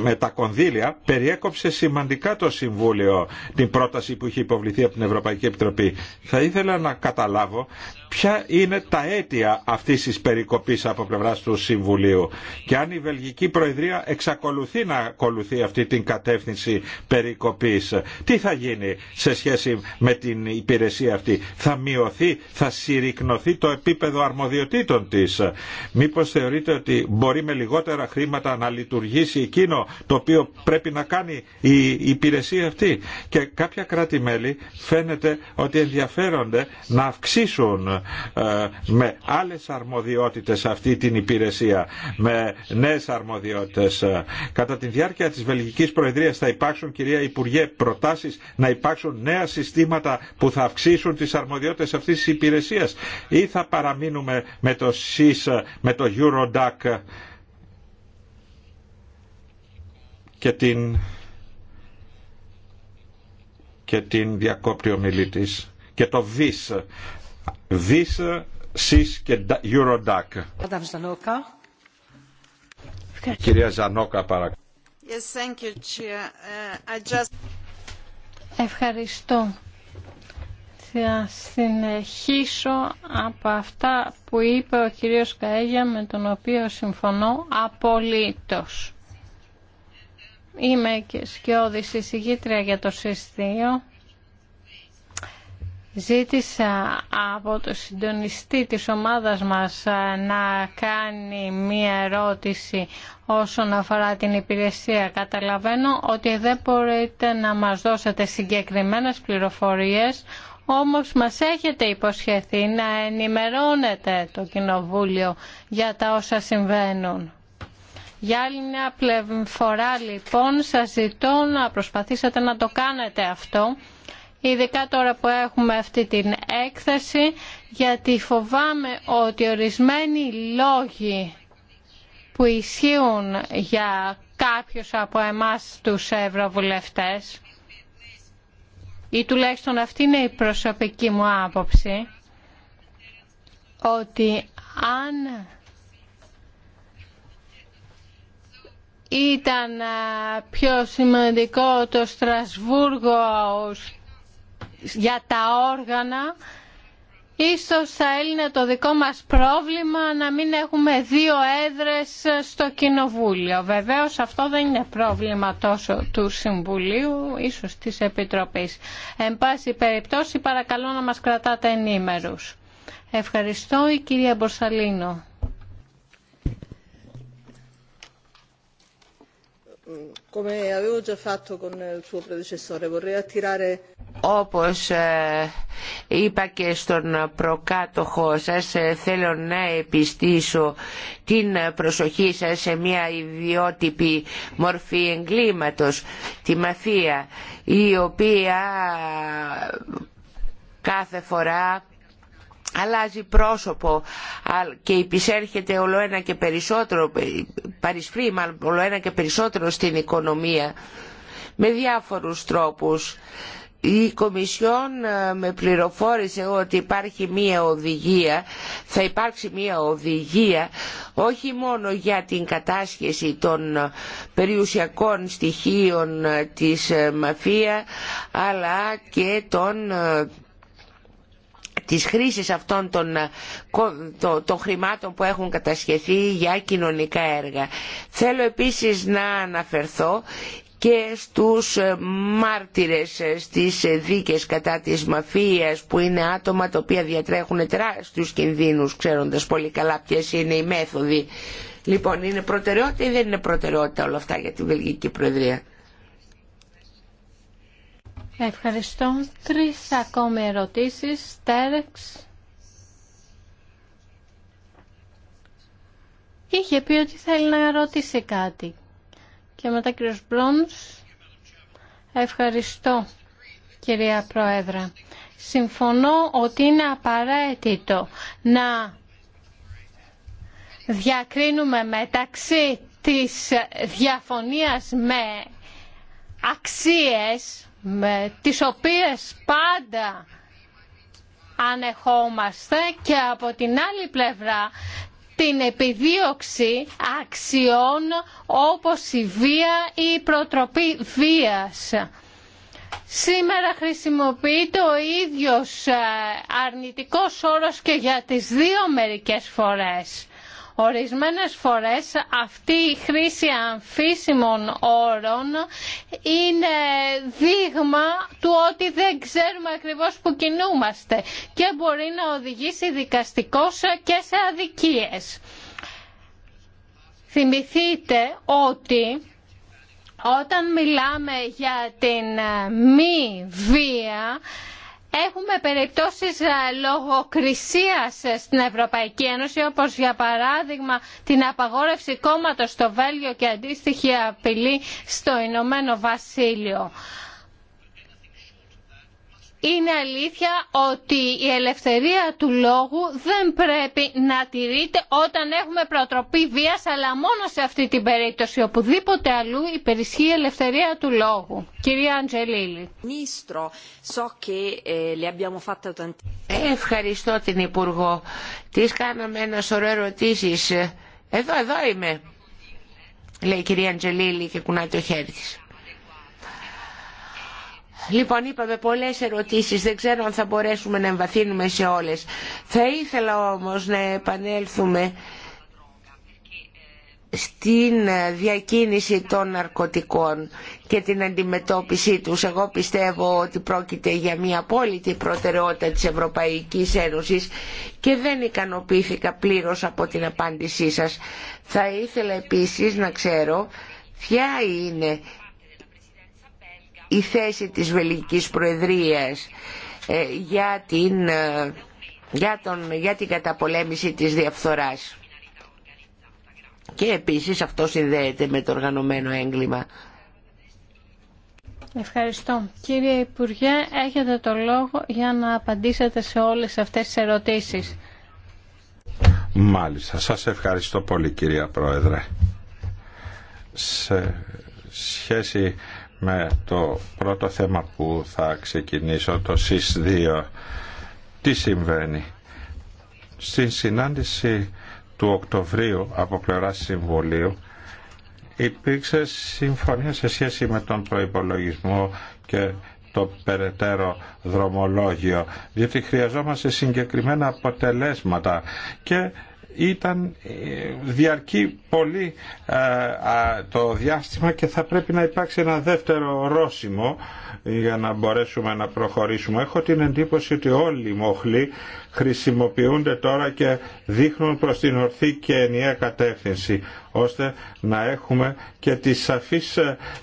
με τα κονδύλια περιέκοψε σημαντικά το Συμβούλιο την πρόταση που είχε υποβληθεί από την Ευρωπαϊκή Επιτροπή. Θα ήθελα να καταλάβω ποια είναι τα αίτια αυτή τη περικοπή από πλευρά του Συμβουλίου και αν η Βελγική Προεδρία εξακολουθεί να ακολουθεί αυτή την κατεύθυνση περικοπή, Τι θα γίνει σε σχέση με την υπηρεσία αυτή. Θα μειωθεί, θα συρρυκνωθεί το επίπεδο αρμοδιοτήτων τη. Μήπω θεωρείτε ότι μπορεί με λιγότερα χρήματα να λειτουργήσει εκείνο το οποίο πρέπει να κάνει η υπηρεσία αυτή. Και κάποια κράτη-μέλη φαίνεται ότι ενδιαφέρονται να αυξήσουν ε, με άλλες αρμοδιότητες αυτή την υπηρεσία, με νέες αρμοδιότητες. Ε, κατά τη διάρκεια της Βελγικής Προεδρίας θα υπάρξουν, κυρία Υπουργέ, προτάσεις να υπάρξουν νέα συστήματα που θα αυξήσουν τις αρμοδιότητες αυτής της υπηρεσίας ή θα παραμείνουμε με το ΣΥΣ, με το Eurodac και την και την διακόπτει ο και το ΒΙΣ ΣΥΣ uh, και Eurodac. Ευχαριστώ. Θα συνεχίσω από αυτά που είπε ο κύριος Καέγια με τον οποίο συμφωνώ απολύτως. Είμαι και σκιώδης εισηγήτρια για το συστήριο Ζήτησα από το συντονιστή της ομάδας μας ε, να κάνει μία ερώτηση όσον αφορά την υπηρεσία. Καταλαβαίνω ότι δεν μπορείτε να μας δώσετε συγκεκριμένες πληροφορίες, όμως μας έχετε υποσχεθεί να ενημερώνετε το Κοινοβούλιο για τα όσα συμβαίνουν. Για άλλη μια πλευρά λοιπόν σας ζητώ να προσπαθήσετε να το κάνετε αυτό ειδικά τώρα που έχουμε αυτή την έκθεση, γιατί φοβάμαι ότι ορισμένοι λόγοι που ισχύουν για κάποιους από εμάς τους ευρωβουλευτές, ή τουλάχιστον αυτή είναι η προσωπική μου άποψη, ότι αν ήταν ε, πιο σημαντικό το Στρασβούργο για τα όργανα ίσως θα έλυνε το δικό μας πρόβλημα να μην έχουμε δύο έδρες στο Κοινοβούλιο. Βεβαίως αυτό δεν είναι πρόβλημα τόσο του Συμβουλίου, ίσως της Επιτροπής. Εν πάση περιπτώσει παρακαλώ να μας κρατάτε ενήμερους. Ευχαριστώ η κυρία Μπορσαλίνο. όπως είπα και στον προκάτοχό σας ε, θέλω να επιστήσω την προσοχή σας σε μια ιδιότυπη μορφή εγκλήματος τη μαφία η οποία κάθε φορά αλλάζει πρόσωπο και υπησέρχεται ολοένα και περισσότερο, παρισφρεί ολοένα και περισσότερο στην οικονομία με διάφορους τρόπους. Η Κομισιόν ε, με πληροφόρησε ότι υπάρχει μία οδηγία, θα υπάρξει μία οδηγία όχι μόνο για την κατάσχεση των ε, περιουσιακών στοιχείων ε, της μαφία αλλά και των της χρήσης αυτών των, ε, των χρημάτων που έχουν κατασχεθεί για κοινωνικά έργα. Θέλω επίσης να αναφερθώ και στους ε, μάρτυρες ε, στις δίκες κατά της μαφίας που είναι άτομα τα οποία διατρέχουν τεράστιους κινδύνους ξέροντας πολύ καλά ποιες είναι οι μέθοδοι. Λοιπόν, είναι προτεραιότητα ή δεν είναι προτεραιότητα όλα αυτά για την Βελγική Προεδρία. Ευχαριστώ. Τρεις ακόμη ερωτήσεις. Τέρεξ. Είχε πει ότι θέλει να ρωτήσει κάτι. Και μετά κύριος Μπρόνς. Ευχαριστώ, κυρία Πρόεδρα. Συμφωνώ ότι είναι απαραίτητο να διακρίνουμε μεταξύ της διαφωνίας με αξίες με τις οποίες πάντα ανεχόμαστε και από την άλλη πλευρά την επιδίωξη αξιών όπως η βία ή η προτροπή βίας. Σήμερα χρησιμοποιείται ο ίδιος ε, αρνητικός όρος και για τις δύο μερικές φορές. Ορισμένες φορές αυτή η χρήση αμφίσιμων όρων είναι δείγμα του ότι δεν ξέρουμε ακριβώς που κινούμαστε και μπορεί να οδηγήσει δικαστικώς και σε αδικίες. Θυμηθείτε ότι όταν μιλάμε για την μη βία Έχουμε περιπτώσεις ε, λογοκρισίας ε, στην Ευρωπαϊκή Ένωση, όπως για παράδειγμα την απαγόρευση κόμματος στο Βέλγιο και αντίστοιχη απειλή στο Ηνωμένο Βασίλειο. Είναι αλήθεια ότι η ελευθερία του λόγου δεν πρέπει να τηρείται όταν έχουμε προτροπή βίας, αλλά μόνο σε αυτή την περίπτωση. Οπουδήποτε αλλού υπερισχύει η ελευθερία του λόγου. Κυρία Αντζελίλη. Ε, ε, ευχαριστώ την Υπουργό. τη κάναμε ένα σωρό ερωτήσεις. Ε, εδώ, εδώ είμαι, λέει η κυρία Αντζελίλη και κουνάει το χέρι της. Λοιπόν, είπαμε πολλές ερωτήσεις, δεν ξέρω αν θα μπορέσουμε να εμβαθύνουμε σε όλες. Θα ήθελα όμως να επανέλθουμε στην διακίνηση των ναρκωτικών και την αντιμετώπιση τους. Εγώ πιστεύω ότι πρόκειται για μια απόλυτη προτεραιότητα της Ευρωπαϊκής Ένωσης και δεν ικανοποιήθηκα πλήρως από την απάντησή σας. Θα ήθελα επίσης να ξέρω ποια είναι η θέση της Βελγικής Προεδρίας ε, για, την, ε, για, τον, για την καταπολέμηση της διαφθοράς. Και επίσης αυτό συνδέεται με το οργανωμένο έγκλημα. Ευχαριστώ. Κύριε Υπουργέ, έχετε το λόγο για να απαντήσετε σε όλες αυτές τις ερωτήσεις. Μάλιστα. Σας ευχαριστώ πολύ κυρία Πρόεδρε. Σε σχέση με το πρώτο θέμα που θα ξεκινήσω, το ΣΥΣ 2. Τι συμβαίνει. Στην συνάντηση του Οκτωβρίου από πλευρά Συμβουλίου υπήρξε συμφωνία σε σχέση με τον προϋπολογισμό και το περαιτέρω δρομολόγιο, διότι χρειαζόμαστε συγκεκριμένα αποτελέσματα και ήταν ε, διαρκή πολύ ε, το διάστημα και θα πρέπει να υπάρξει ένα δεύτερο ρώσιμο για να μπορέσουμε να προχωρήσουμε. Έχω την εντύπωση ότι όλοι οι μοχλοί χρησιμοποιούνται τώρα και δείχνουν προς την ορθή και ενιαία κατεύθυνση ώστε να έχουμε και τις σαφείς,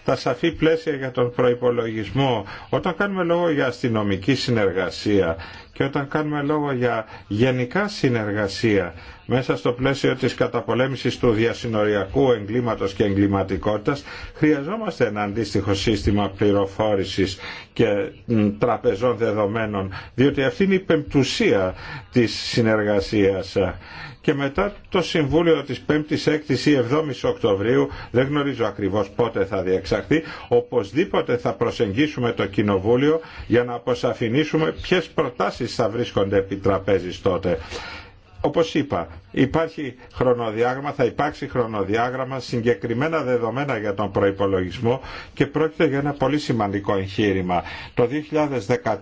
τα σαφή πλαίσια για τον προϋπολογισμό. Όταν κάνουμε λόγο για αστυνομική συνεργασία και όταν κάνουμε λόγο για γενικά συνεργασία μέσα στο πλαίσιο της καταπολέμησης του διασυνοριακού εγκλήματος και εγκληματικότητας, χρειαζόμαστε ένα αντίστοιχο σύστημα πληροφόρησης και τραπεζών δεδομένων, διότι αυτή είναι η πεμπτουσία της συνεργασίας. Και μετά το Συμβούλιο της 5ης, 6ης ή 7ης Οκτωβρίου, δεν γνωρίζω ακριβώς πότε θα διεξαχθεί, οπωσδήποτε θα προσεγγίσουμε το Κοινοβούλιο για να αποσαφηνίσουμε ποιες προτάσεις θα βρίσκονται επί τραπέζης τότε όπως είπα, υπάρχει χρονοδιάγραμμα, θα υπάρξει χρονοδιάγραμμα, συγκεκριμένα δεδομένα για τον προϋπολογισμό και πρόκειται για ένα πολύ σημαντικό εγχείρημα. Το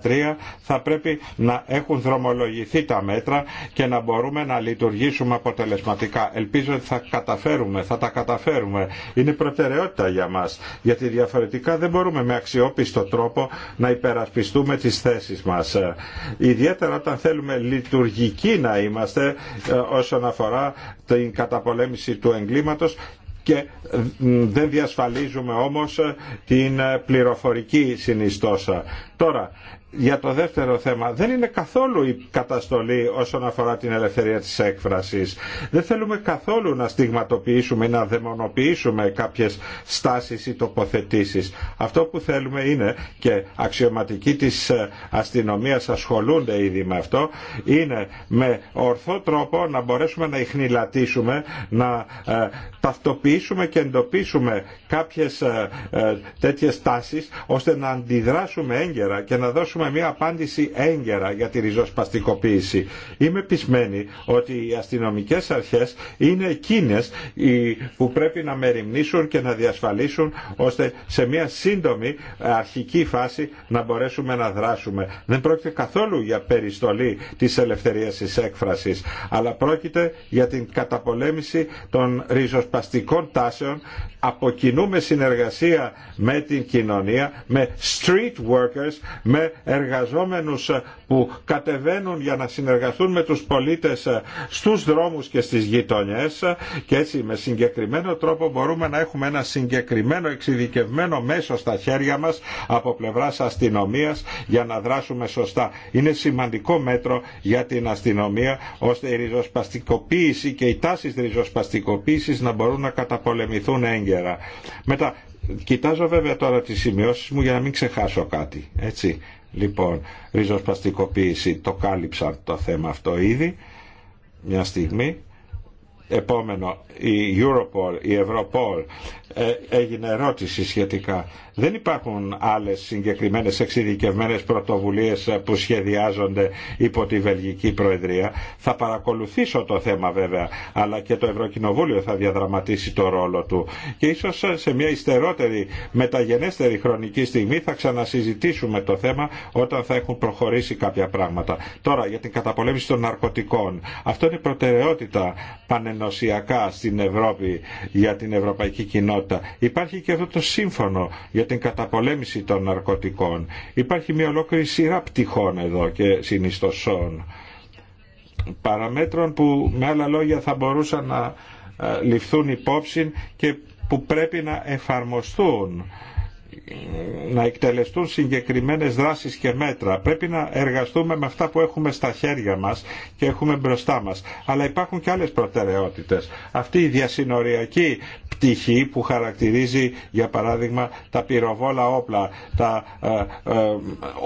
2013 θα πρέπει να έχουν δρομολογηθεί τα μέτρα και να μπορούμε να λειτουργήσουμε αποτελεσματικά. Ελπίζω ότι θα καταφέρουμε, θα τα καταφέρουμε. Είναι προτεραιότητα για μας, γιατί διαφορετικά δεν μπορούμε με αξιόπιστο τρόπο να υπερασπιστούμε τις θέσεις μας. Ιδιαίτερα όταν θέλουμε λειτουργικοί να είμαστε, ε, όσον αφορά την καταπολέμηση του εγκλήματος και ε, δεν διασφαλίζουμε όμως ε, την πληροφορική συνιστόσα. Τώρα, για το δεύτερο θέμα δεν είναι καθόλου η καταστολή όσον αφορά την ελευθερία της έκφρασης. Δεν θέλουμε καθόλου να στιγματοποιήσουμε ή να δαιμονοποιήσουμε κάποιες στάσεις ή τοποθετήσεις. Αυτό που θέλουμε είναι και αξιωματικοί της αστυνομίας ασχολούνται ήδη με αυτό είναι με ορθό τρόπο να μπορέσουμε να ηχνηλατήσουμε, να ε, ταυτοποιήσουμε και εντοπίσουμε κάποιες ε, ε, τέτοιες τάσεις ώστε να αντιδράσουμε έγκαιρα και να δώσουμε έχουμε μια απάντηση έγκαιρα για τη ριζοσπαστικοποίηση. Είμαι πισμένη ότι οι αστυνομικές αρχές είναι εκείνες που πρέπει να μεριμνήσουν και να διασφαλίσουν ώστε σε μια σύντομη αρχική φάση να μπορέσουμε να δράσουμε. Δεν πρόκειται καθόλου για περιστολή της ελευθερίας της έκφρασης, αλλά πρόκειται για την καταπολέμηση των ριζοσπαστικών τάσεων από κοινού με συνεργασία με την κοινωνία, με street workers, με εργαζόμενους ε, που κατεβαίνουν για να συνεργαστούν με τους πολίτες ε, στους δρόμους και στις γειτονιές ε, και έτσι με συγκεκριμένο τρόπο μπορούμε να έχουμε ένα συγκεκριμένο εξειδικευμένο μέσο στα χέρια μας από πλευράς αστυνομίας για να δράσουμε σωστά. Είναι σημαντικό μέτρο για την αστυνομία ώστε η ριζοσπαστικοποίηση και οι τάσεις ριζοσπαστικοποίησης να μπορούν να καταπολεμηθούν έγκαιρα. Μετά, κοιτάζω βέβαια τώρα τις σημειώσεις μου για να μην ξεχάσω κάτι. Έτσι. Λοιπόν, ριζοσπαστικοποίηση, το κάλυψα το θέμα αυτό ήδη, μια στιγμή. Επόμενο, η Europol, η Ευρωπόλ ε, έγινε ερώτηση σχετικά. Δεν υπάρχουν άλλες συγκεκριμένες εξειδικευμένες πρωτοβουλίες που σχεδιάζονται υπό τη Βελγική Προεδρία. Θα παρακολουθήσω το θέμα βέβαια, αλλά και το Ευρωκοινοβούλιο θα διαδραματίσει το ρόλο του. Και ίσως σε μια ιστερότερη, μεταγενέστερη χρονική στιγμή θα ξανασυζητήσουμε το θέμα όταν θα έχουν προχωρήσει κάποια πράγματα. Τώρα για την καταπολέμηση των ναρκωτικών. Αυτό είναι προτεραιότητα ενωσιακά στην Ευρώπη για την ευρωπαϊκή κοινότητα. Υπάρχει και αυτό το σύμφωνο για την καταπολέμηση των ναρκωτικών. Υπάρχει μια ολόκληρη σειρά πτυχών εδώ και συνιστοσών παραμέτρων που με άλλα λόγια θα μπορούσαν να ε, ληφθούν υπόψη και που πρέπει να εφαρμοστούν να εκτελεστούν συγκεκριμένες δράσεις και μέτρα. Πρέπει να εργαστούμε με αυτά που έχουμε στα χέρια μας και έχουμε μπροστά μας. Αλλά υπάρχουν και άλλες προτεραιότητες. Αυτή η διασυνοριακή πτυχή που χαρακτηρίζει για παράδειγμα τα πυροβόλα όπλα, τα ε, ε,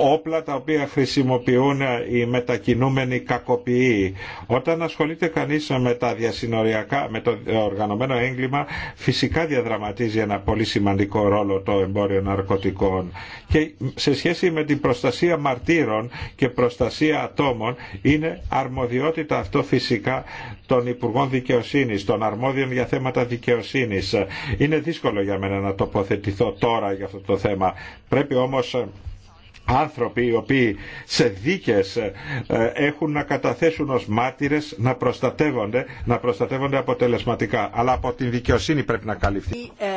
όπλα τα οποία χρησιμοποιούν ε, οι μετακινούμενοι κακοποιοί. Όταν ασχολείται κανείς με τα διασυνοριακά, με το οργανωμένο έγκλημα, φυσικά διαδραματίζει ένα πολύ σημαντικό ρόλο το εμπόριο ναρκωτικών. Και σε σχέση με την προστασία μαρτύρων και προστασία ατόμων είναι αρμοδιότητα αυτό φυσικά των Υπουργών Δικαιοσύνης, των αρμόδιων για θέματα δικαιοσύνης. Είναι δύσκολο για μένα να τοποθετηθώ τώρα για αυτό το θέμα. Πρέπει όμως άνθρωποι οι οποίοι σε δίκες ε, έχουν να καταθέσουν ως μάρτυρες να προστατεύονται, να προστατεύονται αποτελεσματικά. Αλλά από την δικαιοσύνη πρέπει να καλυφθεί. Ε,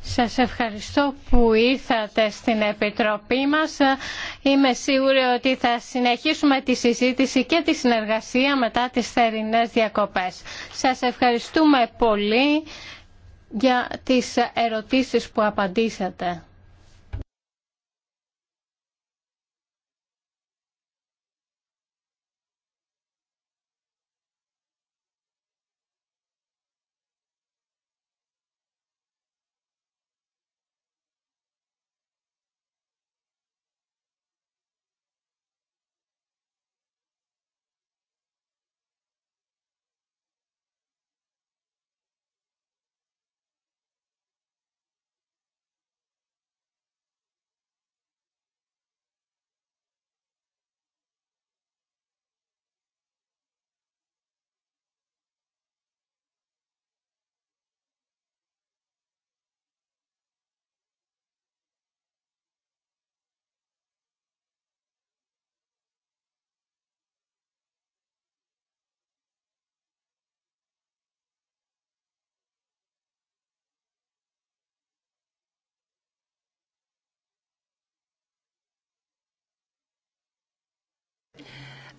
Σας ευχαριστώ που ήρθατε στην Επιτροπή μας. Είμαι σίγουρη ότι θα συνεχίσουμε τη συζήτηση και τη συνεργασία μετά τις θερινές διακοπές. Σας ευχαριστούμε πολύ για τις ερωτήσεις που απαντήσατε.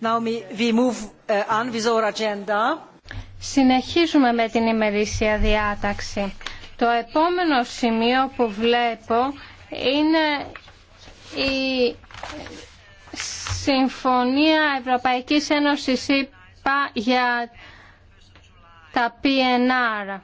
Uh, Συνεχίζουμε με την ημερήσια διάταξη. Το επόμενο σημείο που βλέπω είναι η Συμφωνία Ευρωπαϊκής Ένωσης για τα PNR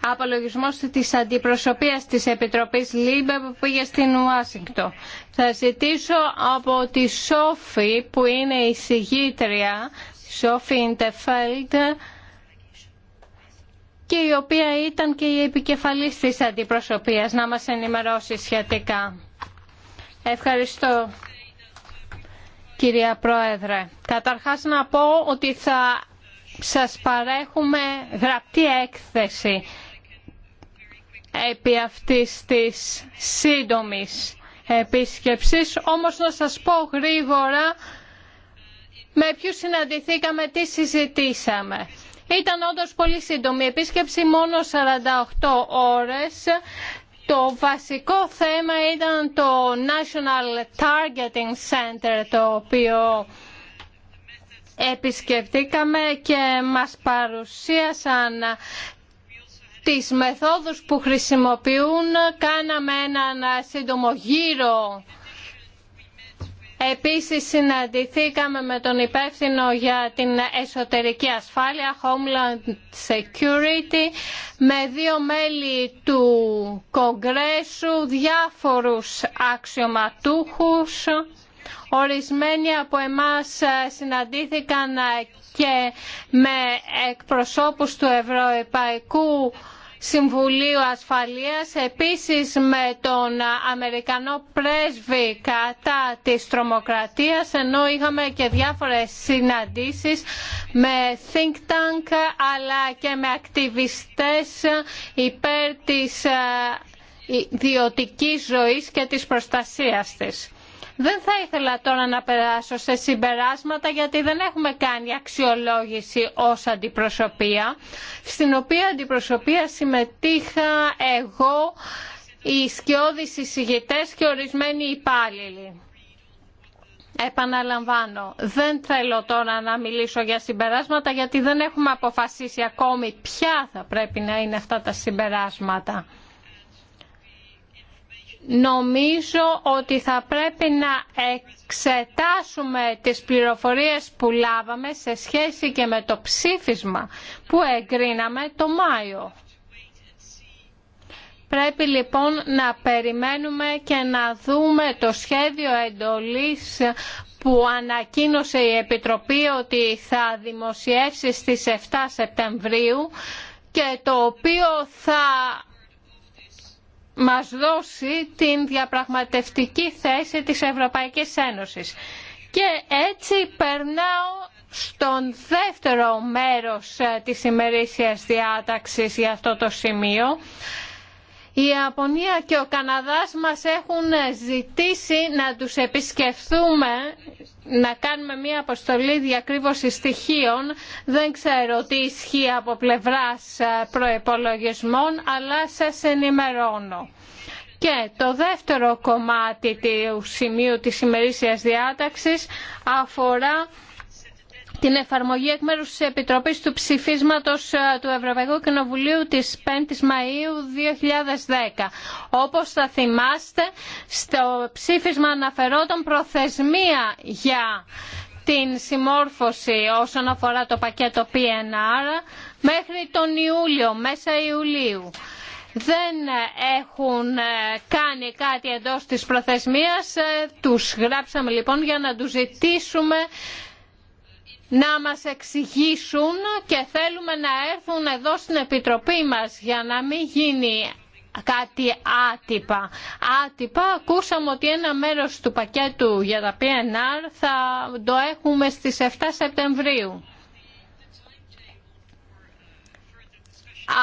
απολογισμός της αντιπροσωπείας της Επιτροπής ΛΥΜΠΕ που πήγε στην Ουάσιγκτο. Θα ζητήσω από τη Σόφη που είναι η συγγήτρια, Σόφη Ιντεφέλτ, και η οποία ήταν και η επικεφαλής της αντιπροσωπείας να μας ενημερώσει σχετικά. Ευχαριστώ κυρία Πρόεδρε. Καταρχάς να πω ότι θα σας παρέχουμε γραπτή έκθεση επί αυτής της σύντομης επίσκεψης, όμως να σας πω γρήγορα με ποιους συναντηθήκαμε, τι συζητήσαμε. Ήταν όντως πολύ σύντομη επίσκεψη, μόνο 48 ώρες. Το βασικό θέμα ήταν το National Targeting Center, το οποίο επισκεφτήκαμε και μας παρουσίασαν τις μεθόδους που χρησιμοποιούν κάναμε έναν σύντομο γύρο Επίσης συναντηθήκαμε με τον υπεύθυνο για την εσωτερική ασφάλεια, Homeland Security, με δύο μέλη του Κογκρέσου, διάφορους αξιωματούχους. Ορισμένοι από εμάς συναντήθηκαν και με εκπροσώπους του Ευρωπαϊκού Συμβουλίου Ασφαλείας επίσης με τον Αμερικανό πρέσβη κατά της τρομοκρατίας ενώ είχαμε και διάφορες συναντήσεις με think tank αλλά και με ακτιβιστές υπέρ της ε, ιδιωτικής ζωής και της προστασίας της. Δεν θα ήθελα τώρα να περάσω σε συμπεράσματα γιατί δεν έχουμε κάνει αξιολόγηση ως αντιπροσωπεία στην οποία αντιπροσωπεία συμμετείχα εγώ, οι σκιώδεις εισηγητές και ορισμένοι υπάλληλοι. Επαναλαμβάνω, δεν θέλω τώρα να μιλήσω για συμπεράσματα γιατί δεν έχουμε αποφασίσει ακόμη ποια θα πρέπει να είναι αυτά τα συμπεράσματα νομίζω ότι θα πρέπει να εξετάσουμε τις πληροφορίες που λάβαμε σε σχέση και με το ψήφισμα που εγκρίναμε το Μάιο. Πρέπει λοιπόν να περιμένουμε και να δούμε το σχέδιο εντολής που ανακοίνωσε η Επιτροπή ότι θα δημοσιεύσει στις 7 Σεπτεμβρίου και το οποίο θα μας δώσει την διαπραγματευτική θέση της Ευρωπαϊκής Ένωσης. Και έτσι περνάω στον δεύτερο μέρος ε, της ημερήσιας διάταξης για αυτό το σημείο η Ιαπωνία και ο Καναδάς μας έχουν ζητήσει να τους επισκεφθούμε, να κάνουμε μία αποστολή διακρύβωσης στοιχείων. Δεν ξέρω τι ισχύει από πλευράς ε, προϋπολογισμών, αλλά σας ενημερώνω. Και το δεύτερο κομμάτι του σημείου της ημερήσιας διάταξης αφορά την εφαρμογή εκ μέρους της Επιτροπής του ψηφίσματος ε, του Ευρωπαϊκού Κοινοβουλίου της 5ης Μαΐου 2010. Όπως θα θυμάστε, στο ψήφισμα αναφερόταν προθεσμία για την συμμόρφωση όσον αφορά το πακέτο PNR μέχρι τον Ιούλιο, μέσα Ιουλίου δεν έχουν ε, κάνει κάτι εντός της προθεσμίας. Ε, τους γράψαμε λοιπόν για να τους ζητήσουμε να μας εξηγήσουν και θέλουμε να έρθουν εδώ στην Επιτροπή μας για να μην γίνει κάτι άτυπα. Άτυπα ακούσαμε ότι ένα μέρος του πακέτου για τα PNR θα το έχουμε στις 7 Σεπτεμβρίου.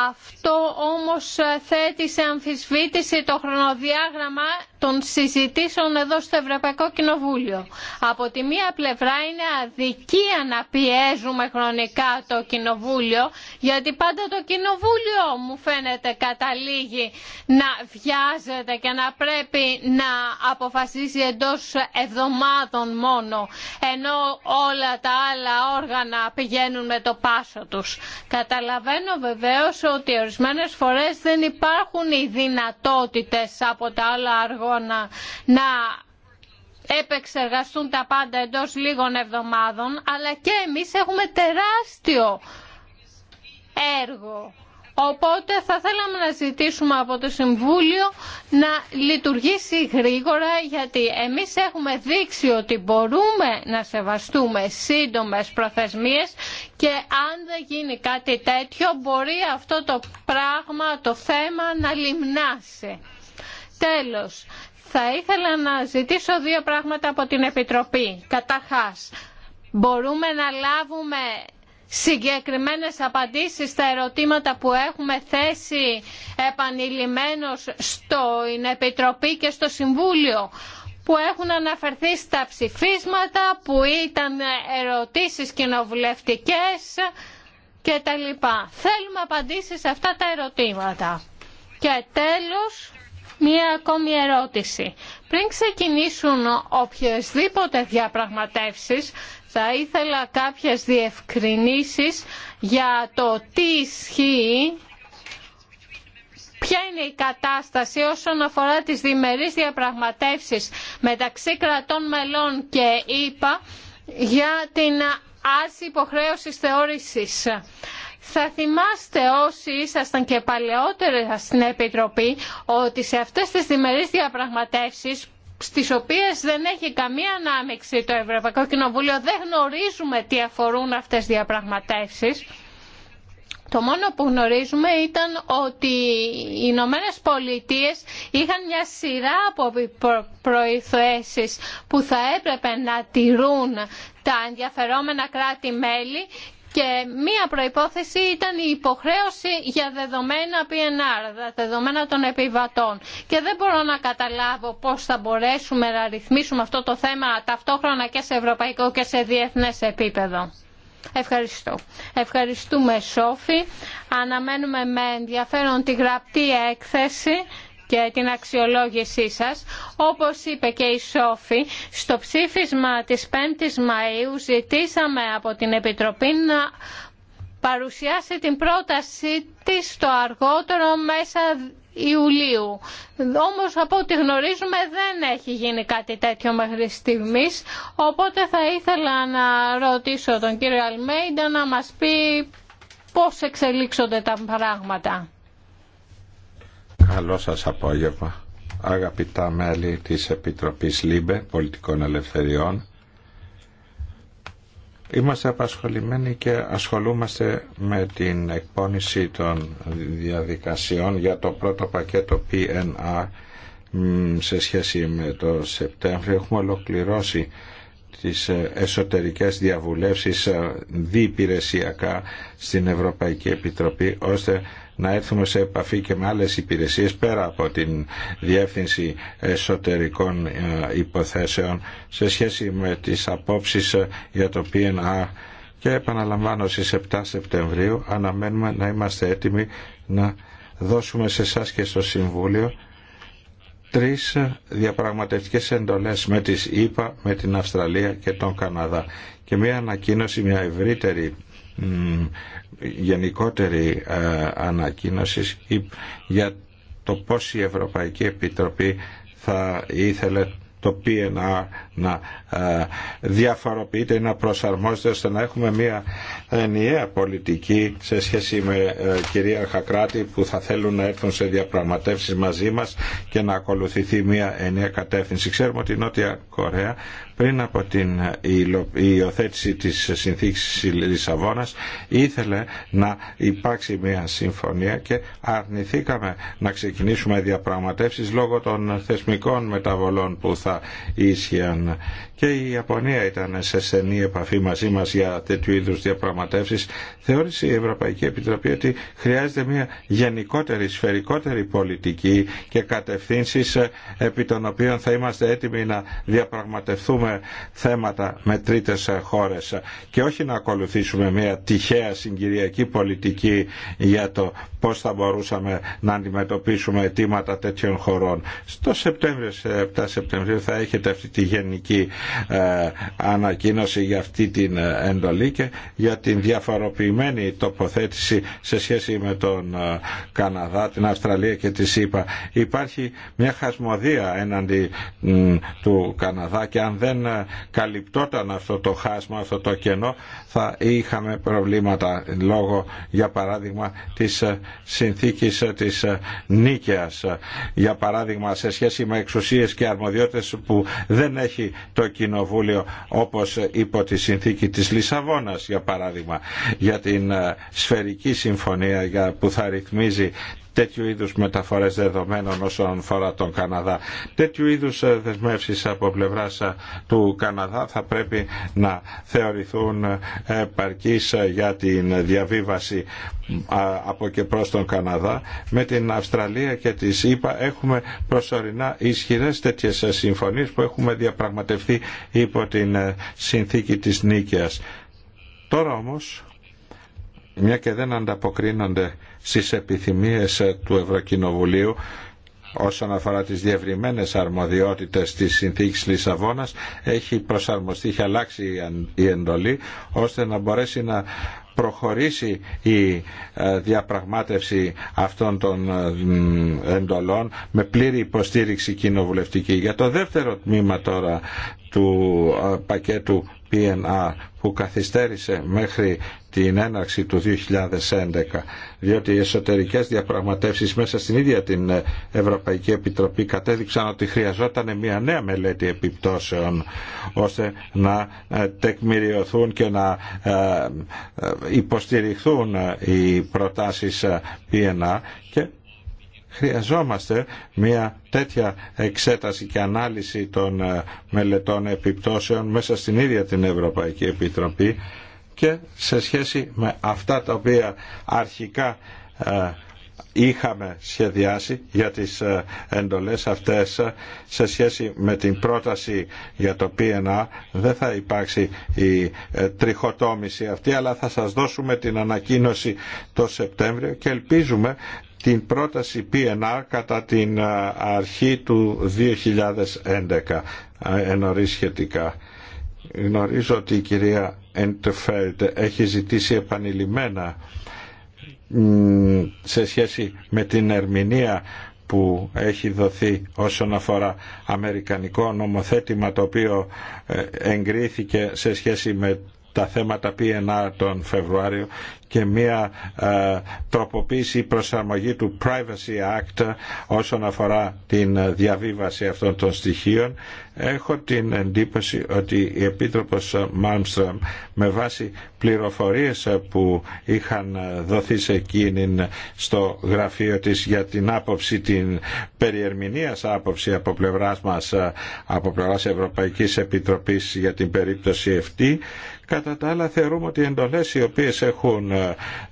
Αυτό όμως θέτει σε αμφισβήτηση το χρονοδιάγραμμα των συζητήσεων εδώ στο Ευρωπαϊκό Κοινοβούλιο. Από τη μία πλευρά είναι αδικία να πιέζουμε χρονικά το Κοινοβούλιο, γιατί πάντα το Κοινοβούλιο μου φαίνεται καταλήγει να βιάζεται και να πρέπει να αποφασίσει εντός εβδομάδων μόνο, ενώ όλα τα άλλα όργανα πηγαίνουν με το πάσο τους. Καταλαβαίνω βεβαίως ότι ορισμένες φορές δεν υπάρχουν οι δυνατότητες από τα άλλα Λοιπόν, να επεξεργαστούν τα πάντα εντός λίγων εβδομάδων, αλλά και εμείς έχουμε τεράστιο έργο. Οπότε θα θέλαμε να ζητήσουμε από το Συμβούλιο να λειτουργήσει γρήγορα γιατί εμείς έχουμε δείξει ότι μπορούμε να σεβαστούμε σύντομες προθεσμίες και αν δεν γίνει κάτι τέτοιο μπορεί αυτό το πράγμα, το θέμα να λιμνάσει. Τέλος, θα ήθελα να ζητήσω δύο πράγματα από την Επιτροπή. Καταρχάς, μπορούμε να λάβουμε συγκεκριμένες απαντήσεις στα ερωτήματα που έχουμε θέσει επανειλημμένως στην Επιτροπή και στο Συμβούλιο που έχουν αναφερθεί στα ψηφίσματα, που ήταν ερωτήσεις κοινοβουλευτικές και τα λοιπά. Θέλουμε απαντήσεις σε αυτά τα ερωτήματα. Και τέλος, Μία ακόμη ερώτηση. Πριν ξεκινήσουν οποιασδήποτε διαπραγματεύσεις, θα ήθελα κάποιες διευκρινήσεις για το τι ισχύει Ποια είναι η κατάσταση όσον αφορά τις διμερείς διαπραγματεύσεις μεταξύ κρατών μελών και ΕΠΑ για την άρση υποχρέωσης θεώρησης. Θα θυμάστε όσοι ήσασταν και παλαιότερα στην Επιτροπή ότι σε αυτές τις διμερείς διαπραγματεύσεις στις οποίες δεν έχει καμία ανάμειξη το Ευρωπαϊκό Κοινοβούλιο, δεν γνωρίζουμε τι αφορούν αυτές τις διαπραγματεύσεις. Το μόνο που γνωρίζουμε ήταν ότι οι Ηνωμένε Πολιτείε είχαν μια σειρά από προϋθέσεις που θα έπρεπε να τηρούν τα ενδιαφερόμενα κράτη-μέλη και μία προϋπόθεση ήταν η υποχρέωση για δεδομένα PNR, δεδομένα των επιβατών. Και δεν μπορώ να καταλάβω πώς θα μπορέσουμε να ρυθμίσουμε αυτό το θέμα ταυτόχρονα και σε ευρωπαϊκό και σε διεθνές επίπεδο. Ευχαριστώ. Ευχαριστούμε Σόφη. Αναμένουμε με ενδιαφέρον τη γραπτή έκθεση και την αξιολόγησή σας. Όπως είπε και η Σόφη, στο ψήφισμα της 5ης Μαΐου ζητήσαμε από την Επιτροπή να παρουσιάσει την πρόταση της το αργότερο μέσα Ιουλίου. Όμως από ό,τι γνωρίζουμε δεν έχει γίνει κάτι τέτοιο μέχρι στιγμής, οπότε θα ήθελα να ρωτήσω τον κύριο Αλμέιντα να μας πει πώς εξελίξονται τα πράγματα. Καλό σας απόγευμα, αγαπητά μέλη της Επιτροπής ΛΥΜΠΕ Πολιτικών Ελευθεριών. Είμαστε απασχολημένοι και ασχολούμαστε με την εκπόνηση των διαδικασιών για το πρώτο πακέτο PNR σε σχέση με το Σεπτέμβριο. Έχουμε ολοκληρώσει τις εσωτερικές διαβουλεύσεις ε, διυπηρεσιακά στην Ευρωπαϊκή Επιτροπή ώστε να έρθουμε σε επαφή και με άλλες υπηρεσίες πέρα από την Διεύθυνση Εσωτερικών ε, Υποθέσεων σε σχέση με τις απόψεις ε, για το PNA. και επαναλαμβάνω στις 7 Σεπτεμβρίου αναμένουμε να είμαστε έτοιμοι να δώσουμε σε εσά και στο Συμβούλιο τρεις διαπραγματευτικές εντολές με τις ΗΠΑ, με την Αυστραλία και τον Καναδά και μια ανακοίνωση, μια ευρύτερη γενικότερη ε, ανακοίνωση για το πώς η Ευρωπαϊκή Επιτροπή θα ήθελε το PNR να διαφοροποιείται ή να προσαρμόζεται ώστε να έχουμε μια ενιαία πολιτική σε σχέση με ε, κυρίαρχα κράτη που θα θέλουν να έρθουν σε διαπραγματεύσεις μαζί μας και να ακολουθηθεί μια ενιαία κατεύθυνση. Ξέρουμε ότι η Νότια Κορέα πριν από την ε, υιοθέτηση της συνθήκης Λισαβόνας ήθελε να υπάρξει μια συμφωνία και αρνηθήκαμε να ξεκινήσουμε διαπραγματεύσεις λόγω των θεσμικών μεταβολών που θα ίσχυαν και η Ιαπωνία ήταν σε στενή επαφή μαζί μας για τέτοιου είδους διαπραγματεύσεις. Θεώρησε η Ευρωπαϊκή Επιτροπή ότι χρειάζεται μια γενικότερη, σφαιρικότερη πολιτική και κατευθύνσεις ε, επί των οποίων θα είμαστε έτοιμοι να διαπραγματευτούμε θέματα με τρίτες ε, χώρες και όχι να ακολουθήσουμε μια τυχαία συγκυριακή πολιτική για το πώς θα μπορούσαμε να αντιμετωπίσουμε αιτήματα τέτοιων χωρών. Στο Σεπτέμβριο, 7 Σεπτεμβρίου θα έχετε αυτή τη γενική ε, ανακοίνωση για αυτή την ε, εντολή και για την διαφοροποιημένη τοποθέτηση σε σχέση με τον ε, Καναδά, την Αυστραλία και τη ΣΥΠΑ. Υπάρχει μια χασμοδία έναντι του Καναδά και αν δεν καλυπτόταν αυτό το χάσμα, αυτό το κενό θα είχαμε προβλήματα λόγω για παράδειγμα της ε, συνθήκης ε, της ε, νίκαιας για παράδειγμα σε σχέση με εξουσίες και αρμοδιότητες που δεν έχει το Κοινοβούλιο όπως υπό τη συνθήκη της Λισαβόνας για παράδειγμα για την σφαιρική συμφωνία που θα ρυθμίζει τέτοιου είδους μεταφορές δεδομένων όσον αφορά τον Καναδά. Τέτοιου είδους ε, δεσμεύσεις από πλευράς ε, του Καναδά θα πρέπει να θεωρηθούν ε, επαρκείς για την διαβίβαση από και προς τον Καναδά. Με την Αυστραλία και τις ΗΠΑ έχουμε προσωρινά ισχυρές τέτοιες συμφωνίες που έχουμε διαπραγματευτεί υπό την συνθήκη της Νίκαιας. Τώρα όμως, μια και δεν ανταποκρίνονται στις επιθυμίες του Ευρωκοινοβουλίου όσον αφορά τις διευρυμένες αρμοδιότητες της συνθήκης Λισαβόνας έχει προσαρμοστεί, έχει αλλάξει η εντολή ώστε να μπορέσει να προχωρήσει η ε, διαπραγμάτευση αυτών των ε, εντολών με πλήρη υποστήριξη κοινοβουλευτική. Για το δεύτερο τμήμα τώρα του ε, πακέτου που καθυστέρησε μέχρι την έναρξη του 2011 διότι οι εσωτερικές διαπραγματεύσεις μέσα στην ίδια την Ευρωπαϊκή Επιτροπή κατέδειξαν ότι χρειαζόταν μια νέα μελέτη επιπτώσεων ώστε να ε, τεκμηριωθούν και να ε, ε, υποστηριχθούν οι προτάσεις PNR και Χρειαζόμαστε μια τέτοια εξέταση και ανάλυση των ε, μελετών επιπτώσεων μέσα στην ίδια την Ευρωπαϊκή Επιτροπή και σε σχέση με αυτά τα οποία αρχικά ε, είχαμε σχεδιάσει για τις ε, εντολές αυτές σε σχέση με την πρόταση για το PNA δεν θα υπάρξει η τριχοτόμηση αυτή αλλά θα σας δώσουμε την ανακοίνωση το Σεπτέμβριο και ελπίζουμε την πρόταση PNR κατά την αρχή του 2011 ενωρίς σχετικά. Γνωρίζω ότι η κυρία Εντεφέλτ έχει ζητήσει επανειλημμένα σε σχέση με την ερμηνεία που έχει δοθεί όσον αφορά αμερικανικό νομοθέτημα το οποίο ε, εγκρίθηκε σε σχέση με τα θέματα PNR τον Φεβρουάριο και μια ε, τροποποίηση προσαρμογή του Privacy Act όσον αφορά την διαβίβαση αυτών των στοιχείων έχω την εντύπωση ότι η Επίτροπος Μάλμστρομ με βάση πληροφορίες που είχαν δοθεί σε εκείνη στο γραφείο της για την άποψη την περιερμηνίας άποψη από πλευράς μας από πλευράς Ευρωπαϊκής Επιτροπής για την περίπτωση αυτή κατά τα άλλα θεωρούμε ότι οι οι οποίες έχουν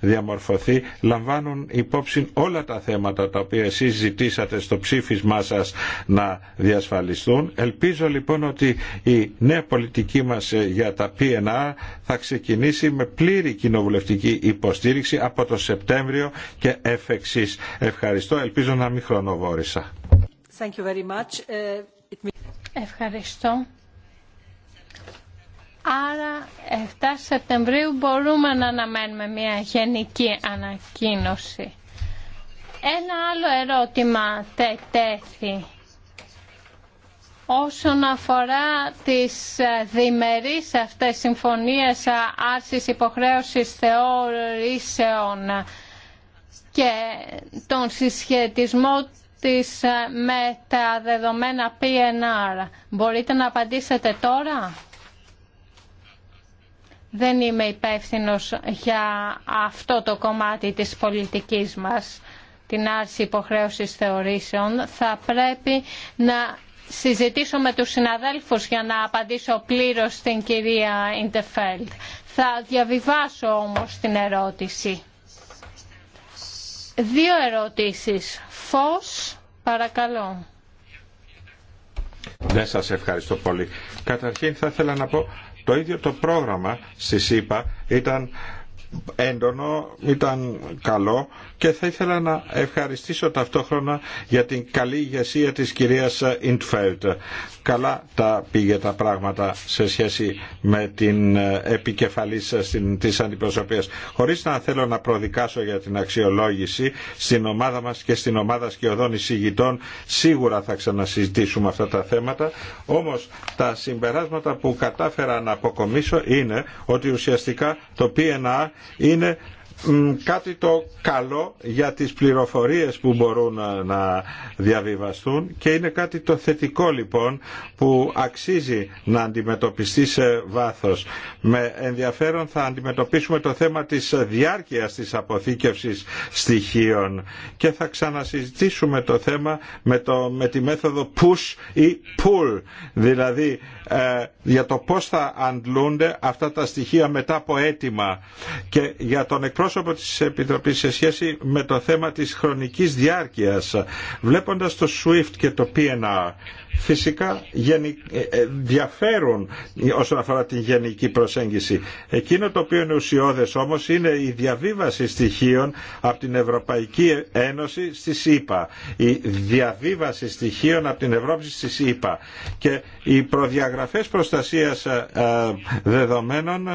διαμορφωθεί λαμβάνουν υπόψη όλα τα θέματα τα οποία εσείς ζητήσατε στο ψήφισμά σας να διασφαλιστούν. Ελπίζω λοιπόν ότι η νέα πολιτική μας ε, για τα PNA θα ξεκινήσει με πλήρη κοινοβουλευτική υποστήριξη από το Σεπτέμβριο και εφ' Ευχαριστώ, ελπίζω να μην χρονοβόρησα. Thank you very ε, Ευχαριστώ. Άρα 7 Σεπτεμβρίου μπορούμε να αναμένουμε μια γενική ανακοίνωση. Ένα άλλο ερώτημα τέθη όσον αφορά τις ε, διμερείς αυτές συμφωνίες ε, άρσης υποχρέωσης θεωρήσεων και τον συσχετισμό της ε, με τα δεδομένα PNR. Μπορείτε να απαντήσετε τώρα δεν είμαι υπεύθυνο για αυτό το κομμάτι της πολιτικής μας, την άρση υποχρέωσης θεωρήσεων. Θα πρέπει να συζητήσω με τους συναδέλφους για να απαντήσω πλήρως στην κυρία Ιντεφέλτ. Θα διαβιβάσω όμως την ερώτηση. Δύο ερωτήσεις. Φως, παρακαλώ. Δεν ναι, σας ευχαριστώ πολύ. Καταρχήν θα ήθελα να πω το ίδιο το πρόγραμμα στη ΣΥΠΑ ήταν έντονο, ήταν καλό και θα ήθελα να ευχαριστήσω ταυτόχρονα για την καλή ηγεσία της κυρίας Ιντφέλτ. Καλά τα πήγε τα πράγματα σε σχέση με την ε, επικεφαλή επικεφαλής της αντιπροσωπείας. Χωρίς να θέλω να προδικάσω για την αξιολόγηση στην ομάδα μας και στην ομάδα σκιωδών εισηγητών σίγουρα θα ξανασυζητήσουμε αυτά τα θέματα όμως τα συμπεράσματα που κατάφερα να αποκομίσω είναι ότι ουσιαστικά το PNR είναι κάτι το καλό για τις πληροφορίες που μπορούν να διαβιβαστούν και είναι κάτι το θετικό λοιπόν που αξίζει να αντιμετωπιστεί σε βάθος. Με ενδιαφέρον θα αντιμετωπίσουμε το θέμα της διάρκειας της αποθήκευσης στοιχείων και θα ξανασυζητήσουμε το θέμα με, το, με τη μέθοδο push ή pull δηλαδή ε, για το πώς θα αντλούνται αυτά τα στοιχεία μετά από αίτημα και για τον εκπρόσωπο εκπρόσωπο της Επιτροπής σε σχέση με το θέμα της χρονικής διάρκειας, βλέποντας το SWIFT και το PNR, φυσικά ε, ε, διαφέρουν όσον αφορά την γενική προσέγγιση. Εκείνο το οποίο είναι ουσιώδες όμως είναι η διαβίβαση στοιχείων από την Ευρωπαϊκή Ένωση στη ΣΥΠΑ. Η διαβίβαση στοιχείων από την Ευρώπη στη ΣΥΠΑ. Και οι προδιαγραφές προστασίας ε, δεδομένων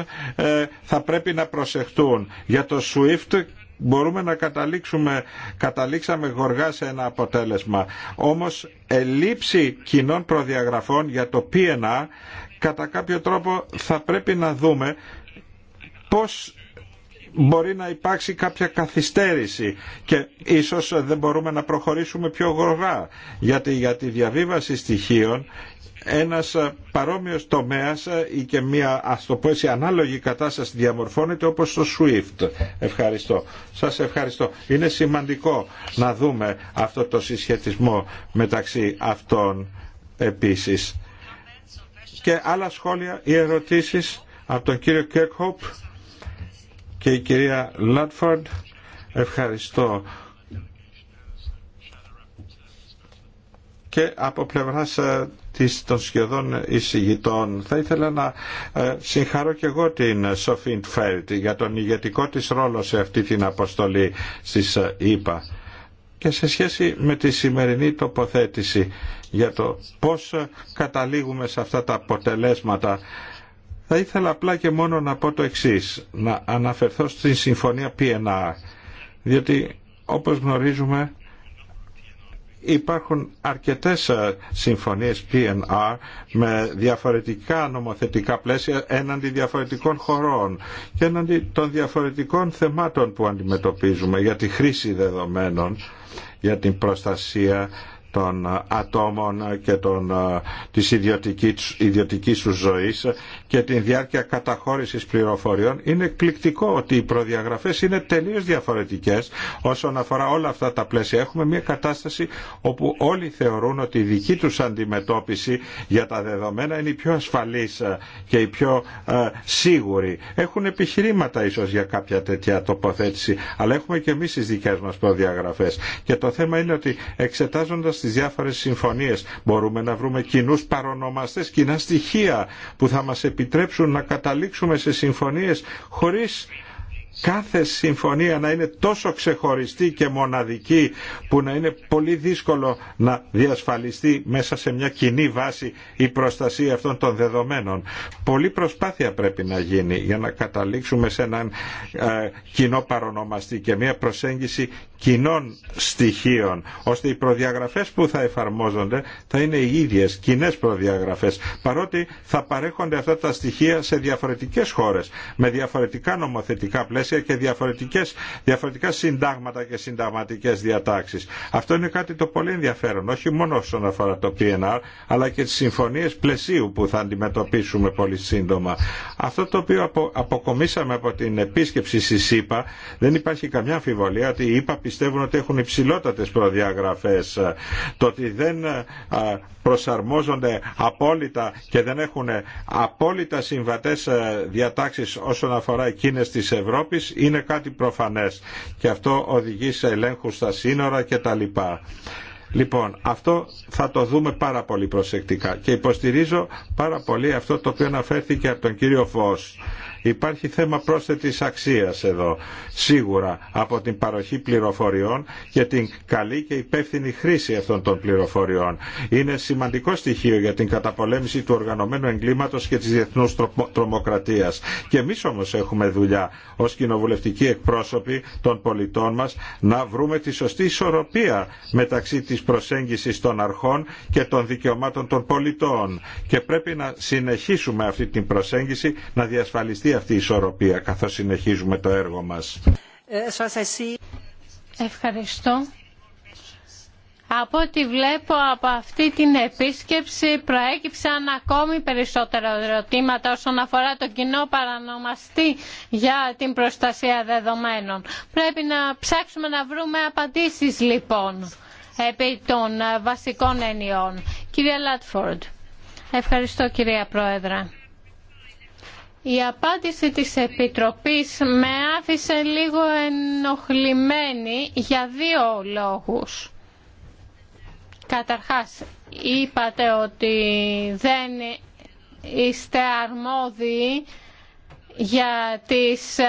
θα πρέπει να προσεχτούν. Για το το SWIFT μπορούμε να καταλήξουμε, καταλήξαμε γοργά σε ένα αποτέλεσμα. Όμως ελήψη κοινών προδιαγραφών για το PNA κατά κάποιο τρόπο θα πρέπει να δούμε πώς μπορεί να υπάρξει κάποια καθυστέρηση και ίσως δεν μπορούμε να προχωρήσουμε πιο γοργά γιατί για τη διαβίβαση στοιχείων ένας ε, παρόμοιος τομέας ε, ή και μια ας το πω έτσι ανάλογη κατάσταση διαμορφώνεται όπως το SWIFT. Ευχαριστώ. Σας ευχαριστώ. Είναι σημαντικό να δούμε αυτό το συσχετισμό μεταξύ αυτών επίσης. Και άλλα σχόλια ή ερωτήσεις από τον κύριο Κέρκοπ και η κυρία Λάτφορντ. Ευχαριστώ. και από πλευρά ε, των σχεδόν εισηγητών. Θα ήθελα να ε, συγχαρώ και εγώ την Σοφίντ για τον ηγετικό της ρόλο σε αυτή την αποστολή στις ε, ΗΠΑ και σε σχέση με τη σημερινή τοποθέτηση για το πώς καταλήγουμε σε αυτά τα αποτελέσματα θα ήθελα απλά και μόνο να πω το εξής, να αναφερθώ στην Συμφωνία PNR, διότι όπως γνωρίζουμε Υπάρχουν αρκετές ε, συμφωνίες PNR με διαφορετικά νομοθετικά πλαίσια έναντι διαφορετικών χωρών και έναντι των διαφορετικών θεμάτων που αντιμετωπίζουμε για τη χρήση δεδομένων, για την προστασία των ατόμων και των, ε, της ιδιωτικής, ιδιωτικής τους ζωής και την διάρκεια καταχώρησης πληροφοριών είναι εκπληκτικό ότι οι προδιαγραφές είναι τελείως διαφορετικές όσον αφορά όλα αυτά τα πλαίσια. Έχουμε μια κατάσταση όπου όλοι θεωρούν ότι η δική τους αντιμετώπιση για τα δεδομένα είναι η πιο ασφαλής ε, και η πιο ε, σίγουρη. Έχουν επιχειρήματα ίσως για κάποια τέτοια τοποθέτηση, αλλά έχουμε και εμείς τις δικές μας προδιαγραφές. Και το θέμα είναι ότι εξετάζοντας τις διάφορες συμφωνίες μπορούμε να βρούμε κοινού παρονομαστές, κοινά στοιχεία που θα μας επιτρέψουν επιτρέψουν να καταλήξουμε σε συμφωνίες χωρίς κάθε συμφωνία να είναι τόσο ξεχωριστή και μοναδική που να είναι πολύ δύσκολο να διασφαλιστεί μέσα σε μια κοινή βάση η προστασία αυτών των δεδομένων. Πολύ προσπάθεια πρέπει να γίνει για να καταλήξουμε σε έναν ε, κοινό παρονομαστή και μια προσέγγιση κοινών στοιχείων ώστε οι προδιαγραφές που θα εφαρμόζονται θα είναι οι ίδιες κοινέ προδιαγραφές παρότι θα παρέχονται αυτά τα στοιχεία σε διαφορετικές χώρες με διαφορετικά νομοθετικά πλαίσια διαδικασία και διαφορετικές, διαφορετικά συντάγματα και συνταγματικές διατάξεις. Αυτό είναι κάτι το πολύ ενδιαφέρον, όχι μόνο όσον αφορά το PNR, αλλά και τις συμφωνίες πλαισίου που θα αντιμετωπίσουμε πολύ σύντομα. Αυτό το οποίο αποκομίσαμε από την επίσκεψη στη ΣΥΠΑ, δεν υπάρχει καμιά αμφιβολία ότι οι ΙΠΑ πιστεύουν ότι έχουν υψηλότατες προδιαγραφές. Ε, το ότι δεν ε, προσαρμόζονται απόλυτα και δεν έχουν απόλυτα συμβατές ε, διατάξεις όσον αφορά εκείνες της Ευρώπης είναι κάτι προφανές και αυτό οδηγεί σε ελέγχους στα σύνορα κτλ. Λοιπόν, αυτό θα το δούμε πάρα πολύ προσεκτικά και υποστηρίζω πάρα πολύ αυτό το οποίο αναφέρθηκε από τον κύριο Φως Υπάρχει θέμα πρόσθετης αξίας εδώ, σίγουρα από την παροχή πληροφοριών και την καλή και υπεύθυνη χρήση αυτών των πληροφοριών. Είναι σημαντικό στοιχείο για την καταπολέμηση του οργανωμένου εγκλήματος και της διεθνούς τρομοκρατίας. Και εμείς όμως έχουμε δουλειά ως κοινοβουλευτικοί εκπρόσωποι των πολιτών μας να βρούμε τη σωστή ισορροπία μεταξύ της προσέγγισης των αρχών και των δικαιωμάτων των πολιτών. Και πρέπει να συνεχίσουμε αυτή την προσέγγιση να διασφαλιστεί αυτή η ισορροπία καθώς συνεχίζουμε το έργο μας. Ευχαριστώ. Από ό,τι βλέπω από αυτή την επίσκεψη προέκυψαν ακόμη περισσότερα ερωτήματα όσον αφορά τον κοινό παρανομαστή για την προστασία δεδομένων. Πρέπει να ψάξουμε να βρούμε απαντήσεις λοιπόν επί των βασικών ενιών. Κυρία Λάτφορντ. Ευχαριστώ κυρία Πρόεδρα. Η απάντηση της Επιτροπής με άφησε λίγο ενοχλημένη για δύο λόγους. Καταρχάς, είπατε ότι δεν είστε αρμόδιοι για τις ε,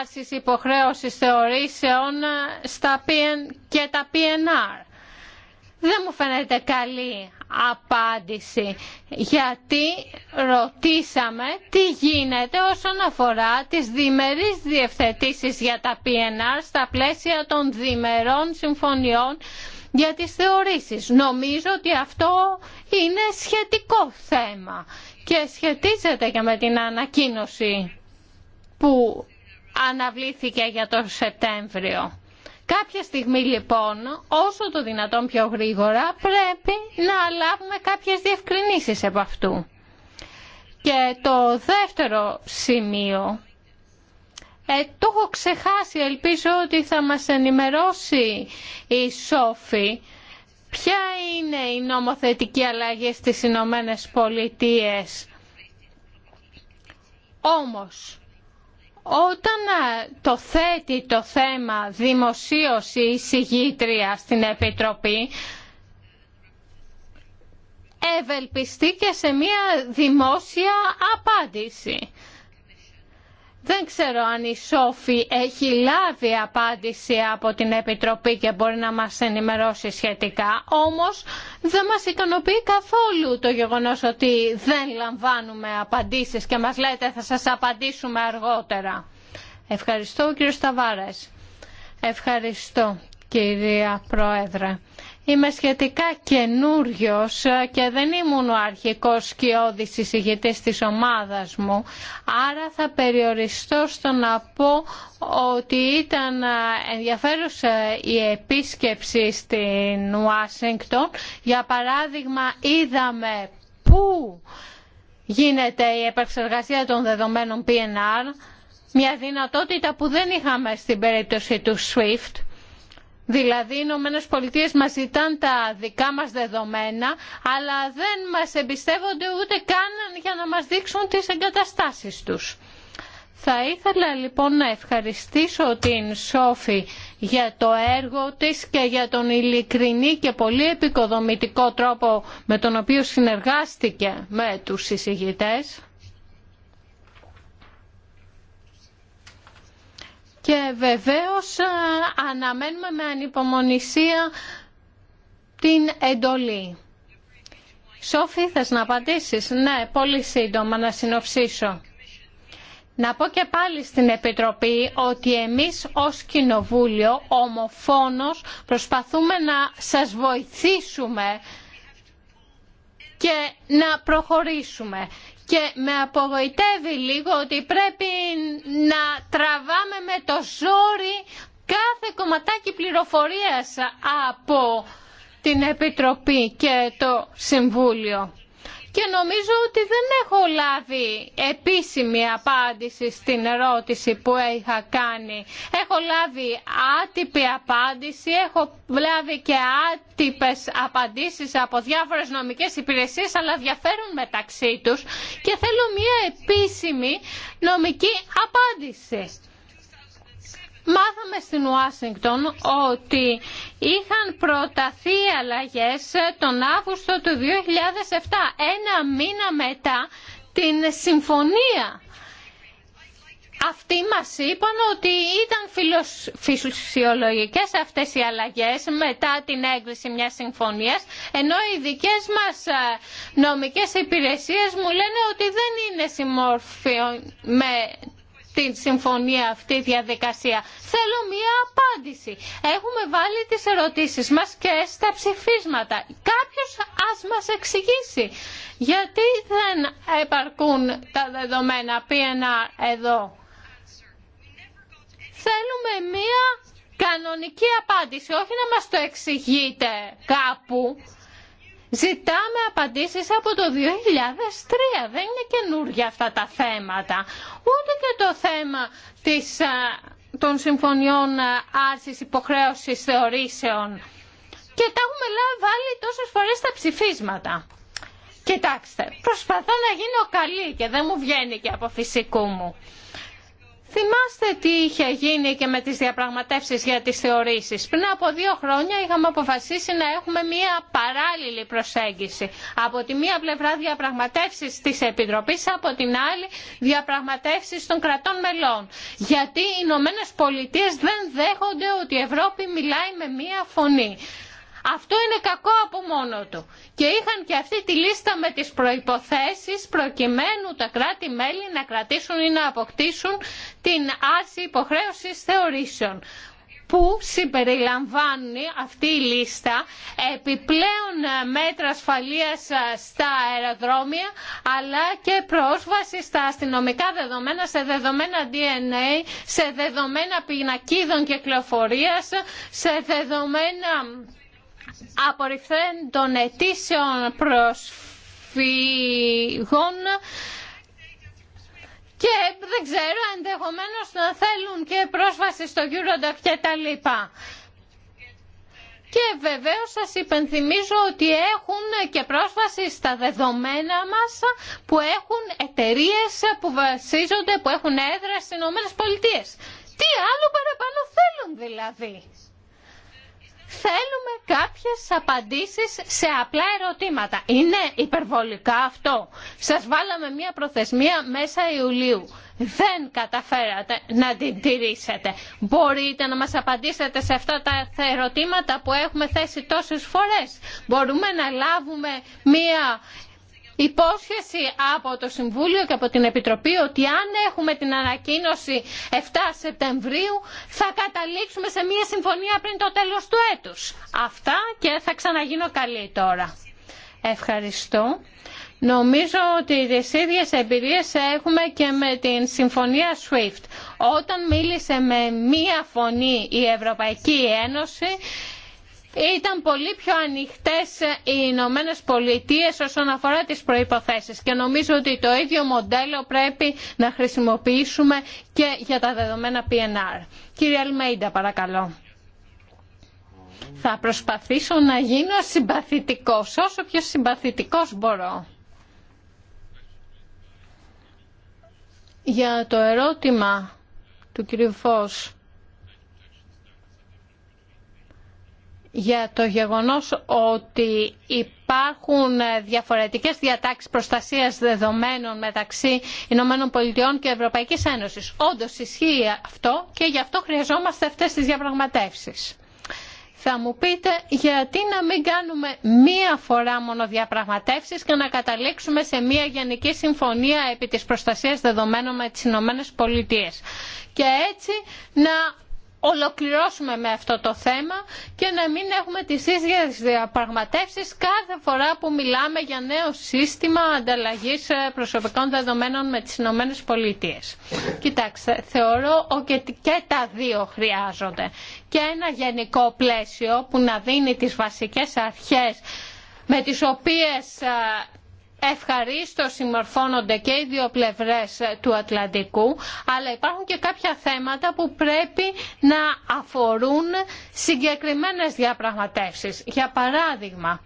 άσεις υποχρέωσης θεωρήσεων στα PN και τα PNR δεν μου φαίνεται καλή απάντηση γιατί ρωτήσαμε τι γίνεται όσον αφορά τις διμερείς διευθετήσεις για τα PNR στα πλαίσια των διμερών συμφωνιών για τις θεωρήσεις. Νομίζω ότι αυτό είναι σχετικό θέμα και σχετίζεται και με την ανακοίνωση που αναβλήθηκε για το Σεπτέμβριο. Κάποια στιγμή λοιπόν, όσο το δυνατόν πιο γρήγορα, πρέπει να λάβουμε κάποιες διευκρινήσεις από αυτού. Και το δεύτερο σημείο, ε, το έχω ξεχάσει, ελπίζω ότι θα μας ενημερώσει η Σόφη, ποια είναι η νομοθετική αλλαγή στις Ηνωμένε Πολιτείες. Όμως, όταν ε, το θέτει το θέμα δημοσίως η συγγήτρια στην Επιτροπή, ευελπιστεί και σε μια δημόσια απάντηση. Δεν ξέρω αν η Σόφη έχει λάβει απάντηση από την Επιτροπή και μπορεί να μας ενημερώσει σχετικά. Όμως δεν μας ικανοποιεί καθόλου το γεγονός ότι δεν λαμβάνουμε απαντήσεις και μας λέτε θα σας απαντήσουμε αργότερα. Ευχαριστώ κύριο Σταβάρες. Ευχαριστώ κυρία Πρόεδρε. Είμαι σχετικά καινούριο και δεν ήμουν ο αρχικός σκιώδης εισηγητής της ομάδας μου, άρα θα περιοριστώ στο να πω ότι ήταν ενδιαφέρουσα η επίσκεψη στην Ουάσιγκτον. Για παράδειγμα είδαμε πού γίνεται η επεξεργασία των δεδομένων PNR, μια δυνατότητα που δεν είχαμε στην περίπτωση του SWIFT Δηλαδή οι Ηνωμένε Πολιτείε μας ζητάν τα δικά μας δεδομένα, αλλά δεν μας εμπιστεύονται ούτε καν για να μας δείξουν τις εγκαταστάσεις τους. Θα ήθελα λοιπόν να ευχαριστήσω την Σόφη για το έργο της και για τον ειλικρινή και πολύ επικοδομητικό τρόπο με τον οποίο συνεργάστηκε με τους συζητητές. και βεβαίως ε, αναμένουμε με ανυπομονησία την εντολή. Σόφη, θες να απαντήσεις. Ναι, πολύ σύντομα να συνοψίσω. Να πω και πάλι στην Επιτροπή ότι εμείς ως Κοινοβούλιο ομοφόνος προσπαθούμε να σας βοηθήσουμε και να προχωρήσουμε. Και με απογοητεύει λίγο ότι πρέπει να τραβάμε με το ζόρι κάθε κομματάκι πληροφορίας από την Επιτροπή και το Συμβούλιο και νομίζω ότι δεν έχω λάβει επίσημη απάντηση στην ερώτηση που είχα κάνει. Έχω λάβει άτυπη απάντηση, έχω λάβει και άτυπες απαντήσεις από διάφορες νομικές υπηρεσίες, αλλά διαφέρουν μεταξύ τους και θέλω μια επίσημη νομική απάντηση μάθαμε στην Ουάσιγκτον ότι είχαν προταθεί αλλαγές τον Αύγουστο του 2007, ένα μήνα μετά την συμφωνία. Αυτοί μας είπαν ότι ήταν φυσιολογικές αυτές οι αλλαγές μετά την έγκριση μιας συμφωνίας, ενώ οι δικές μας ε, νομικές υπηρεσίες μου λένε ότι δεν είναι συμμόρφιο με την συμφωνία αυτή διαδικασία. Θέλω μία απάντηση. Έχουμε βάλει τις ερωτήσεις μας και στα ψηφίσματα. Κάποιος ας μας εξηγήσει. Γιατί δεν επαρκούν τα δεδομένα PNR εδώ. Θέλουμε μία κανονική απάντηση, όχι να μας το εξηγείτε κάπου. Ζητάμε απαντήσεις από το 2003. Δεν είναι καινούργια αυτά τα θέματα το θέμα της, ε, των συμφωνιών ε, άρσης υποχρέωσης θεωρήσεων. Και τα έχουμε βάλει τόσες φορές στα ψηφίσματα. Κοιτάξτε, προσπαθώ να γίνω καλή και δεν μου βγαίνει και από φυσικού μου. Θυμάστε τι είχε γίνει και με τις διαπραγματεύσεις για τις θεωρήσεις. Πριν από δύο χρόνια είχαμε αποφασίσει να έχουμε μία παράλληλη προσέγγιση. Από τη μία πλευρά διαπραγματεύσεις της Επιτροπής, από την άλλη διαπραγματεύσεις των κρατών μελών. Γιατί οι Ηνωμένε Πολιτείες δεν δέχονται ότι η Ευρώπη μιλάει με μία φωνή. Αυτό είναι κακό από μόνο του. Και είχαν και αυτή τη λίστα με τις προϋποθέσεις προκειμένου τα κράτη-μέλη να κρατήσουν ή να αποκτήσουν την άρση υποχρέωσης θεωρήσεων που συμπεριλαμβάνει αυτή η λίστα επιπλέον μέτρα ασφαλείας στα αεροδρόμια αλλά και πρόσβαση στα αστυνομικά δεδομένα, σε δεδομένα DNA, σε δεδομένα πινακίδων κυκλοφορίας, σε δεδομένα απορριφθέν των αιτήσεων προσφυγών και δεν ξέρω, ενδεχομένω να θέλουν και πρόσβαση στο Eurodac και τα λοιπά. Και βεβαίως σας υπενθυμίζω ότι έχουν και πρόσβαση στα δεδομένα μας που έχουν εταιρείε που βασίζονται, που έχουν έδρα στις Ηνωμένες Πολιτείες. Τι άλλο παραπάνω θέλουν δηλαδή θέλουμε κάποιες απαντήσεις σε απλά ερωτήματα. Είναι υπερβολικά αυτό. Σας βάλαμε μια προθεσμία μέσα Ιουλίου. Δεν καταφέρατε να την τηρήσετε. Μπορείτε να μας απαντήσετε σε αυτά τα ερωτήματα που έχουμε θέσει τόσες φορές. Μπορούμε να λάβουμε μια υπόσχεση από το Συμβούλιο και από την Επιτροπή ότι αν έχουμε την ανακοίνωση 7 Σεπτεμβρίου θα καταλήξουμε σε μια συμφωνία πριν το τέλος του έτους. Αυτά και θα ξαναγίνω καλή τώρα. Ευχαριστώ. Νομίζω ότι τι ίδιε εμπειρίες έχουμε και με την συμφωνία SWIFT. Όταν μίλησε με μία φωνή η Ευρωπαϊκή Ένωση, ήταν πολύ πιο ανοιχτές οι Ηνωμένε Πολιτείε όσον αφορά τις προϋποθέσεις και νομίζω ότι το ίδιο μοντέλο πρέπει να χρησιμοποιήσουμε και για τα δεδομένα PNR. Κύριε Αλμέιντα παρακαλώ. Θα προσπαθήσω να γίνω συμπαθητικός, όσο πιο συμπαθητικός μπορώ. Για το ερώτημα του κυρίου Φως για το γεγονός ότι υπάρχουν διαφορετικές διατάξεις προστασίας δεδομένων μεταξύ Ηνωμένων Πολιτειών και Ευρωπαϊκής Ένωσης. Όντως ισχύει αυτό και γι' αυτό χρειαζόμαστε αυτές τις διαπραγματεύσεις. Θα μου πείτε γιατί να μην κάνουμε μία φορά μόνο διαπραγματεύσεις και να καταλήξουμε σε μία γενική συμφωνία επί της προστασίας δεδομένων με τις Ηνωμένες Πολιτείες. Και έτσι να ολοκληρώσουμε με αυτό το θέμα και να μην έχουμε τις ίδιες διαπραγματεύσεις κάθε φορά που μιλάμε για νέο σύστημα ανταλλαγής ε, προσωπικών δεδομένων με τις Ηνωμένες Πολιτείες. Κοιτάξτε, θεωρώ ότι και τα δύο χρειάζονται. Και ένα γενικό πλαίσιο που να δίνει τις βασικές αρχές με τις οποίες ε, Ευχαριστώ συμμορφώνονται και οι δύο πλευρές του Ατλαντικού, αλλά υπάρχουν και κάποια θέματα που πρέπει να αφορούν συγκεκριμένες διαπραγματεύσεις. Για παράδειγμα,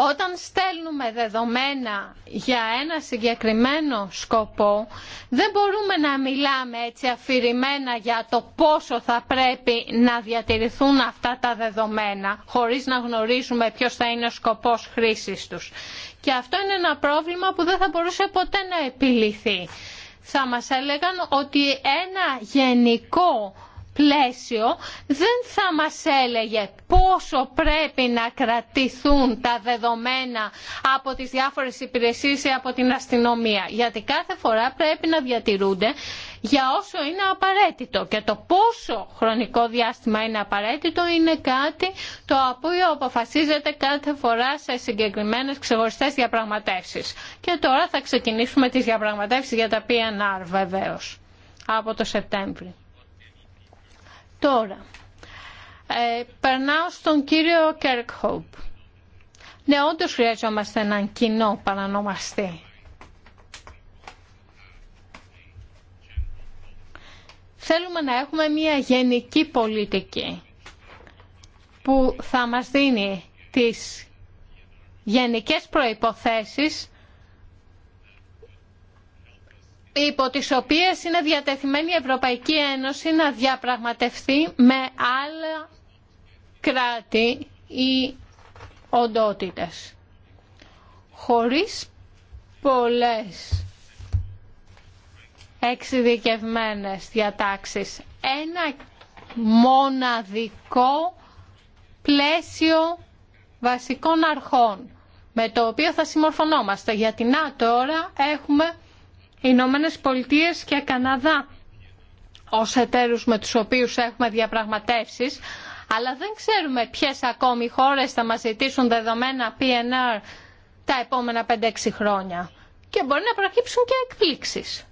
όταν στέλνουμε δεδομένα για ένα συγκεκριμένο σκοπό, δεν μπορούμε να μιλάμε έτσι αφηρημένα για το πόσο θα πρέπει να διατηρηθούν αυτά τα δεδομένα, χωρίς να γνωρίζουμε ποιος θα είναι ο σκοπός χρήσης τους. Και αυτό είναι ένα πρόβλημα που δεν θα μπορούσε ποτέ να επιληθεί. Θα μας έλεγαν ότι ένα γενικό πλαίσιο δεν θα μας έλεγε πόσο πρέπει να κρατηθούν τα δεδομένα από τις διάφορες υπηρεσίες ή από την αστυνομία. Γιατί κάθε φορά πρέπει να διατηρούνται για όσο είναι απαραίτητο και το πόσο χρονικό διάστημα είναι απαραίτητο είναι κάτι το οποίο αποφασίζεται κάθε φορά σε συγκεκριμένες ξεχωριστές διαπραγματεύσεις. Και τώρα θα ξεκινήσουμε τις διαπραγματεύσεις για τα PNR βεβαίως από το Σεπτέμβριο. Τώρα, ε, περνάω στον κύριο Κέρκχοπ. Ναι, όντω χρειαζόμαστε έναν κοινό παρανομαστή. Θέλουμε να έχουμε μια γενική πολιτική που θα μας δίνει τις γενικές προϋποθέσεις υπό τις οποίες είναι διατεθειμένη η Ευρωπαϊκή Ένωση να διαπραγματευτεί με άλλα κράτη ή οντότητες. Χωρίς πολλές εξειδικευμένες διατάξεις. Ένα μοναδικό πλαίσιο βασικών αρχών με το οποίο θα συμμορφωνόμαστε. Γιατί να τώρα έχουμε Ηνωμένε Πολιτείε και Καναδά ως εταίρους με τους οποίους έχουμε διαπραγματεύσεις, αλλά δεν ξέρουμε ποιες ακόμη χώρες θα μας ζητήσουν δεδομένα PNR τα επόμενα 5-6 χρόνια. Και μπορεί να προκύψουν και εκπλήξεις.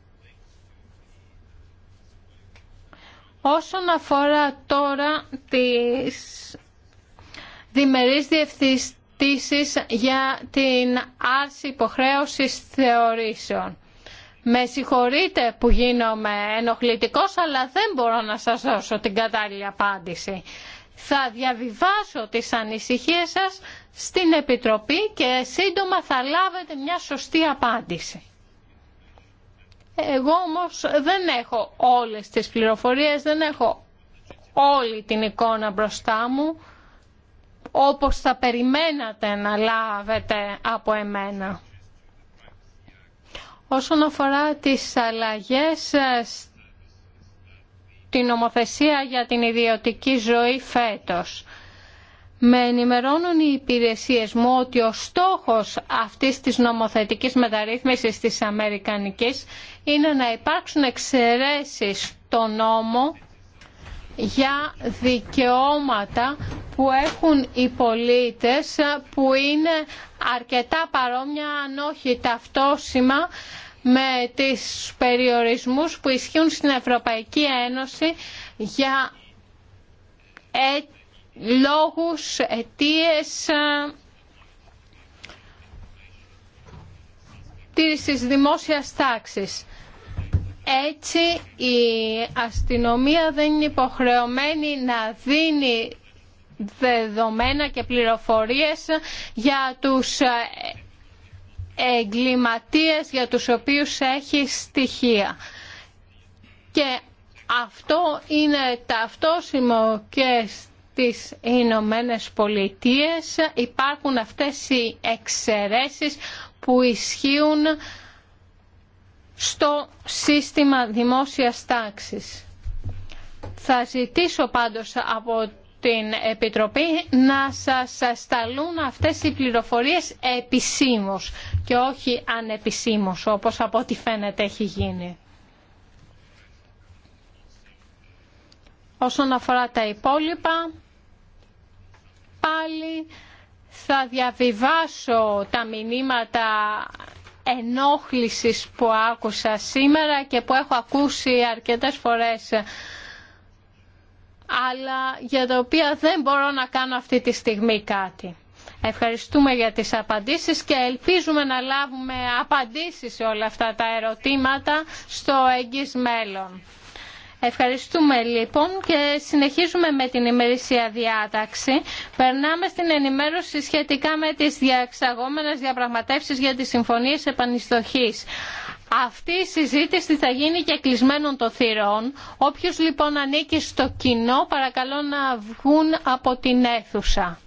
Όσον αφορά τώρα τις διμερείς διευθυντήσεις για την άρση υποχρέωσης θεωρήσεων. Με συγχωρείτε που γίνομαι ενοχλητικός, αλλά δεν μπορώ να σας δώσω την κατάλληλη απάντηση. Θα διαβιβάσω τις ανησυχίες σας στην Επιτροπή και σύντομα θα λάβετε μια σωστή απάντηση. Εγώ όμως δεν έχω όλες τις πληροφορίες, δεν έχω όλη την εικόνα μπροστά μου, όπως θα περιμένατε να λάβετε από εμένα όσον αφορά τις αλλαγές ε, στην νομοθεσία για την ιδιωτική ζωή φέτος. Με ενημερώνουν οι υπηρεσίες μου ότι ο στόχος αυτής της νομοθετικής μεταρρύθμισης της Αμερικανικής είναι να υπάρξουν εξαιρέσεις στο νόμο για δικαιώματα που έχουν οι πολίτες που είναι αρκετά παρόμοια αν όχι ταυτόσιμα με τις περιορισμούς που ισχύουν στην Ευρωπαϊκή Ένωση για ε, λόγους, αιτίες ε, τήρησης δημόσιας τάξης. Έτσι η αστυνομία δεν είναι υποχρεωμένη να δίνει δεδομένα και πληροφορίες για τους ε, εγκληματίες για τους οποίους έχει στοιχεία. Και αυτό είναι ταυτόσιμο και στις Ηνωμένε Πολιτείες υπάρχουν αυτές οι εξαιρέσεις που ισχύουν στο σύστημα δημόσιας τάξης. Θα ζητήσω πάντως από την Επιτροπή να σας σταλούν αυτές οι πληροφορίες επισήμως και όχι ανεπισήμως όπως από ό,τι φαίνεται έχει γίνει. Όσον αφορά τα υπόλοιπα, πάλι θα διαβιβάσω τα μηνύματα ενόχλησης που άκουσα σήμερα και που έχω ακούσει αρκετές φορές αλλά για τα οποία δεν μπορώ να κάνω αυτή τη στιγμή κάτι. Ευχαριστούμε για τις απαντήσεις και ελπίζουμε να λάβουμε απαντήσεις σε όλα αυτά τα ερωτήματα στο εγγύς μέλλον. Ευχαριστούμε λοιπόν και συνεχίζουμε με την ημερησία διάταξη. Περνάμε στην ενημέρωση σχετικά με τις διαξαγόμενες διαπραγματεύσεις για τις συμφωνίες επανιστοχής. Αυτή η συζήτηση θα γίνει και κλεισμένων των θυρών. Όποιος λοιπόν ανήκει στο κοινό παρακαλώ να βγουν από την αίθουσα.